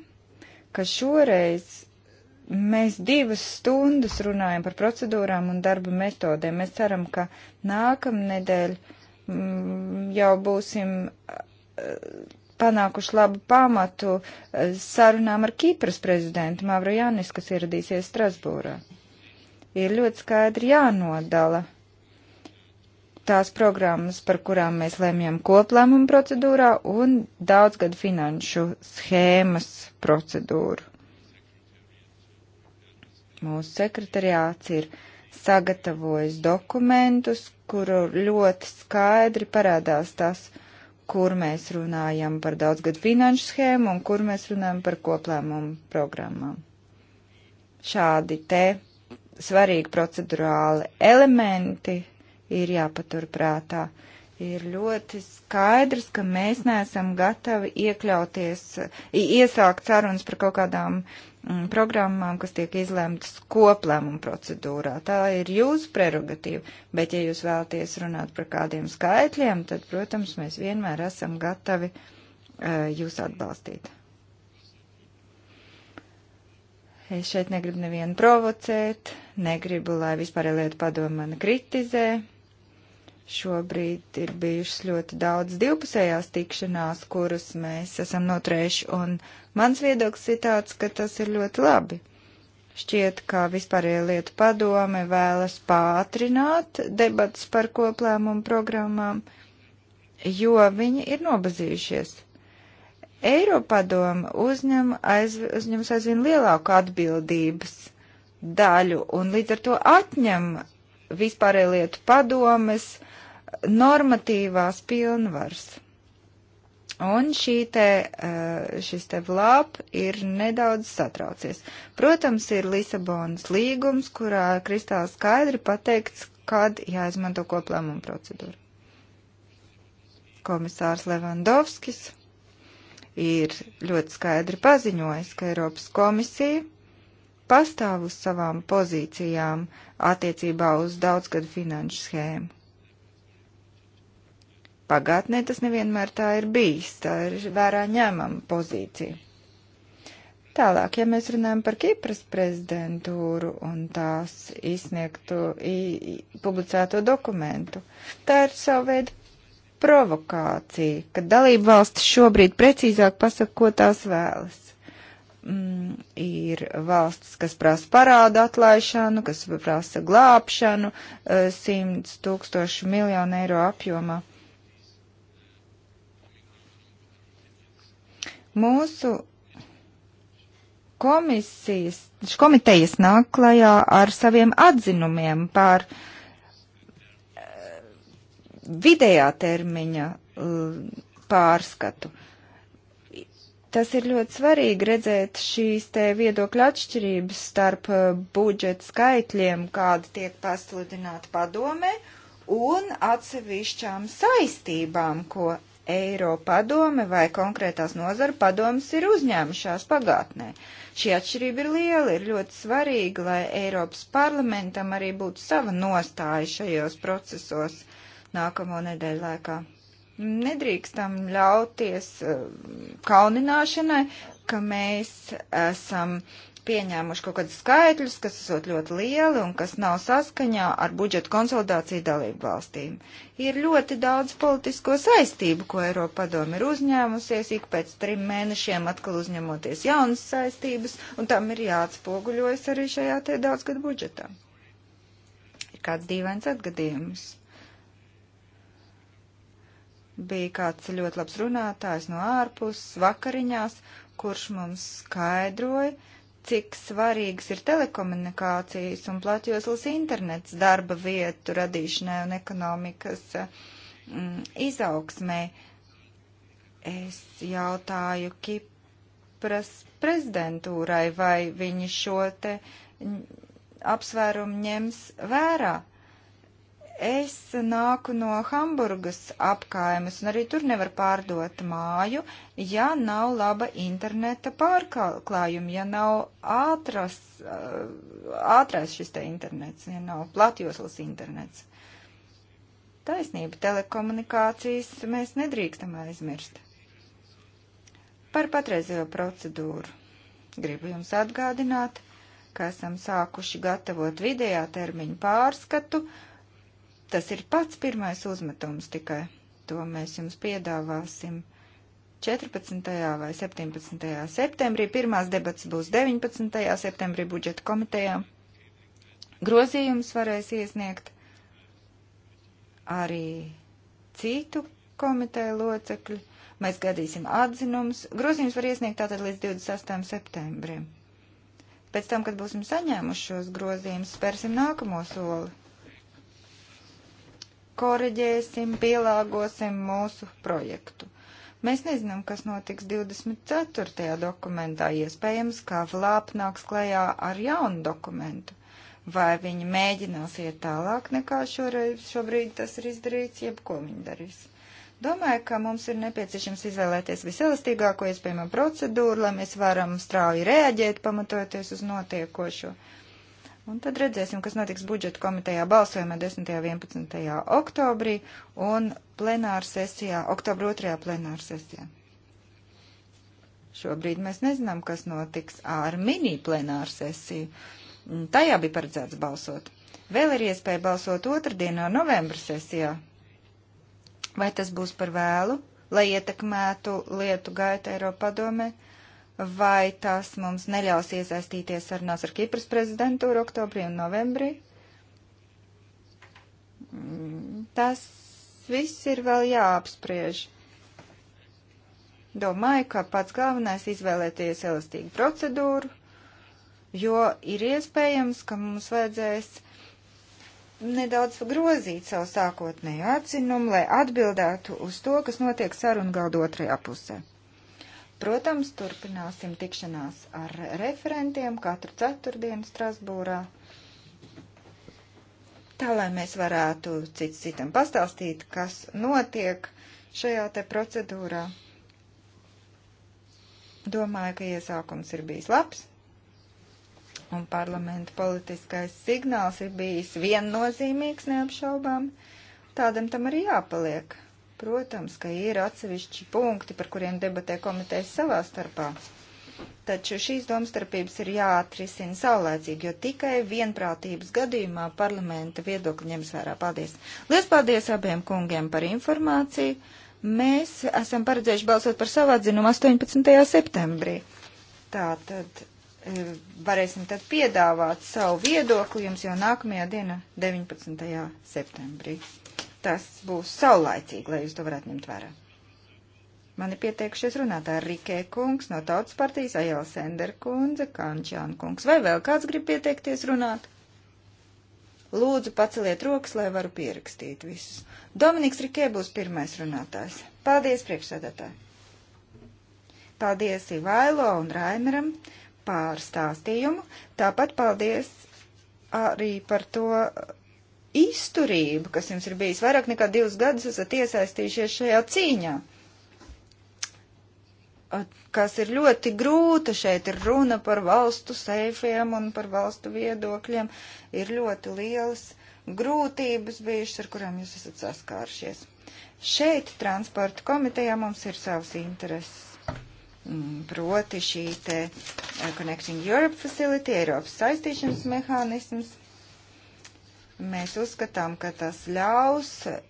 ka šoreiz mēs divas stundas runājam par procedūrām un darba metodēm. Mēs ceram, ka nākamnedēļ Mm, jau būsim eh, panākuši labu pamatu eh, sarunām ar Kīpras prezidentu Mavro Jānis, kas ieradīsies Strasbūrā. Ir ļoti skaidri jānodala tās programmas, par kurām mēs lēmjam koplēmumu procedūrā un daudzgadu finanšu schēmas procedūru. Mūsu sekretariāts ir sagatavojis dokumentus, kuru ļoti skaidri parādās tas, kur mēs runājam par daudzgadu finanšu schēmu un kur mēs runājam par koplēmumu programmām. Šādi te svarīgi procedurāli elementi ir jāpatur prātā. Ir ļoti skaidrs, ka mēs neesam gatavi iekļauties, iesākt sarunas par kaut kādām uh, Mm, programmām, kas tiek izlemtas koplēmuma procedūrā. Tā ir jūsu prerogatīva, bet ja jūs vēlaties runāt par kādiem skaitļiem, tad, protams, mēs vienmēr esam gatavi uh, jūs atbalstīt. Es šeit negribu nevienu provocēt, negribu, lai vispār lietu padomu mani kritizē. Šobrīd ir bijušas ļoti daudz divpusējās tikšanās, kuras mēs esam noturējuši, un mans viedoklis ir tāds, ka tas ir ļoti labi. Šķiet, ka vispārējā lietu padome vēlas pātrināt debats par koplēmumu programmām, jo viņi ir nobazījušies. Eiropadoma uzņem aiz, uzņems aizvien lielāku atbildības daļu un līdz ar to atņem vispārēj lietu padomes normatīvās pilnvars. Un šī te, eh, šis te vlap ir nedaudz satraucies. Protams, ir Lisabonas līgums, kurā kristāli skaidri pateikts, kad jāizmanto koplēmuma procedūra. Komisārs Levandovskis ir ļoti skaidri paziņojis, ka Eiropas komisija pastāv uz savām pozīcijām attiecībā uz daudzgadu finanšu schēmu. Pagātnē tas nevienmēr tā ir bijis, tā ir vērā ņēmama pozīcija. Tālāk, ja mēs runājam par Kipras prezidentūru un tās izsniegto, i, publicēto dokumentu, tā ir savu veidu provokācija, ka dalība valsts šobrīd precīzāk pasaka, ko tās vēlas. Mm, ir valsts, kas prasa parādu atlaišanu, kas prasa glābšanu, eh, simts tūkstošu miljonu eiro apjomā. Mūsu komisijas, komitejas nāk klajā ar saviem atzinumiem par eh, vidējā termiņa eh, pārskatu. Tas ir ļoti svarīgi redzēt šīs te viedokļa atšķirības starp eh, budžeta skaitļiem, kādi tiek pasludināti padomē, un atsevišķām saistībām, ko Eiro padome vai konkrētās nozara padomas ir uzņēmušās pagātnē. Šī atšķirība ir liela, ir ļoti svarīga, lai Eiropas parlamentam arī būtu sava nostāja šajos procesos nākamo nedēļu laikā. Nedrīkstam ļauties eh, kaunināšanai, ka mēs esam uh, pieņēmuši kaut kādus skaitļus, kas esot ļoti lieli un kas nav saskaņā ar budžeta konsolidāciju dalību valstīm. Ir ļoti daudz politisko saistību, ko Eiropa padomi ir uzņēmusies, ik pēc trim mēnešiem atkal uzņemoties jaunas saistības, un tam ir jāatspoguļojas arī šajā te daudzgad budžetā. Ir kāds dīvains atgadījums bija kāds ļoti labs runātājs no ārpus vakariņās, kurš mums skaidroja, cik svarīgas ir telekomunikācijas un platjoslas internets darba vietu radīšanai un ekonomikas mm, izaugsmē. Es jautāju Kipras prezidentūrai, vai viņi šo te apsvērumu ņems vērā. Es nāku no Hamburgas apkaimes, un arī tur nevar pārdot māju, ja nav laba interneta pārklājuma, ja nav ātras, eh, ātrais šis te internets, ja nav platjoslas internets. Taisnība, telekomunikācijas mēs nedrīkstam aizmirst. Par patreizējo procedūru. Gribu jums atgādināt, ka esam sākuši gatavot vidējā termiņu pārskatu, uh, Tas ir pats pirmais uzmetums tikai. To mēs jums piedāvāsim 14. vai 17. septembrī. Pirmās debats būs 19. septembrī budžeta komitejā. Grozījums varēs iesniegt arī citu komiteju locekļi. Mēs gadīsim atzinumus. Grozījums var iesniegt tātad līdz 28. septembrim. Pēc tam, kad būsim saņēmuši šos grozījumus, spērsim nākamo soli koriģēsim, pielāgosim mūsu projektu. Mēs nezinām, kas notiks 24. dokumentā. Iespējams, ka Vlap nāks klajā ar jaunu dokumentu. Vai viņi mēģinās iet tālāk nekā šoreiz, šobrīd tas ir izdarīts, jeb ko viņi darīs. Domāju, ka mums ir nepieciešams izvēlēties viselastīgāko iespējamo procedūru, lai mēs varam strauji reaģēt, pamatojoties uz notiekošo. Uh, Un tad redzēsim, kas notiks budžeta komitejā balsojumā 10. un 11. oktobrī un plenāra sesijā, oktobra 2. plenāra sesijā. Šobrīd mēs nezinām, kas notiks ar mini plenāru sesiju. Mm, tajā bija paredzēts balsot. Vēl ir iespēja balsot otrdienā novembra sesijā. Vai tas būs par vēlu, lai ietekmētu lietu gaitu Eiropadomē? padomē? vai tas mums neļaus iesaistīties sarunās ar Kipras prezidentūru oktobrī un novembrī. Mm, tas viss ir vēl jāapspriež. Domāju, ka pats galvenais izvēlēties elastīgu procedūru, jo ir iespējams, ka mums vajadzēs nedaudz grozīt savu sākotnēju atzinumu, lai atbildētu uz to, kas notiek sarunu galdu otrajā pusē. Protams, turpināsim tikšanās ar referentiem katru ceturtdienu Strasbūrā. Tā, lai mēs varētu cits citam pastāstīt, kas notiek šajā te procedūrā. Domāju, ka iesākums ir bijis labs un parlamenta politiskais signāls ir bijis viennozīmīgs neapšaubām. Tādam tam arī jāpaliek. Protams, ka ir atsevišķi punkti, par kuriem debatē komitejas savā starpā. Taču šīs domstarpības ir jāatrisina saulēcīgi, jo tikai vienprātības gadījumā parlamenta viedokli ņems vērā. Paldies! Lielas paldies abiem kungiem par informāciju! Mēs esam paredzējuši balsot par savu atzinumu 18. septembrī. Tātad e, varēsim tad piedāvāt savu viedokli jums jau nākamajā dienā 19. septembrī tas būs saulaicīgi, lai jūs to varētu ņemt vērā. Man ir pieteikušies runātāji Rikē kungs no Tautas partijas, Ajala Sender kundze, Kančāna kungs. Vai vēl kāds grib pieteikties runāt? Lūdzu, paceliet rokas, lai varu pierakstīt visus. Dominiks Rikē būs pirmais runātājs. Paldies, priekšsēdētāji! Paldies Ivailo un Raimeram par stāstījumu. Tāpat paldies arī par to izturību, kas jums ir bijis vairāk nekā divus gadus, esat iesaistījušies šajā cīņā kas ir ļoti grūta. Šeit ir runa par valstu seifiem un par valstu viedokļiem. Ir ļoti lielas grūtības bijušas, ar kurām jūs esat saskāršies. Šeit transporta komitejā mums ir savs intereses. Mm, proti šī te uh, Connecting Europe Facility, Eiropas saistīšanas mehānisms. Mēs uzskatām, ka tas ļaus uh,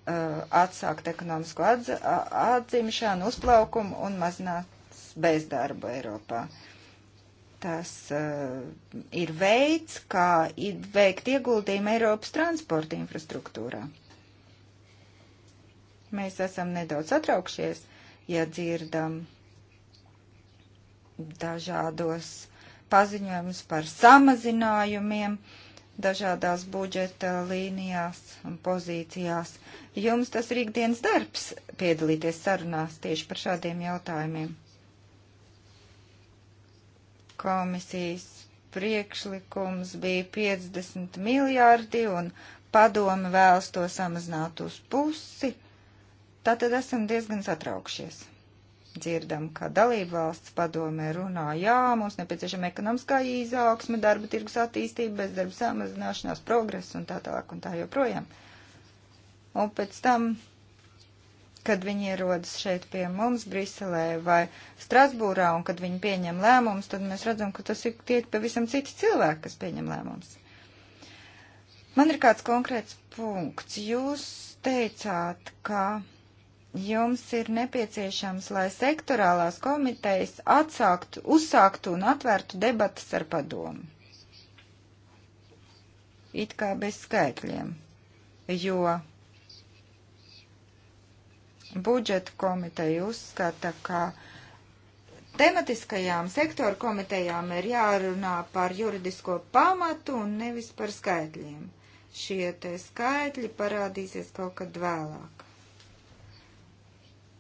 atsākt ekonomisko atz atzimšanu, uzplaukumu un mazināt bezdarbu Eiropā. Tas uh, ir veids, kā veikt ieguldījumu Eiropas transporta infrastruktūrā. Mēs esam nedaudz satraukšies, ja dzirdam dažādos paziņojumus par samazinājumiem. Uh, dažādās budžeta līnijās un pozīcijās. Jums tas ir ikdienas darbs piedalīties sarunās tieši par šādiem jautājumiem. Komisijas priekšlikums bija 50 miljārdi un padome vēlas to samazināt uz pusi. Tātad esam diezgan satraukšies dzirdam, ka dalībvalsts padomē runā, jā, mums nepieciešama ekonomiskā izaugsme, darba tirgus attīstība, bezdarba samazināšanās, progress un tā tālāk un tā joprojām. Un pēc tam, kad viņi ierodas šeit pie mums, Briselē vai Strasbūrā, un kad viņi pieņem lēmumus, tad mēs redzam, ka tas ir tie pavisam citi cilvēki, kas pieņem lēmumus. Man ir kāds konkrēts punkts. Jūs teicāt, ka jums ir nepieciešams, lai sektorālās komitejas atsāktu, uzsāktu un atvērtu debatas ar padomu. It kā bez skaitļiem, jo budžeta komiteja uzskata, ka tematiskajām sektoru komitejām ir jārunā par juridisko pamatu un nevis par skaitļiem. Šie te skaitļi parādīsies kaut kad vēlāk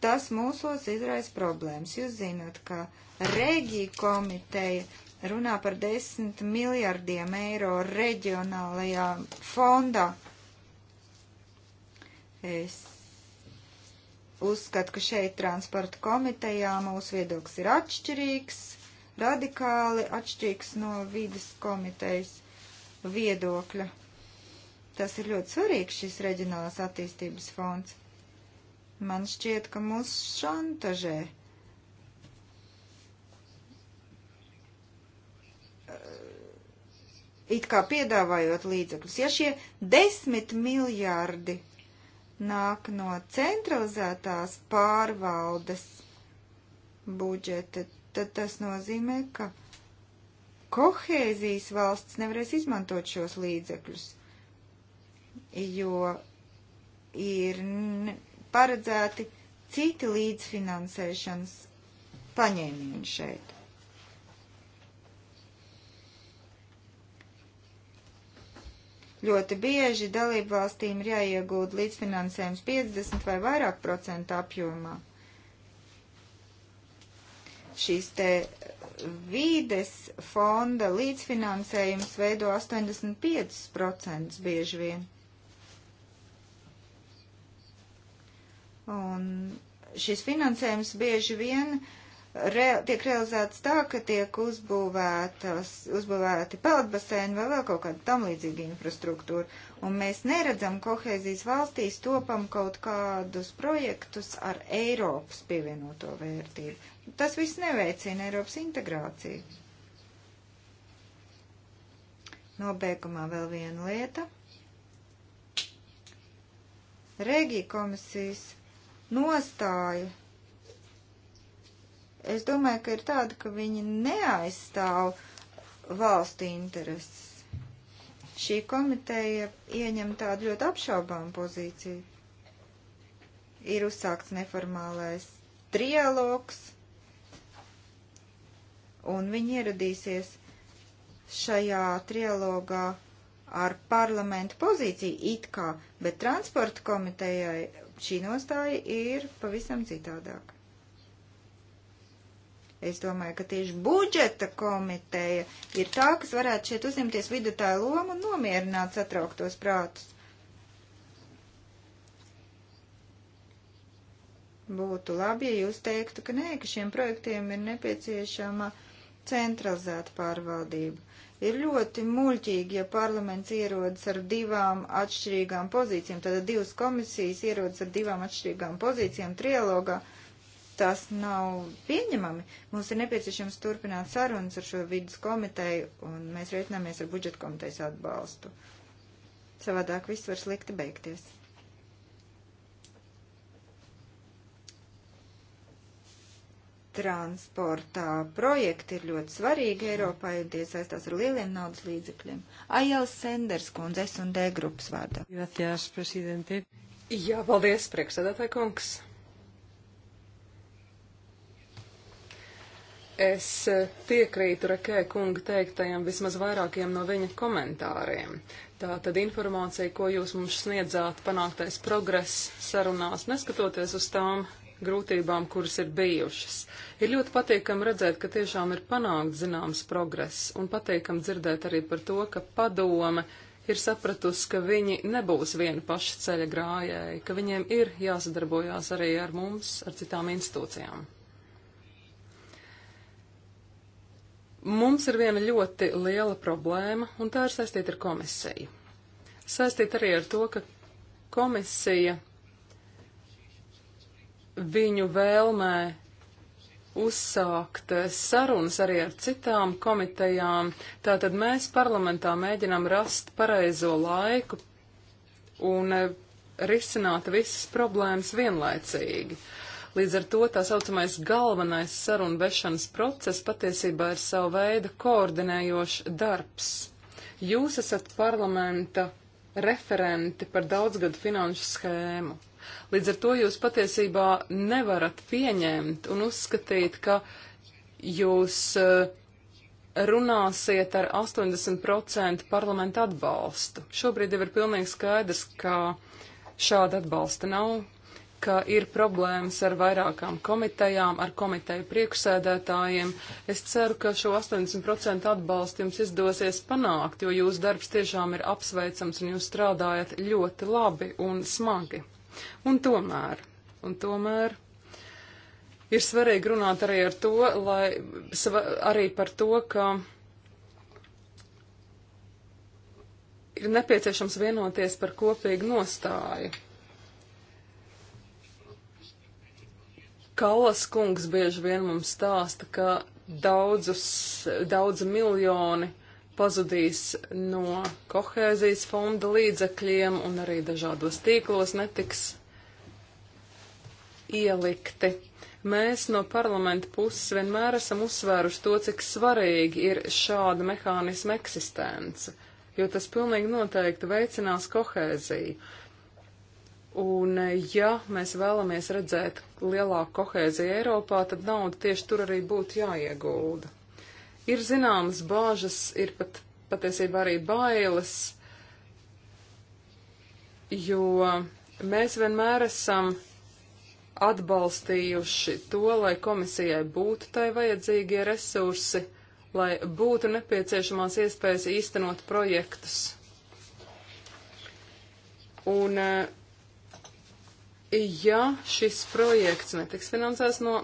tas mūsos izraisa problēmas. Jūs zināt, ka Regi komiteja runā par 10 miljardiem eiro reģionālajā fondā. Es uzskatu, ka šeit transporta komitejā mūsu viedoklis ir atšķirīgs, radikāli atšķirīgs no vidas komitejas viedokļa. Tas ir ļoti svarīgs šis reģionālās attīstības fonds. Man šķiet, ka mūs šantažē. It kā piedāvājot līdzekļus. Ja šie desmit miljārdi nāk no centralizētās pārvaldes budžeta, tad tas nozīmē, ka kohēzijas valsts nevarēs izmantot šos līdzekļus, jo ir paredzēti citi līdzfinansēšanas paņēmieni šeit. Ļoti bieži dalību valstīm ir jāiegūt līdzfinansējums 50 vai vairāk procentu apjomā. Šīs te vīdes fonda līdzfinansējums veido 85% bieži vien. Un šis finansējums bieži vien re, tiek realizēts tā, ka tiek uzbūvēti peldbaseini vai vēl kaut kāda tam līdzīga infrastruktūra. Un mēs neredzam kohēzijas valstīs topam kaut kādus projektus ar Eiropas pievienoto vērtību. Tas viss neveicina Eiropas integrāciju. Nobeigumā vēl viena lieta. Regija komisijas nostāja, es domāju, ka ir tāda, ka viņi neaizstāv valstu intereses. Šī komiteja ieņem tādu ļoti apšaubām pozīciju. Ir uzsākts neformālais trialogs, un viņi ieradīsies šajā trialogā ar parlamentu pozīciju it kā, bet transporta komitejai šī nostāja ir pavisam citādāka. Es domāju, ka tieši budžeta komiteja ir tā, kas varētu šeit uzņemties vidutāju lomu un nomierināt satrauktos prātus. Būtu labi, ja jūs teiktu, ka nē, ka šiem projektiem ir nepieciešama centralizēta pārvaldība. Ir ļoti muļķīgi, ja parlaments ierodas ar divām atšķirīgām pozīcijām, tad divas komisijas ierodas ar divām atšķirīgām pozīcijām trialogā. Tas nav pieņemami. Mums ir nepieciešams turpināt sarunas ar šo vidus komiteju, un mēs reiķināmies ar budžeta komitejas atbalstu. Savādāk viss var slikti beigties. transportā projekti ir ļoti svarīgi Eiropai un tie saistās ar lieliem naudas līdzekļiem. Aijels Senders kundze, S un D grupas vārdā. Gracias, prezidenti. Jā, paldies, priekšsēdētāji kungs. Es eh, piekrītu Rekē kunga teiktajam vismaz vairākiem no viņa komentāriem. Tā tad informācija, ko jūs mums sniedzāt, panāktais progress sarunās, neskatoties uz tām grūtībām, kuras ir bijušas. Ir ļoti patīkami redzēt, ka tiešām ir panākt zināms progress, un patīkami dzirdēt arī par to, ka padome ir sapratusi, ka viņi nebūs vieni paši ceļa grājēji, ka viņiem ir jāsadarbojās arī ar mums, ar citām institūcijām. Mums ir viena ļoti liela problēma, un tā ir saistīta ar komisiju. Saistīta arī ar to, ka komisija viņu vēlmē uzsākt sarunas arī ar citām komitejām. Tātad mēs parlamentā mēģinām rast pareizo laiku un eh, risināt visas problēmas vienlaicīgi. Līdz ar to tā saucamais galvenais sarunu vešanas process patiesībā ir savu veidu koordinējošs darbs. Jūs esat parlamenta referenti par daudzgadu finanšu schēmu. Līdz ar to jūs patiesībā nevarat pieņemt un uzskatīt, ka jūs eh, runāsiet ar 80% parlamentu atbalstu. Šobrīd jau ir pilnīgi skaidrs, ka šāda atbalsta nav, ka ir problēmas ar vairākām komitejām, ar komiteju priekšsēdētājiem. Es ceru, ka šo 80% atbalstu jums izdosies panākt, jo jūsu darbs tiešām ir apsveicams un jūs strādājat ļoti labi un smagi. Un tomēr, un tomēr ir svarīgi runāt arī, ar to, lai, arī par to, ka ir nepieciešams vienoties par kopīgu nostāju. Kallas kungs bieži vien mums stāsta, ka daudzus, daudzi miljoni uh, pazudīs no kohēzijas fonda līdzekļiem un arī dažādos tīklos netiks ielikti. Mēs no parlamenta puses vienmēr esam uzsvēruši to, cik svarīgi ir šāda mehānisma eksistence, jo tas pilnīgi noteikti veicinās kohēziju. Un ja mēs vēlamies redzēt lielāku kohēziju Eiropā, tad nauda tieši tur arī būtu jāiegulda. Ir zināmas bāžas, ir pat patiesībā arī bailes, jo mēs vienmēr esam atbalstījuši to, lai komisijai būtu tai vajadzīgie resursi, lai būtu nepieciešamās iespējas īstenot projektus. Un eh, ja šis projekts netiks finansēts no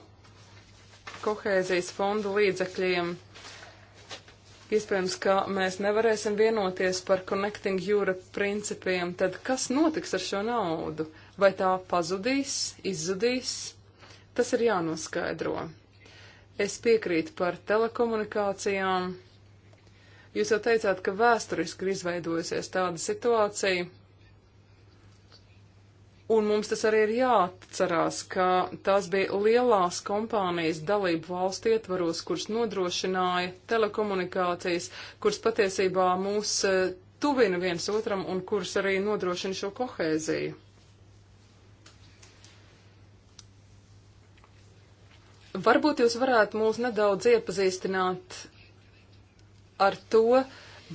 kohēzijas fonda līdzekļiem, Iespējams, ka mēs nevarēsim vienoties par Connecting Europe principiem, tad kas notiks ar šo naudu? Vai tā pazudīs, izzudīs? Tas ir jānoskaidro. Es piekrītu par telekomunikācijām. Jūs jau teicāt, ka vēsturiski ir izveidojusies tāda situācija, Un mums tas arī ir jāatcerās, ka tās bija lielās kompānijas dalību valstu ietvaros, kuras nodrošināja telekomunikācijas, kuras patiesībā mūs eh, tuvina viens otram un kuras arī nodrošina šo kohēziju. Varbūt jūs varētu mūs nedaudz iepazīstināt ar to,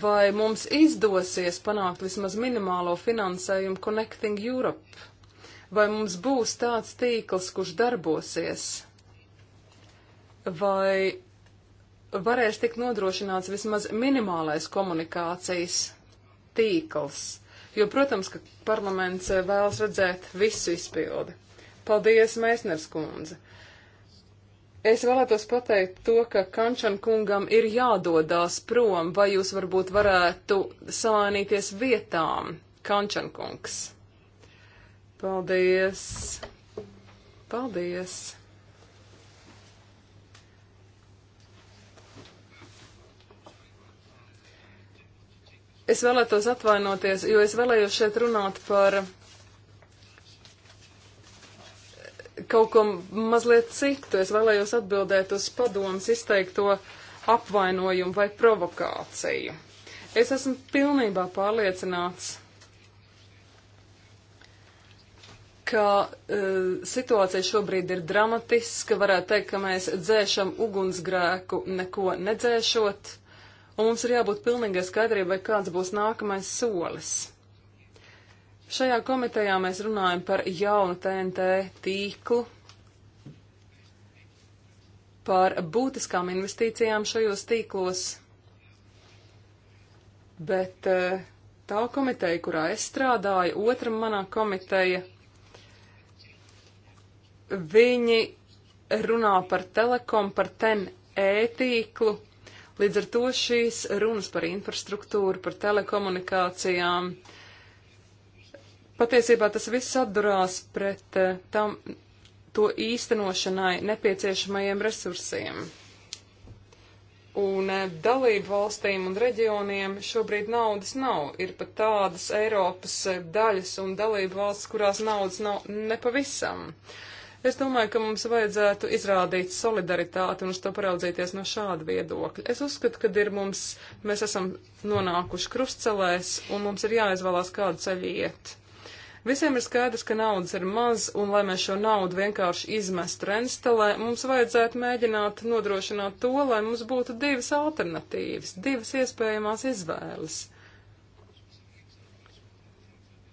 vai mums izdosies panākt vismaz minimālo finansējumu Connecting Europe vai mums būs tāds tīkls, kurš darbosies, vai varēs tikt nodrošināts vismaz minimālais komunikācijas tīkls, jo, protams, ka parlaments eh, vēlas redzēt visu izpildi. Paldies, Meisners kundze! Es vēlētos pateikt to, ka Kančana kungam ir jādodās prom, vai jūs varbūt varētu savainīties vietām, Kančana kungs. Paldies! Paldies! Es vēlētos atvainoties, jo es vēlējos šeit runāt par kaut ko mazliet citu. Es vēlējos atbildēt uz padomus izteikto apvainojumu vai provokāciju. Es esmu pilnībā pārliecināts, ka e, situācija šobrīd ir dramatiska, varētu teikt, ka mēs dzēšam ugunsgrēku neko nedzēšot, un mums ir jābūt pilnīgai skaidrībai, kāds būs nākamais solis. Šajā komitejā mēs runājam par jaunu TNT tīklu, par būtiskām investīcijām šajos tīklos, bet e, tā komiteja, kurā es strādāju, otra manā komiteja Viņi runā par telekom, par ten ētīklu. E Līdz ar to šīs runas par infrastruktūru, par telekomunikācijām, patiesībā tas viss atdurās pret eh, tam, to īstenošanai nepieciešamajiem resursiem. Un eh, dalību valstīm un reģioniem šobrīd naudas nav. Ir pat tādas Eiropas eh, daļas un dalību valsts, kurās naudas nav nepavisam. Uh, Es domāju, ka mums vajadzētu izrādīt solidaritāti un uz to paraudzīties no šāda viedokļa. Es uzskatu, ka ir mums, mēs esam nonākuši krustcelēs un mums ir jāizvēlās kādu ceļu iet. Visiem ir skaidrs, ka naudas ir maz, un lai mēs šo naudu vienkārši izmestu renstelē, mums vajadzētu mēģināt nodrošināt to, lai mums būtu divas alternatīvas, divas iespējamās izvēles.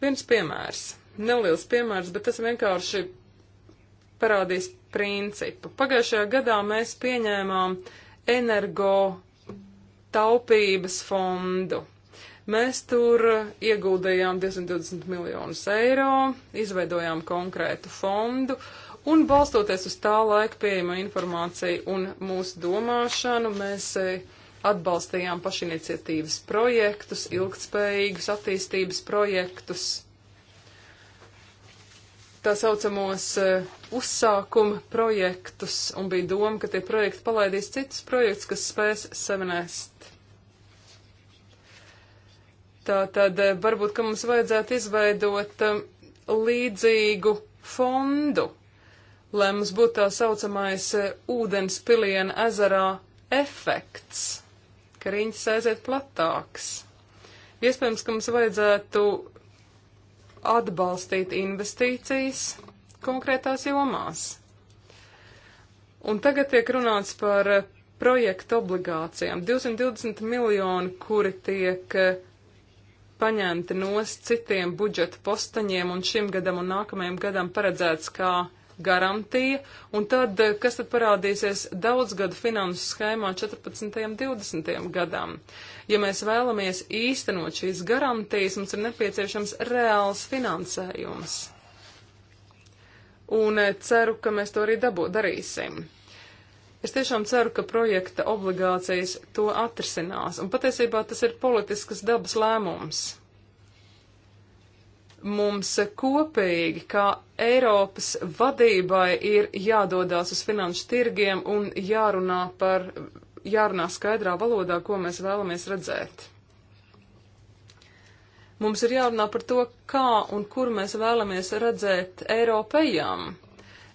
Viens piemērs. Neliels piemērs, bet tas vienkārši parādīs principu. Pagājušajā gadā mēs pieņēmām energo taupības fondu. Mēs tur ieguldījām 220 miljonus eiro, izveidojām konkrētu fondu un balstoties uz tā laika pieejamo informāciju un mūsu domāšanu, mēs e, atbalstījām pašiniciatīvas projektus, ilgtspējīgus attīstības projektus tā saucamos eh, uzsākuma projektus, un bija doma, ka tie projekti palaidīs citus projektus, kas spēs savinēst. Tā tad eh, varbūt, ka mums vajadzētu izveidot eh, līdzīgu fondu, lai mums būtu tā saucamais ūdens piliena ezerā efekts, ka riņķis aiziet platāks. Iespējams, ka mums vajadzētu atbalstīt investīcijas konkrētās jomās. Un tagad tiek runāts par projektu obligācijām. 220 miljoni, kuri tiek eh, paņemti no citiem budžeta postaņiem un šim gadam un nākamajam gadam paredzēts kā garantija, un tad, eh, kas tad parādīsies daudzgadu finanses schēmā 14. un 20. gadam. Ja mēs vēlamies īstenot šīs garantijas, mums ir nepieciešams reāls finansējums. Un eh, ceru, ka mēs to arī dabū darīsim. Es tiešām ceru, ka projekta obligācijas to atrisinās, un patiesībā tas ir politiskas dabas lēmums mums kopīgi, kā Eiropas vadībai, ir jādodās uz finanšu tirgiem un jārunā par, jārunā skaidrā valodā, ko mēs vēlamies redzēt. Mums ir jārunā par to, kā un kur mēs vēlamies redzēt Eiropējām.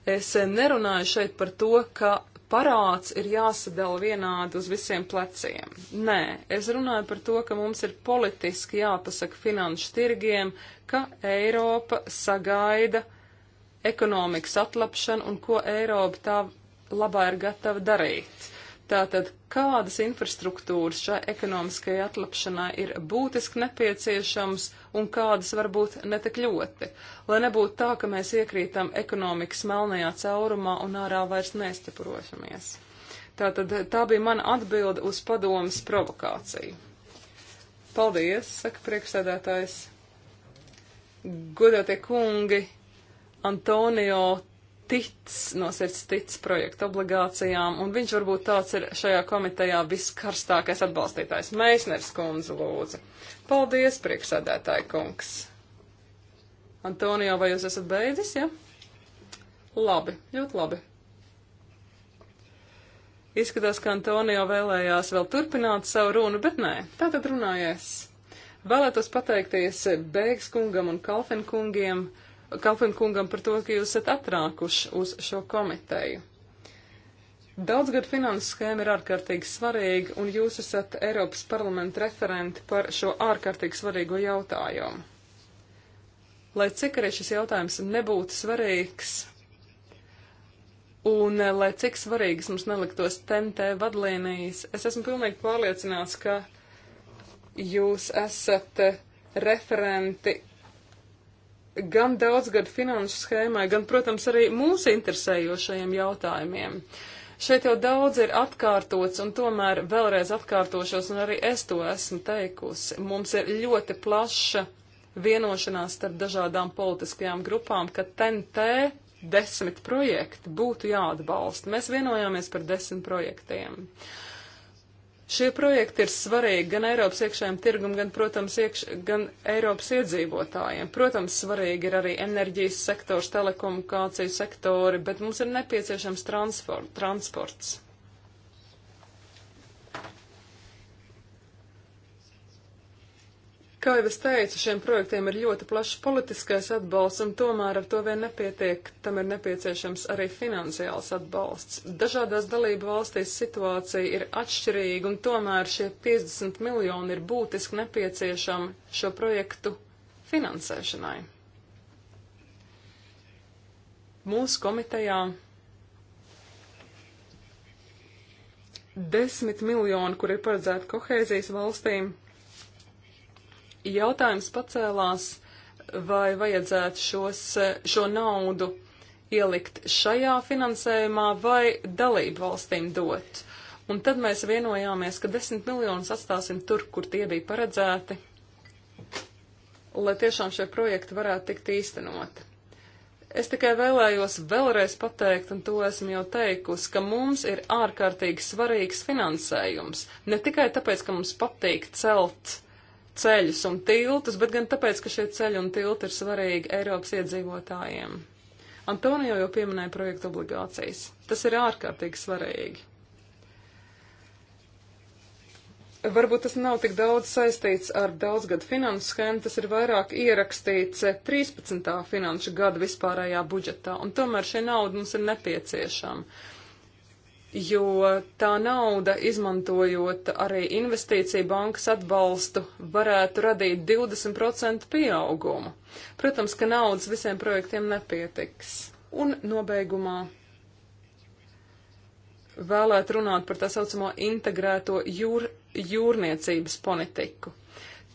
Es nerunāju šeit par to, ka parāds ir jāsadala vienādi uz visiem pleciem. Nē, es runāju par to, ka mums ir politiski jāpasaka finanšu tirgiem, ka Eiropa sagaida ekonomikas atlapšanu un ko Eiropa tā labā ir gatava darīt. Tātad, kādas infrastruktūras šai ekonomiskajai atlapšanai ir būtiski nepieciešams un kādas varbūt netik ļoti, lai nebūtu tā, ka mēs iekrītam ekonomikas melnajā caurumā un ārā vairs nestepurošamies. Tātad tā bija mana atbilde uz padomas provokāciju. Paldies, saka priekšsēdētājs. Godātie kungi, Antonio tic, no sirds tic projektu obligācijām, un viņš varbūt tāds ir šajā komitejā viskarstākais atbalstītājs. Meisners kundze lūdzu. Paldies, priekšsēdētāji kungs. Antonio, vai jūs esat beidzis, ja? Labi, ļoti labi. Izskatās, ka Antonio vēlējās vēl turpināt savu runu, bet nē, tātad runājies. Vēlētos pateikties Beigas kungam un Kalfen kungiem. Kalpin kungam par to, ka jūs esat atrākuši uz šo komiteju. Daudzgad finanses schēma ir ārkārtīgi svarīga, un jūs esat Eiropas parlamenta referenti par šo ārkārtīgi svarīgo jautājumu. Lai cik arī šis jautājums nebūtu svarīgs, un eh, lai cik svarīgs mums neliktos TNT vadlīnijas, es esmu pilnīgi pārliecināts, ka jūs esat referenti gan daudzgadu finanšu schēmai, gan, protams, arī mūsu interesējošajiem jautājumiem. Šeit jau daudz ir atkārtots, un tomēr vēlreiz atkārtošos, un arī es to esmu teikusi. Mums ir ļoti plaša vienošanās starp dažādām politiskajām grupām, ka TNT desmit projekti būtu jāatbalsta. Mēs vienojāmies par desmit projektiem. Uh, Šie projekti ir svarīgi gan Eiropas iekšējiem tirgum, gan, protams, iekš, gan Eiropas iedzīvotājiem. Protams, svarīgi ir arī enerģijas sektors, telekomunikāciju sektori, bet mums ir nepieciešams transport, transports. Kā jau es teicu, šiem projektiem ir ļoti plašs politiskais atbalsts, un tomēr ar to vien nepietiek, tam ir nepieciešams arī finansiāls atbalsts. Dažādās dalību valstīs situācija ir atšķirīga, un tomēr šie 50 miljoni ir būtiski nepieciešami šo projektu finansēšanai. Mūsu komitejā desmit miljoni, kur ir paredzēti kohēzijas valstīm, jautājums pacēlās, vai vajadzētu šos, šo naudu ielikt šajā finansējumā vai dalību valstīm dot. Un tad mēs vienojāmies, ka 10 miljonus atstāsim tur, kur tie bija paredzēti, lai tiešām šie projekti varētu tikt īstenoti. Es tikai vēlējos vēlreiz pateikt, un to esmu jau teikusi, ka mums ir ārkārtīgi svarīgs finansējums. Ne tikai tāpēc, ka mums patīk celt uh, ceļus un tiltus, bet gan tāpēc, ka šie ceļi un tilti ir svarīgi Eiropas iedzīvotājiem. Antonio jau pieminēja projektu obligācijas. Tas ir ārkārtīgi svarīgi. Varbūt tas nav tik daudz saistīts ar daudzgadu finansu schēmu, tas ir vairāk ierakstīts 13. finanšu gada vispārējā budžetā, un tomēr šī nauda mums ir nepieciešama jo tā nauda, izmantojot arī investīciju bankas atbalstu, varētu radīt 20% pieaugumu. Protams, ka naudas visiem projektiem nepietiks. Un nobeigumā vēlētu runāt par tā saucamo integrēto jūr, jūrniecības politiku.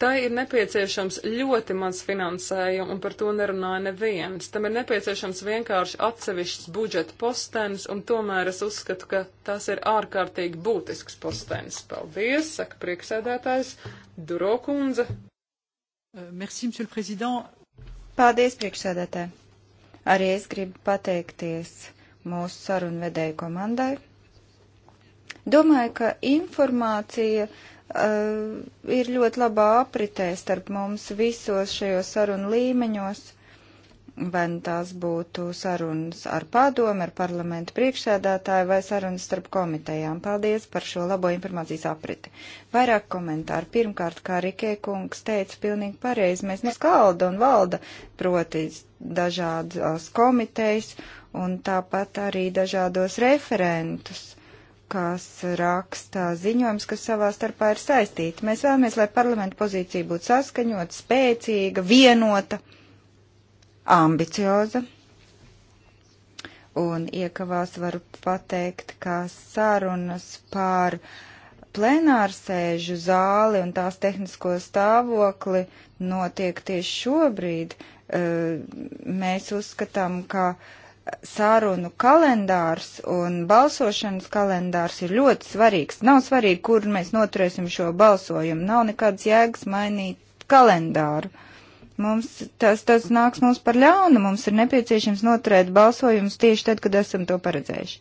Tai ir nepieciešams ļoti maz finansējuma, un par to nerunāja neviens. Tam ir nepieciešams vienkārši atsevišķs budžeta postenis, un tomēr es uzskatu, ka tas ir ārkārtīgi būtisks postenis. Paldies, saka prieksēdētājs Durokundze. Euh, merci, monsieur le président. Paldies, priekšsēdētāji. Arī es gribu pateikties mūsu sarunvedēju komandai. Domāju, ka informācija uh, ir ļoti labā apritē starp mums visos šajos sarunu līmeņos, vai nu tās būtu sarunas ar padomu, ar parlamentu priekšsēdētāju vai sarunas starp komitejām. Paldies par šo labo informācijas apriti. Vairāk komentāru. Pirmkārt, kā Rikē kungs teica, pilnīgi pareizi, mēs neskalda un valda, proti dažādas komitejas un tāpat arī dažādos referentus kas raksta ziņojums, kas savā starpā ir saistīti. Mēs vēlamies, lai parlamenta pozīcija būtu saskaņota, spēcīga, vienota, ambicioza. Un iekavās varu pateikt, ka sarunas pār plenārsēžu zāli un tās tehnisko stāvokli notiek tieši šobrīd. Mēs uzskatām, ka uh, sārunu kalendārs un balsošanas kalendārs ir ļoti svarīgs. Nav svarīgi, kur mēs noturēsim šo balsojumu. Nav nekādas jēgas mainīt kalendāru. Mums tas, tas nāks mums par ļaunu. Mums ir nepieciešams noturēt balsojumus tieši tad, kad esam to paredzējuši.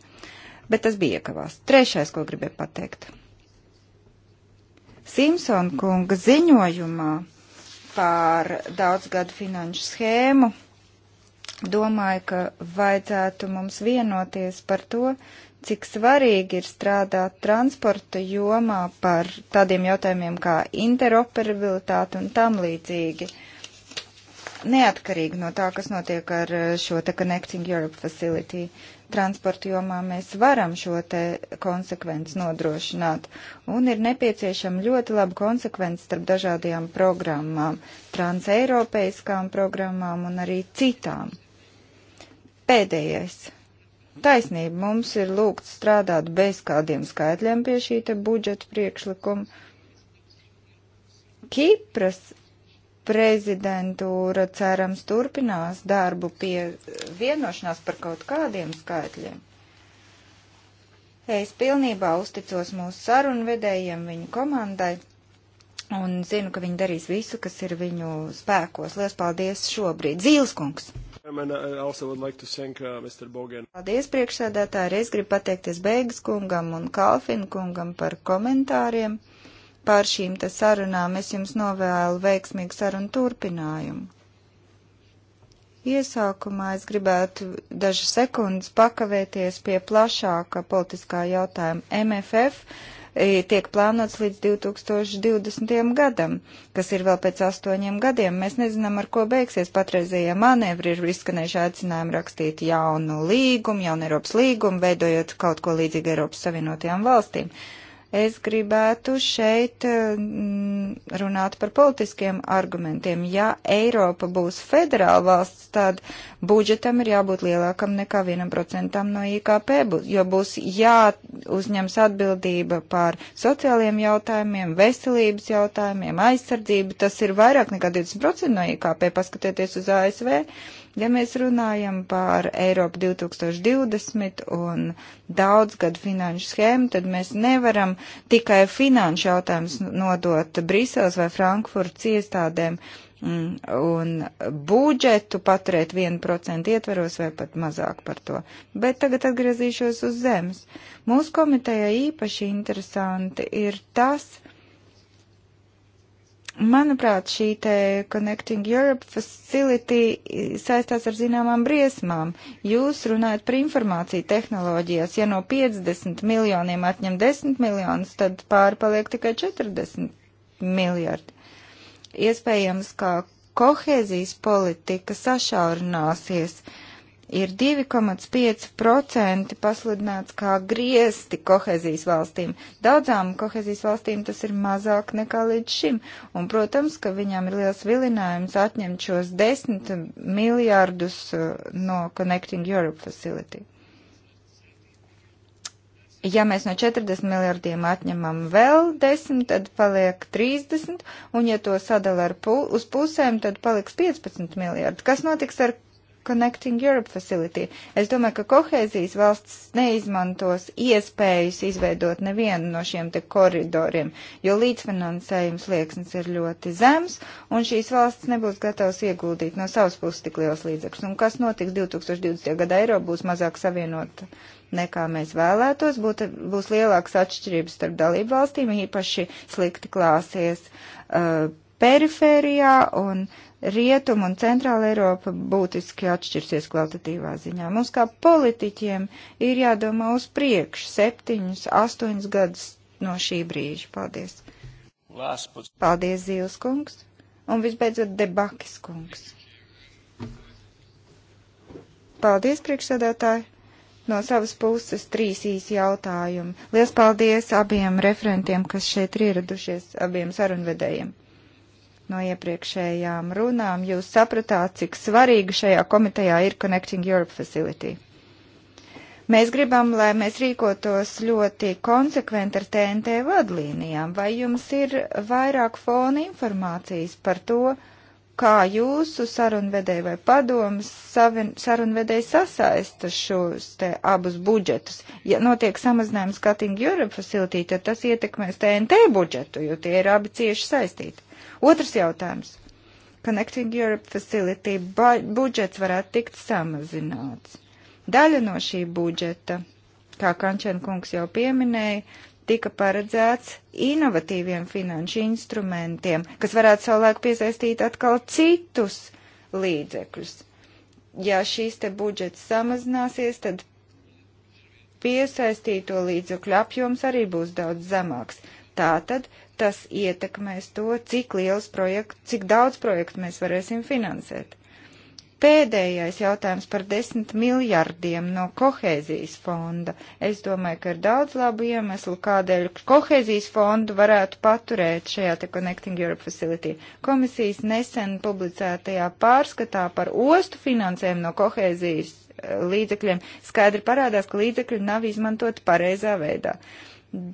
Bet tas bija iekavās. Trešais, ko gribēju pateikt. Simpsona kunga ziņojumā par daudzgadu finanšu schēmu Domāju, ka vajadzētu mums vienoties par to, cik svarīgi ir strādāt transporta jomā par tādiem jautājumiem kā interoperabilitāte un tam līdzīgi. Neatkarīgi no tā, kas notiek ar eh, šo te Connecting Europe Facility, transporta jomā mēs varam šo te konsekvenci nodrošināt, un ir nepieciešama ļoti laba konsekvence starp dažādajām programmām, transeiropeiskām programmām un arī citām. Pēdējais. Taisnība mums ir lūgt strādāt bez kādiem skaitļiem pie šī te budžeta priekšlikuma. Kipras prezidentūra cerams turpinās darbu pie vienošanās par kaut kādiem skaitļiem. Es pilnībā uzticos mūsu sarunvedējiem, viņu komandai, un zinu, ka viņi darīs visu, kas ir viņu spēkos. Lielas paldies šobrīd. Zīles kungs! Uh, Paldies, priekšsēdētāji. Arī es gribu pateikties Beigas kungam un Kalfinu kungam par komentāriem. Par šīm te sarunām es jums novēlu veiksmīgu sarunu turpinājumu. Iesākumā es gribētu dažas sekundes pakavēties pie plašāka politiskā jautājuma MFF E, tiek plānots līdz 2020. gadam, kas ir vēl pēc astoņiem gadiem. Mēs nezinām, ar ko beigsies patreizējie manevri. Ir izskanējuši aicinājumi rakstīt jaunu līgumu, jaunu Eiropas līgumu, veidojot kaut ko līdzīgu Eiropas Savienotajām valstīm. Uh, Es gribētu šeit eh, runāt par politiskiem argumentiem. Ja Eiropa būs federāla valsts, tad budžetam ir jābūt lielākam nekā 1% no IKP, jo būs jāuzņems atbildība par sociāliem jautājumiem, veselības jautājumiem, aizsardzību. Tas ir vairāk nekā 20% no IKP, paskatieties uz ASV. Ja mēs runājam par Eiropu 2020 un daudzgadu finanšu schēmu, tad mēs nevaram tikai finanšu jautājumus nodot Briseles vai Frankfurts iestādēm mm, un budžetu paturēt 1% ietveros vai pat mazāk par to. Bet tagad atgriezīšos uz zemes. Mūsu komitejai īpaši interesanti ir tas, ka Manuprāt, šī te Connecting Europe Facility saistās ar zināmām briesmām. Jūs runājat par informāciju tehnoloģijās. Ja no 50 miljoniem atņem 10 miljonus, tad pārpaliek tikai 40 miljardi. Iespējams, ka kohēzijas politika sašaurināsies. Uh, ir 2,5% pasludināts kā griesti kohezijas valstīm. Daudzām kohezijas valstīm tas ir mazāk nekā līdz šim, un, protams, ka viņām ir liels vilinājums atņemt šos 10 miljārdus uh, no Connecting Europe Facility ja mēs no 40 miljardiem atņemam vēl 10, tad paliek 30, un ja to sadala pu uz pusēm, tad paliks 15 miljardi. Kas notiks ar Connecting Europe Facility. Es domāju, ka kohēzijas valsts neizmantos iespējas izveidot nevienu no šiem te koridoriem, jo līdzfinansējums liekas ir ļoti zems, un šīs valsts nebūs gatavas ieguldīt no savas puses tik liels līdzekļus. Un kas notiks 2020. gada eiro būs mazāk savienota nekā mēs vēlētos, būt, būs lielāks atšķirības starp dalību valstīm, īpaši slikti klāsies uh, perifērijā un uh, Rietuma un Centrāla Eiropa būtiski atšķirsies kvalitatīvā ziņā. Mums kā politiķiem ir jādomā uz priekšu septiņus, astoņus gadus no šī brīža. Paldies! Paldies, Zīles kungs! Un visbeidzot, debakis kungs! Paldies, priekšsēdētāji! No savas puses trīs īsi jautājumi. Lielas paldies abiem referentiem, kas šeit ir ieradušies, abiem sarunvedējiem no iepriekšējām runām, jūs sapratāt, cik svarīga šajā komitejā ir Connecting Europe Facility. Mēs gribam, lai mēs rīkotos ļoti konsekventi ar TNT vadlīnijām. Vai jums ir vairāk fona informācijas par to, kā jūsu sarunvedēji vai padomas sarunvedēji sasaista šos te abus budžetus? Ja notiek samazinājums Cutting Europe Facility, tad tas ietekmēs TNT budžetu, jo tie ir abi cieši saistīti. Otrs jautājums. Connecting Europe Facility budžets varētu tikt samazināts. Daļa no šī budžeta, kā Kančēna kungs jau pieminēja, tika paredzēts inovatīviem finanšu instrumentiem, kas varētu savulaik piesaistīt atkal citus līdzekļus. Ja šīs te budžets samazināsies, tad piesaistīto līdzekļu apjoms arī būs daudz zemāks. Tātad tas ietekmēs to, cik liels projekts, cik daudz projektu mēs varēsim finansēt. Pēdējais jautājums par desmit miljardiem no kohēzijas fonda. Es domāju, ka ir daudz labu iemeslu, kādēļ kohēzijas fondu varētu paturēt šajā te Connecting Europe Facility. Komisijas nesen publicētajā pārskatā par ostu finansējumu no kohēzijas eh, līdzekļiem skaidri parādās, ka līdzekļi nav izmantoti pareizā veidā.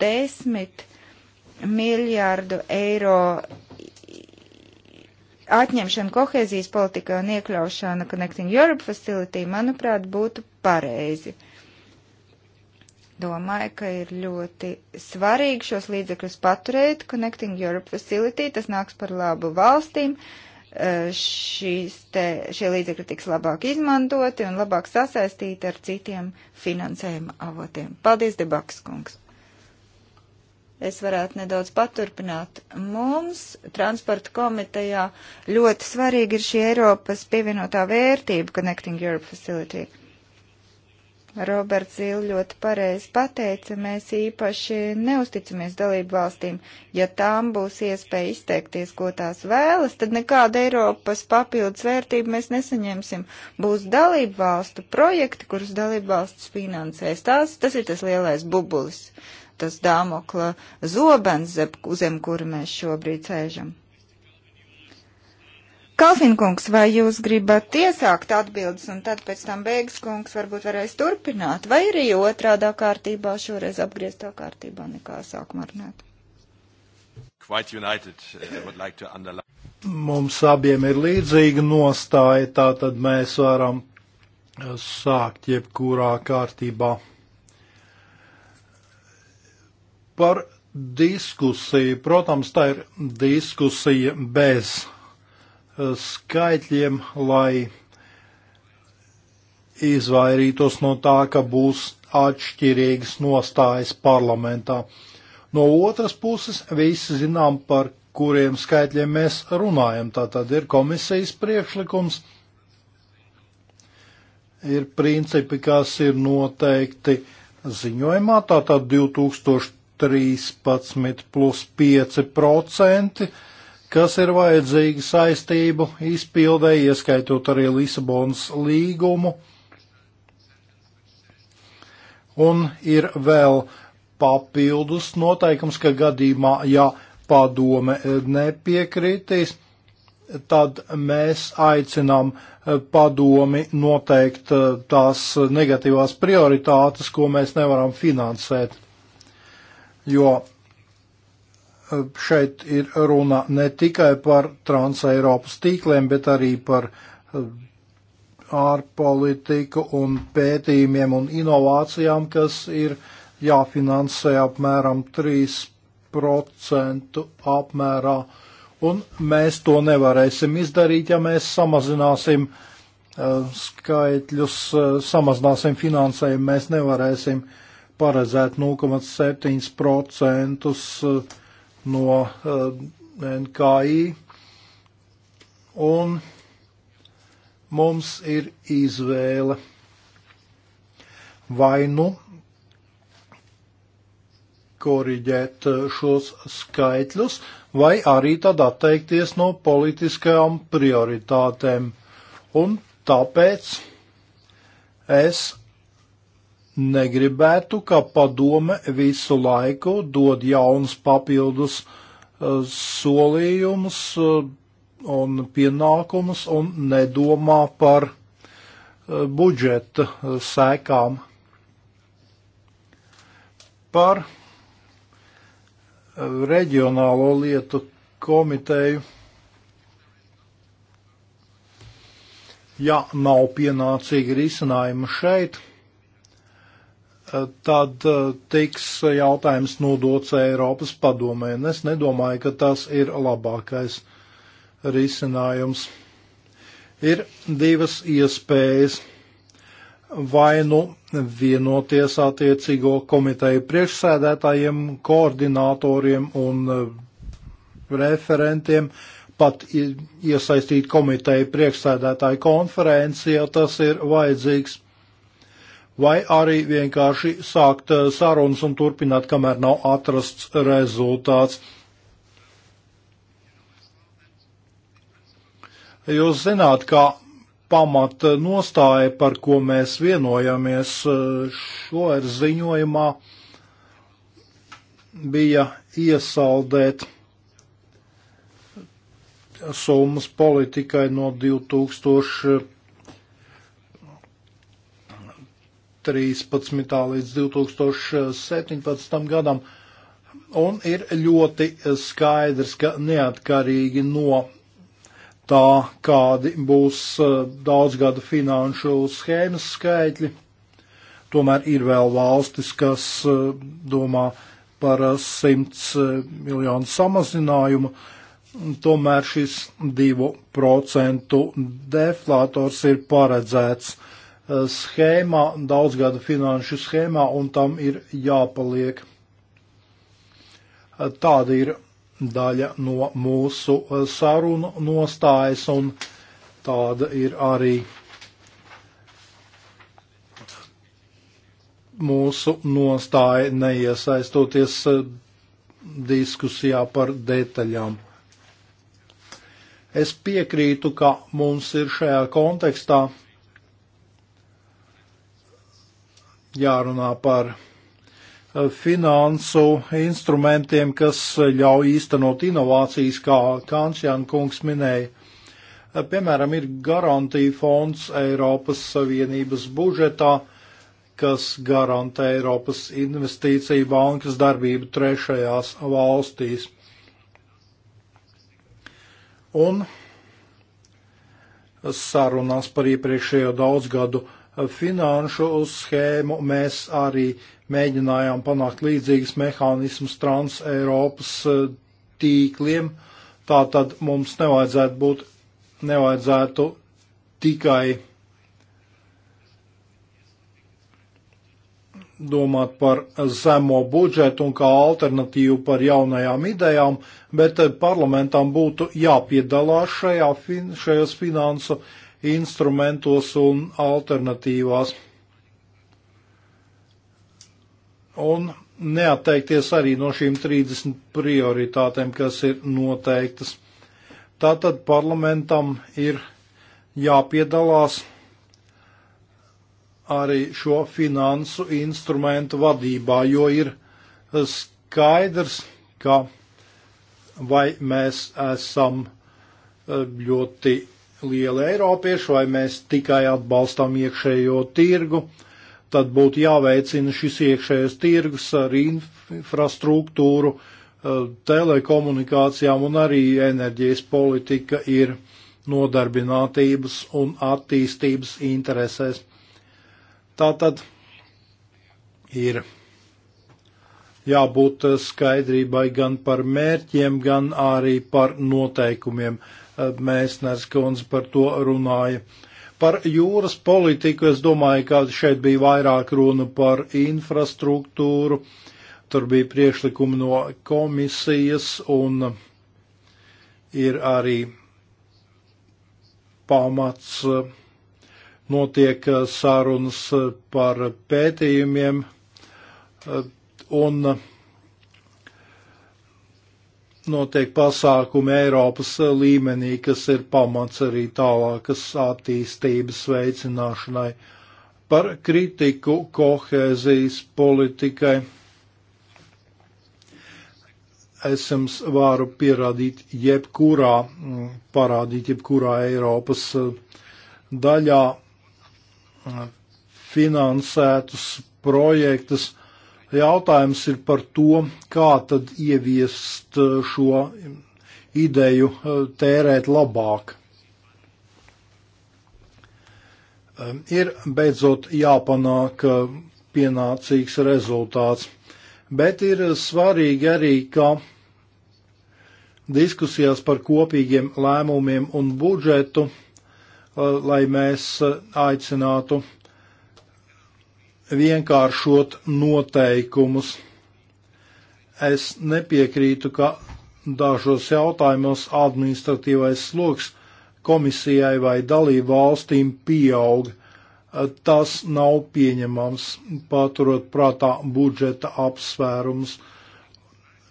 Desmit miljārdu eiro atņemšana kohēzijas politikā un iekļaušana Connecting Europe Facility, manuprāt, būtu pareizi. Domāju, ka ir ļoti svarīgi šos līdzekļus paturēt. Connecting Europe Facility, tas nāks par labu valstīm. Eh, šīs te, šie līdzekļi tiks labāk izmantoti un labāk sasaistīti ar citiem finansējuma avotiem. Paldies, Debakskungs! es varētu nedaudz paturpināt. Mums transporta komitejā ļoti svarīgi ir šī Eiropas pievienotā vērtība Connecting Europe Facility. Roberts Zīle ļoti pareizi pateica, mēs īpaši neusticamies dalību valstīm. Ja tām būs iespēja izteikties, ko tās vēlas, tad nekāda Eiropas papildus vērtība mēs nesaņemsim. Būs dalību valstu projekti, kurus dalību valsts finansēs. Tās, tas ir tas lielais bubulis. Uh, tas dāmokla zobens, zem kura mēs šobrīd sēžam. Kalfinkungs, vai jūs gribat iesākt atbildes un tad pēc tam beigas kungs varbūt varēs turpināt, vai arī otrādā kārtībā, šoreiz apgrieztā kārtībā nekā sākumā runāt? United, uh, like Mums abiem ir līdzīga nostāja, tā tad mēs varam uh, sākt jebkurā kārtībā. Par diskusiju, protams, tā ir diskusija bez eh, skaitļiem, lai izvairītos no tā, ka būs atšķirīgas nostājas parlamentā. No otras puses, visi zinām, par kuriem skaitļiem mēs runājam. Tā tad ir komisijas priekšlikums, ir principi, kas ir noteikti ziņojumā, tā tad 2000. 13 plus 5 procenti, kas ir vajadzīgi saistību izpildē, ieskaitot arī Lisabonas līgumu. Un ir vēl papildus noteikums, ka gadījumā, ja padome nepiekritīs, tad mēs aicinām eh, padomi noteikt eh, tās negatīvās prioritātes, ko mēs nevaram finansēt jo e, šeit ir runa ne tikai par transeiropas tīkliem, bet arī par e, ārpolitiku un pētījumiem un inovācijām, kas ir jāfinansē apmēram 3% apmērā. Un mēs to nevarēsim izdarīt, ja mēs samazināsim uh, skaitļus, uh, samazināsim finansējumu, mēs nevarēsim uh, paredzēt 0,7% eh, no eh, NKI, un mums ir izvēle vai nu koriģēt eh, šos skaitļus, vai arī tad atteikties no politiskajām prioritātēm. Un tāpēc es negribētu, ka padome visu laiku dod jaunus papildus eh, solījumus eh, un pienākumus un nedomā par eh, budžeta sēkām. Par reģionālo lietu komiteju. Ja nav pienācīga risinājuma šeit, tad eh, tiks jautājums nodots Eiropas padomē, un es nedomāju, ka tas ir labākais risinājums. Ir divas iespējas vai nu vienoties attiecīgo komiteju priekšsēdētājiem, koordinatoriem un eh, referentiem, pat iesaistīt komiteju priekšsēdētāju konferenci, ja tas ir vajadzīgs vai arī vienkārši sākt eh, sarunas un turpināt, kamēr nav atrasts rezultāts. Jūs zināt, ka pamat nostāja, par ko mēs vienojamies eh, šo ir ziņojumā, bija iesaldēt summas politikai no 2000. 2013. līdz 2017. gadam. Un ir ļoti skaidrs, ka neatkarīgi no tā, kādi būs eh, daudzgada finanšu schēmas skaitļi, tomēr ir vēl valstis, kas eh, domā par 100 eh, miljonu samazinājumu. Tomēr šis 2% deflators ir paredzēts Eh, schēmā, daudzgada finanšu schēmā, un tam ir jāpaliek. Eh, tāda ir daļa no mūsu eh, sarunu nostājas, un tāda ir arī mūsu nostāja neiesaistoties diskusijā par detaļām. Es piekrītu, ka mums ir šajā kontekstā jārunā par eh, finansu instrumentiem, kas ļauj īstenot inovācijas, kā Kančjana kungs minēja. Eh, piemēram, ir garantija fonds Eiropas Savienības budžetā, kas garantē Eiropas investīciju bankas darbību trešajās valstīs. Un sarunās par iepriekšējo daudzgadu gadu finanšu schēmu mēs arī mēģinājām panākt līdzīgas mehānismus trans-Eiropas eh, tīkliem. Tā tad mums nevajadzētu būt, nevajadzētu tikai domāt par zemo budžetu un kā alternatīvu par jaunajām idejām, bet eh, parlamentam būtu jāpiedalās šajā fin, šajos finansu instrumentos un alternatīvās. Un neatteikties arī no šīm 30 prioritātēm, kas ir noteiktas. Tātad parlamentam ir jāpiedalās arī šo finansu instrumentu vadībā, jo ir skaidrs, ka vai mēs esam eh, ļoti lieli eiropieši vai mēs tikai atbalstam iekšējo tirgu, tad būtu jāveicina šis iekšējais tirgus ar infrastruktūru, eh, telekomunikācijām un arī enerģijas politika ir nodarbinātības un attīstības interesēs. Tātad ir jābūt eh, skaidrībai gan par mērķiem, gan arī par noteikumiem. Eh, Mēsners kundze par to runāja. Par jūras politiku es domāju, ka šeit bija vairāk runa par infrastruktūru, tur bija priekšlikumi no komisijas un ir arī pamats eh, notiek sarunas par pētījumiem un uh, notiek pasākumi Eiropas uh, līmenī, kas ir pamats arī tālākas attīstības veicināšanai par kritiku kohēzijas politikai. Es jums varu pierādīt jebkurā, mm, parādīt jebkurā Eiropas uh, daļā mm, finansētus projektus, jautājums ir par to, kā tad ieviest eh, šo ideju eh, tērēt labāk. Ir beidzot jāpanāk eh, pienācīgs rezultāts, bet ir svarīgi arī, ka diskusijās par kopīgiem lēmumiem un budžetu, lai mēs aicinātu vienkāršot noteikumus. Es nepiekrītu, ka dažos jautājumos administratīvais sloks komisijai vai dalību valstīm pieaug. Tas nav pieņemams, paturot prātā budžeta apsvērums.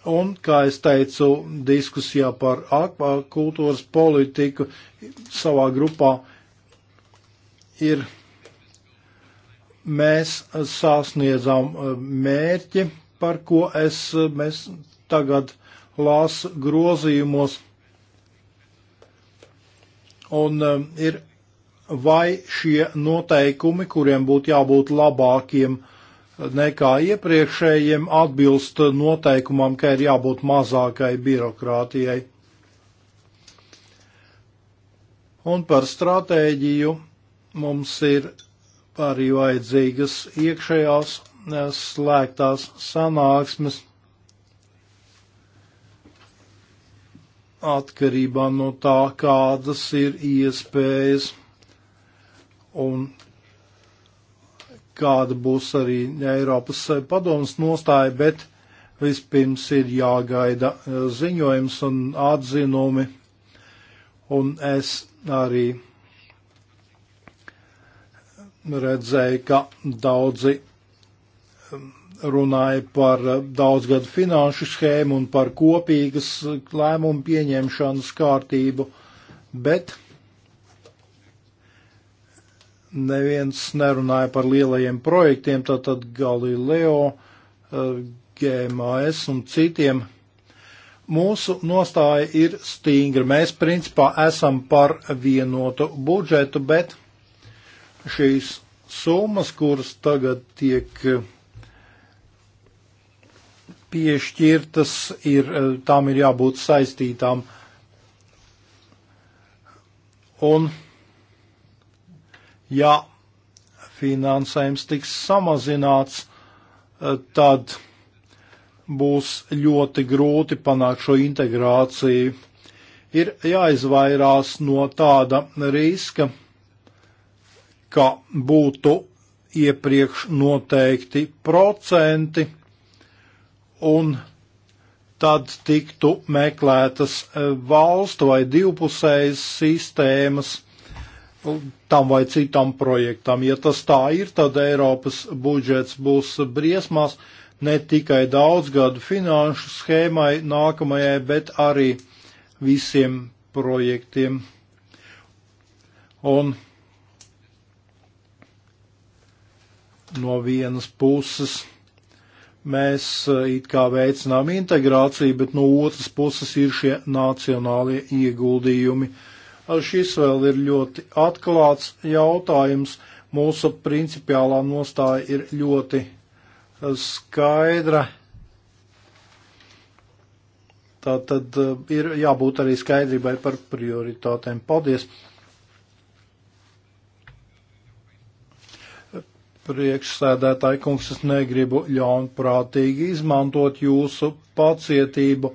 Un, kā es teicu, diskusijā par akvakultūras politiku savā grupā ir mēs sasniedzām uh, mērķi, par ko es, uh, mēs tagad lāsu grozījumos. Un um, ir vai šie noteikumi, kuriem būtu jābūt labākiem uh, nekā iepriekšējiem, atbilst noteikumam, ka ir jābūt mazākai birokrātijai. Un par stratēģiju mums ir arī vajadzīgas iekšējās eh, slēgtās sanāksmes atkarībā no tā, kādas ir iespējas un kāda būs arī Eiropas padomas nostāja, bet vispirms ir jāgaida eh, ziņojums un atzinumi, un es arī redzēja, ka daudzi um, runāja par uh, daudzgadu finanšu schēmu un par kopīgas uh, lēmumu pieņemšanas kārtību, bet neviens nerunāja par lielajiem projektiem, tātad Galileo, uh, GMAS un citiem. Mūsu nostāja ir stingra. Mēs principā esam par vienotu budžetu, bet šīs summas, kuras tagad tiek eh, piešķirtas, ir, eh, tām ir jābūt saistītām. Un, ja finansējums tiks samazināts, eh, tad būs ļoti grūti panākt šo integrāciju. Ir jāizvairās no tāda riska, ka būtu iepriekš noteikti procenti, un tad tiktu meklētas e, valstu vai divpusējas sistēmas e, tam vai citam projektam. Ja tas tā ir, tad Eiropas budžets būs briesmās ne tikai daudzgadu finanšu schēmai nākamajai, bet arī visiem projektiem. Un no vienas puses mēs eh, it kā veicinām integrāciju, bet no otras puses ir šie nacionālie ieguldījumi. Šis vēl ir ļoti atklāts jautājums. Mūsu principiālā nostāja ir ļoti eh, skaidra. Tā tad eh, ir jābūt arī skaidrībai par prioritātēm. Paldies! priekšsēdētāji kungs, es negribu ļaunprātīgi izmantot jūsu pacietību,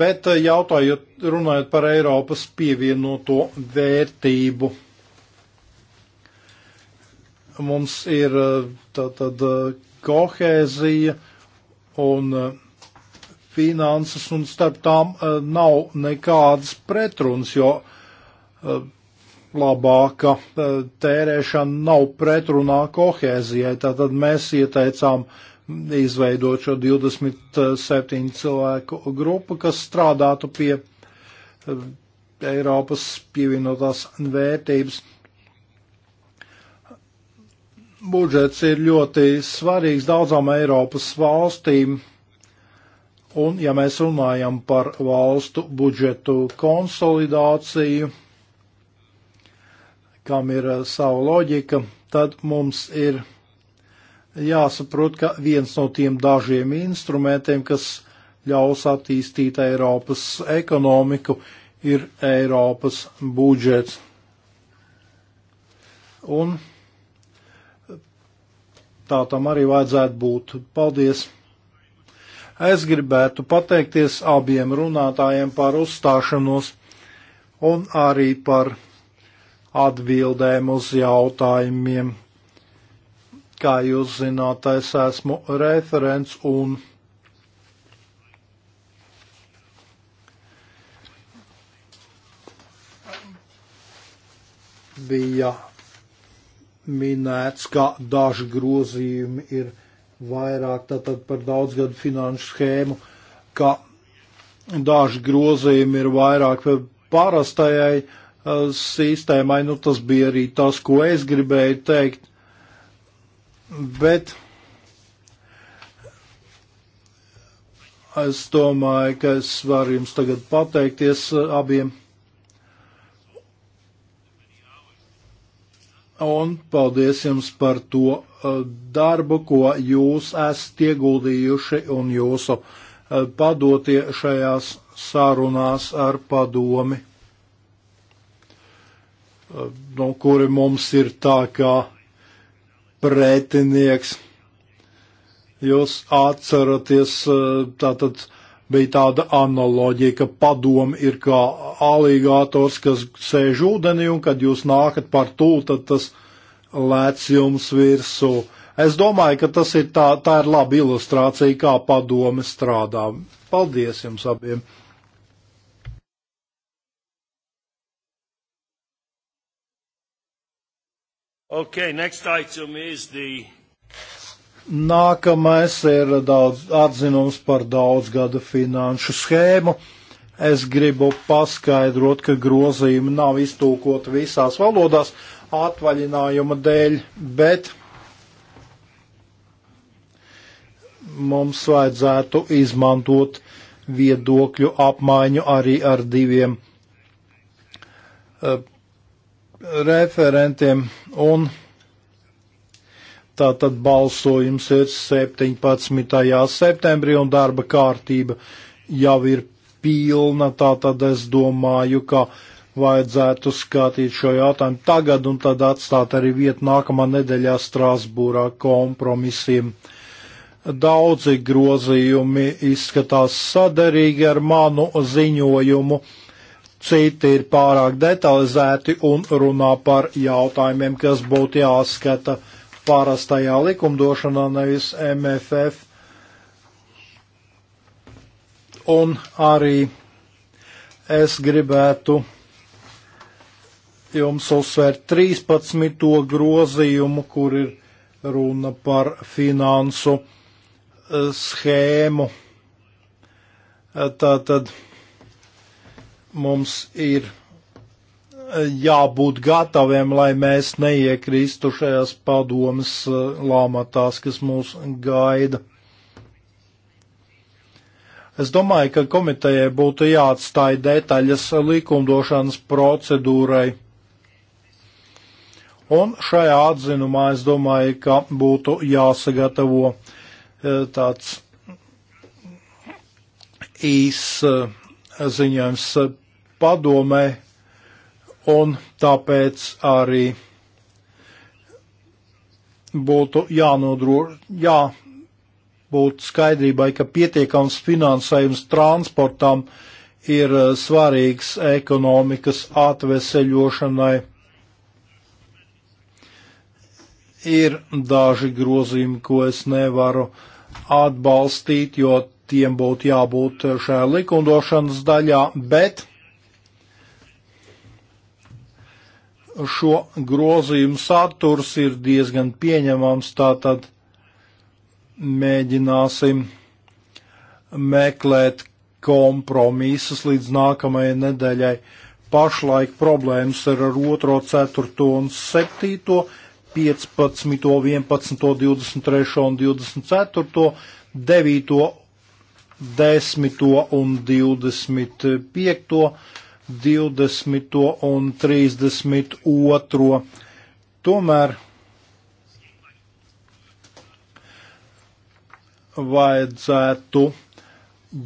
bet eh, jautājot, runājot par Eiropas pievienoto vērtību. Mums ir eh, tātad eh, kohēzija un finanses, un starp tām nav nekādas pretrunas, jo labāka e, tērēšana nav pretrunā kohēzijai. Tātad mēs ieteicām izveidot šo 27 cilvēku grupu, kas strādātu pie e, Eiropas pievienotās vērtības. Budžets ir ļoti svarīgs daudzām Eiropas valstīm, un ja mēs runājam par valstu budžetu konsolidāciju, kam ir eh, sava loģika, tad mums ir jāsaprot, ka viens no tiem dažiem instrumentiem, kas ļaus attīstīt Eiropas ekonomiku, ir Eiropas budžets. Un tā tam arī vajadzētu būt. Paldies! Es gribētu pateikties abiem runātājiem par uzstāšanos un arī par atbildēm uz jautājumiem. Kā jūs zināt, es esmu referents un bija minēts, ka daži grozījumi ir vairāk tātad par daudzgadu finanšu schēmu, ka daži grozījumi ir vairāk parastajai uh, Uh, sistēmai. Nu, tas bija arī tas, ko es gribēju teikt. Bet es domāju, ka es varu jums tagad pateikties uh, abiem. Un paldies jums par to uh, darbu, ko jūs esat ieguldījuši un jūsu padotie šajās sārunās ar padomi no kuri mums ir tā kā pretinieks. Jūs atceraties, tātad bija tāda analoģija, ka padomi ir kā aligātors, kas sēž ūdenī, un kad jūs nākat par tūlu, tad tas lēc jums virsū. Es domāju, ka tas ir tā, tā ir laba ilustrācija, kā padomi strādā. Paldies jums abiem! Okay, next item is the... Nākamais ir daudz atzinums par daudzgada finanšu schēmu. Es gribu paskaidrot, ka grozījumi nav iztūkoti visās valodās atvaļinājuma dēļ, bet mums vajadzētu izmantot viedokļu apmaiņu arī ar diviem uh, referentiem un tātad balsojums ir 17. septembrī un darba kārtība jau ir pilna, tātad es domāju, ka vajadzētu skatīt šo jautājumu tagad un tad atstāt arī vietu nākamā nedēļā Strāsbūrā kompromisiem. Daudzi grozījumi izskatās saderīgi ar manu ziņojumu citi ir pārāk detalizēti un runā par jautājumiem, kas būtu jāskata parastajā likumdošanā, nevis MFF. Un arī es gribētu jums uzsvērt 13. grozījumu, kur ir runa par finansu eh, schēmu. Eh, tātad. Tā, mums ir eh, jābūt gataviem, lai mēs neiekristu šajās padomas eh, lāmatās, kas mūs gaida. Es domāju, ka komitejai būtu jāatstāj detaļas likumdošanas procedūrai. Un šajā atzinumā es domāju, ka būtu jāsagatavo eh, tāds īs ziņojums padomē, un tāpēc arī būtu jānodrošina, jā, būt skaidrībai, ka pietiekams finansējums transportam ir eh, svarīgs ekonomikas atveseļošanai. Ir daži grozījumi, ko es nevaru atbalstīt, jo tiem būtu jābūt eh, šajā likumdošanas daļā, bet šo grozījumu saturs ir diezgan pieņemams, tātad mēģināsim meklēt kompromisus līdz nākamajai nedēļai. Pašlaik problēmas ir ar 2, 4 un 7, 15, 11, 23 un 24, 9, 10 un 25 20. un 32. Tomēr vajadzētu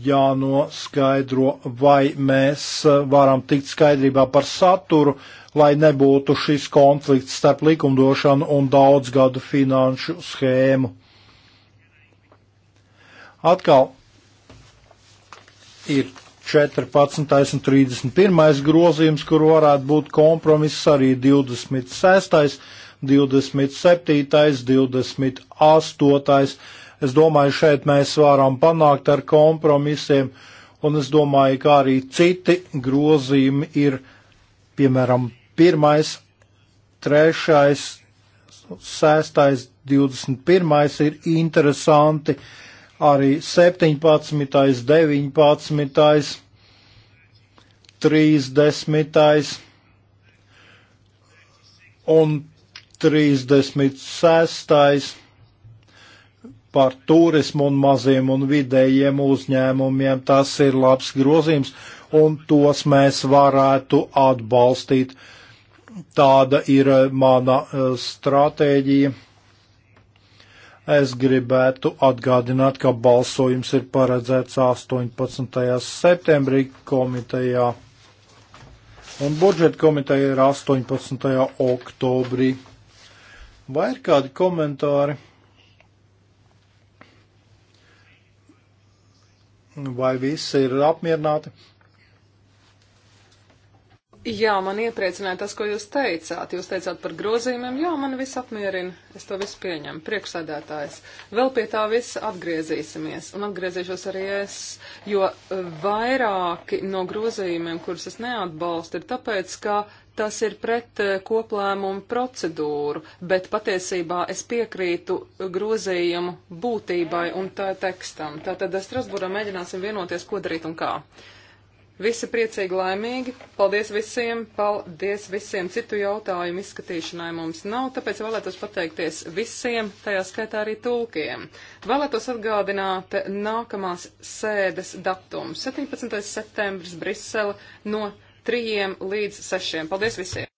jānoskaidro, vai mēs varam tikt skaidrībā par saturu, lai nebūtu šis konflikts starp likumdošanu un daudzgadu finanšu schēmu. Atkal ir 14. un 31. grozījums, kur varētu būt kompromiss arī 26., 27., 28. Es domāju, šeit mēs varam panākt ar kompromisiem, un es domāju, ka arī citi grozījumi ir, piemēram, 1., 3., 6., 21. ir interesanti, arī 17., 19. 30. un 36. par turismu un maziem un vidējiem uzņēmumiem. Tas ir labs grozījums, un tos mēs varētu atbalstīt. Tāda ir eh, mana eh, stratēģija. Es gribētu atgādināt, ka balsojums ir paredzēts 18. septembrī komitejā un budžeta komiteja ir 18. oktobrī. Vai ir kādi komentāri? Vai visi ir apmierināti? Jā, man iepriecināja tas, ko jūs teicāt. Jūs teicāt par grozījumiem. Jā, man viss apmierina. Es to visu pieņemu. Priekšsēdētājs. Vēl pie tā visa atgriezīsimies. Un atgriezīšos arī es, jo e, vairāki no grozījumiem, kurus es neatbalstu, ir tāpēc, ka tas ir pret e, koplēmumu procedūru, bet patiesībā es piekrītu grozījumu būtībai un tā tekstam. Tātad e, Strasbūrā mēģināsim vienoties, ko darīt un kā. Visi priecīgi, laimīgi. Paldies visiem, paldies visiem. Citu jautājumu izskatīšanai mums nav, tāpēc vēlētos pateikties visiem, tajā skaitā arī tulkiem. Vēlētos atgādināt nākamās sēdes datumu - 17. septembris Brisele no 3 līdz 6. Paldies visiem!